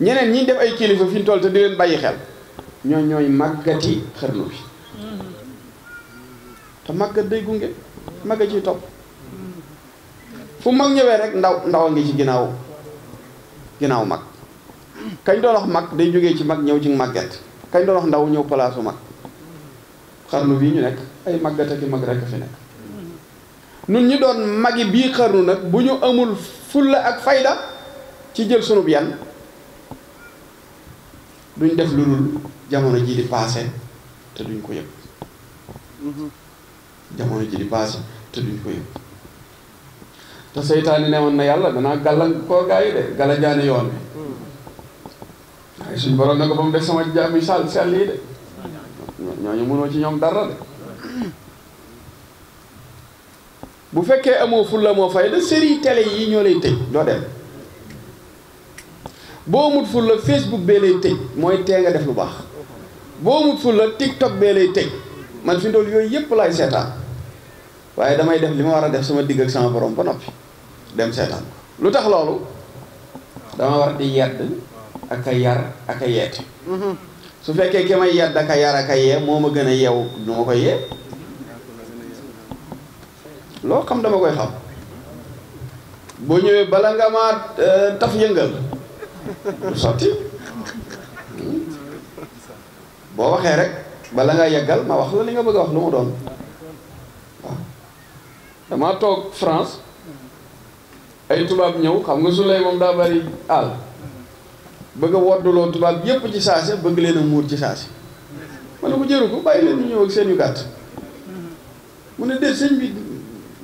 ñeneen ñi def ay kilifa fi mu toll te di leen bàyyi xel ñoo ñooy màggati xarnu bi mm-hmm. te màggat day gunge màgga ciy topp fu mag ñëwee rek ndaw ndaw a ngi ci ginnaaw ginnaaw mag kañ doon mag day jógee ci mag ñëw ci màgget kañ doon wax ndaw ñëw palaasu mag xarnu bii ñu nekk ay màggat ak mag rek fi nekk nun ñi doon magi bii xarnu nag bu ñu amul fulla ak fayda ci jël sunub yan duñ def lu dul jamono ji paase te duñ ko yëg mhm. jamono ji di paase te duñ ko yëg te seytaane ne woon na yàlla danaa gàllankoor gaa yi de gala jaane yoon bi waaye suñ borom ne ko ba mu def sama jaam yi yi de ñooñu mënoo ci ñoom dara de bu fekkee amoo fulla moo fayda série télé yi ñoo lay tëj doo dem boo amut fulla Facebook bee lay tëj mooy tee nga def lu baax boo amut fulla TikTok bee lay tëj man fi ndool yooyu yëpp laay seetaan waaye damay def li ma war a def sama digg ak sama borom ba noppi dem seetaan lu tax loolu dama war di yedd ak a yar ak a yeete mm-hmm. su fekkee ki may yedd ak a yar ak a yee moo ma gën a yeew lu ma koy yee loo xam dama koy xam boo ñëwee bala nga ma euh, taf yëngal du sotti hmm? boo waxee rek bala nga yeggal ma wax la li nga bëgg a wax lu mu doon dama toog France ay tubaab ñëw xam nga Souley moom daa bari àll bëgg a wodduloo tubaab yépp ci saase bëgg leen a muur ci saase ma ne ko jëru ko bàyyi leen ñu ñëw ak seen yu gàtt mu ne de sëñ bi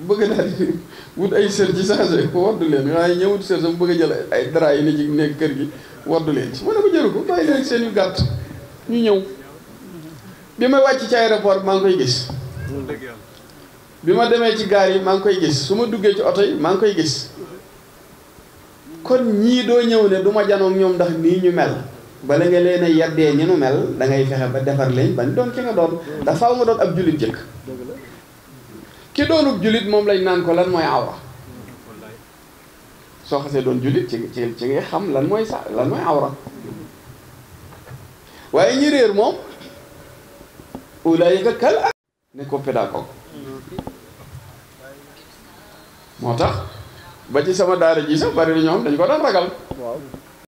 bëgg naa di [laughs] wut ay sër ci saase ko woddu leen waaye ñëwut sër sama bëgg a jël ay dara yi ni ci nekk kër gi woddu leen ci ma ne ko jëru ko bàyyi leen seen yu gàtt ñu ñëw bi may wàcc ci aéroport maa ngi koy gis bi ma demee ci gaar yi maa ngi koy gis su ma duggee ci oto yi maa ngi koy gis kon ñii doo ñëw ne duma ma ñoom ndax nii ñu mel bala nga leen a yeddee ñi nu mel da fexe ba defar leen bañ doon ki nga doon ndax faaw nga doon ak jullit jëkk ki doonub jullit moom lañ naan ko lan mooy awra soo xasee doon jullit ci ci ci ngay xam lan mooy sa lan mooy awra waaye ñi réer moom ulaayika kal ne ko pédagogue moo tax ba ci sama daara ji sax bari na ñoom dañu ko daan ragal.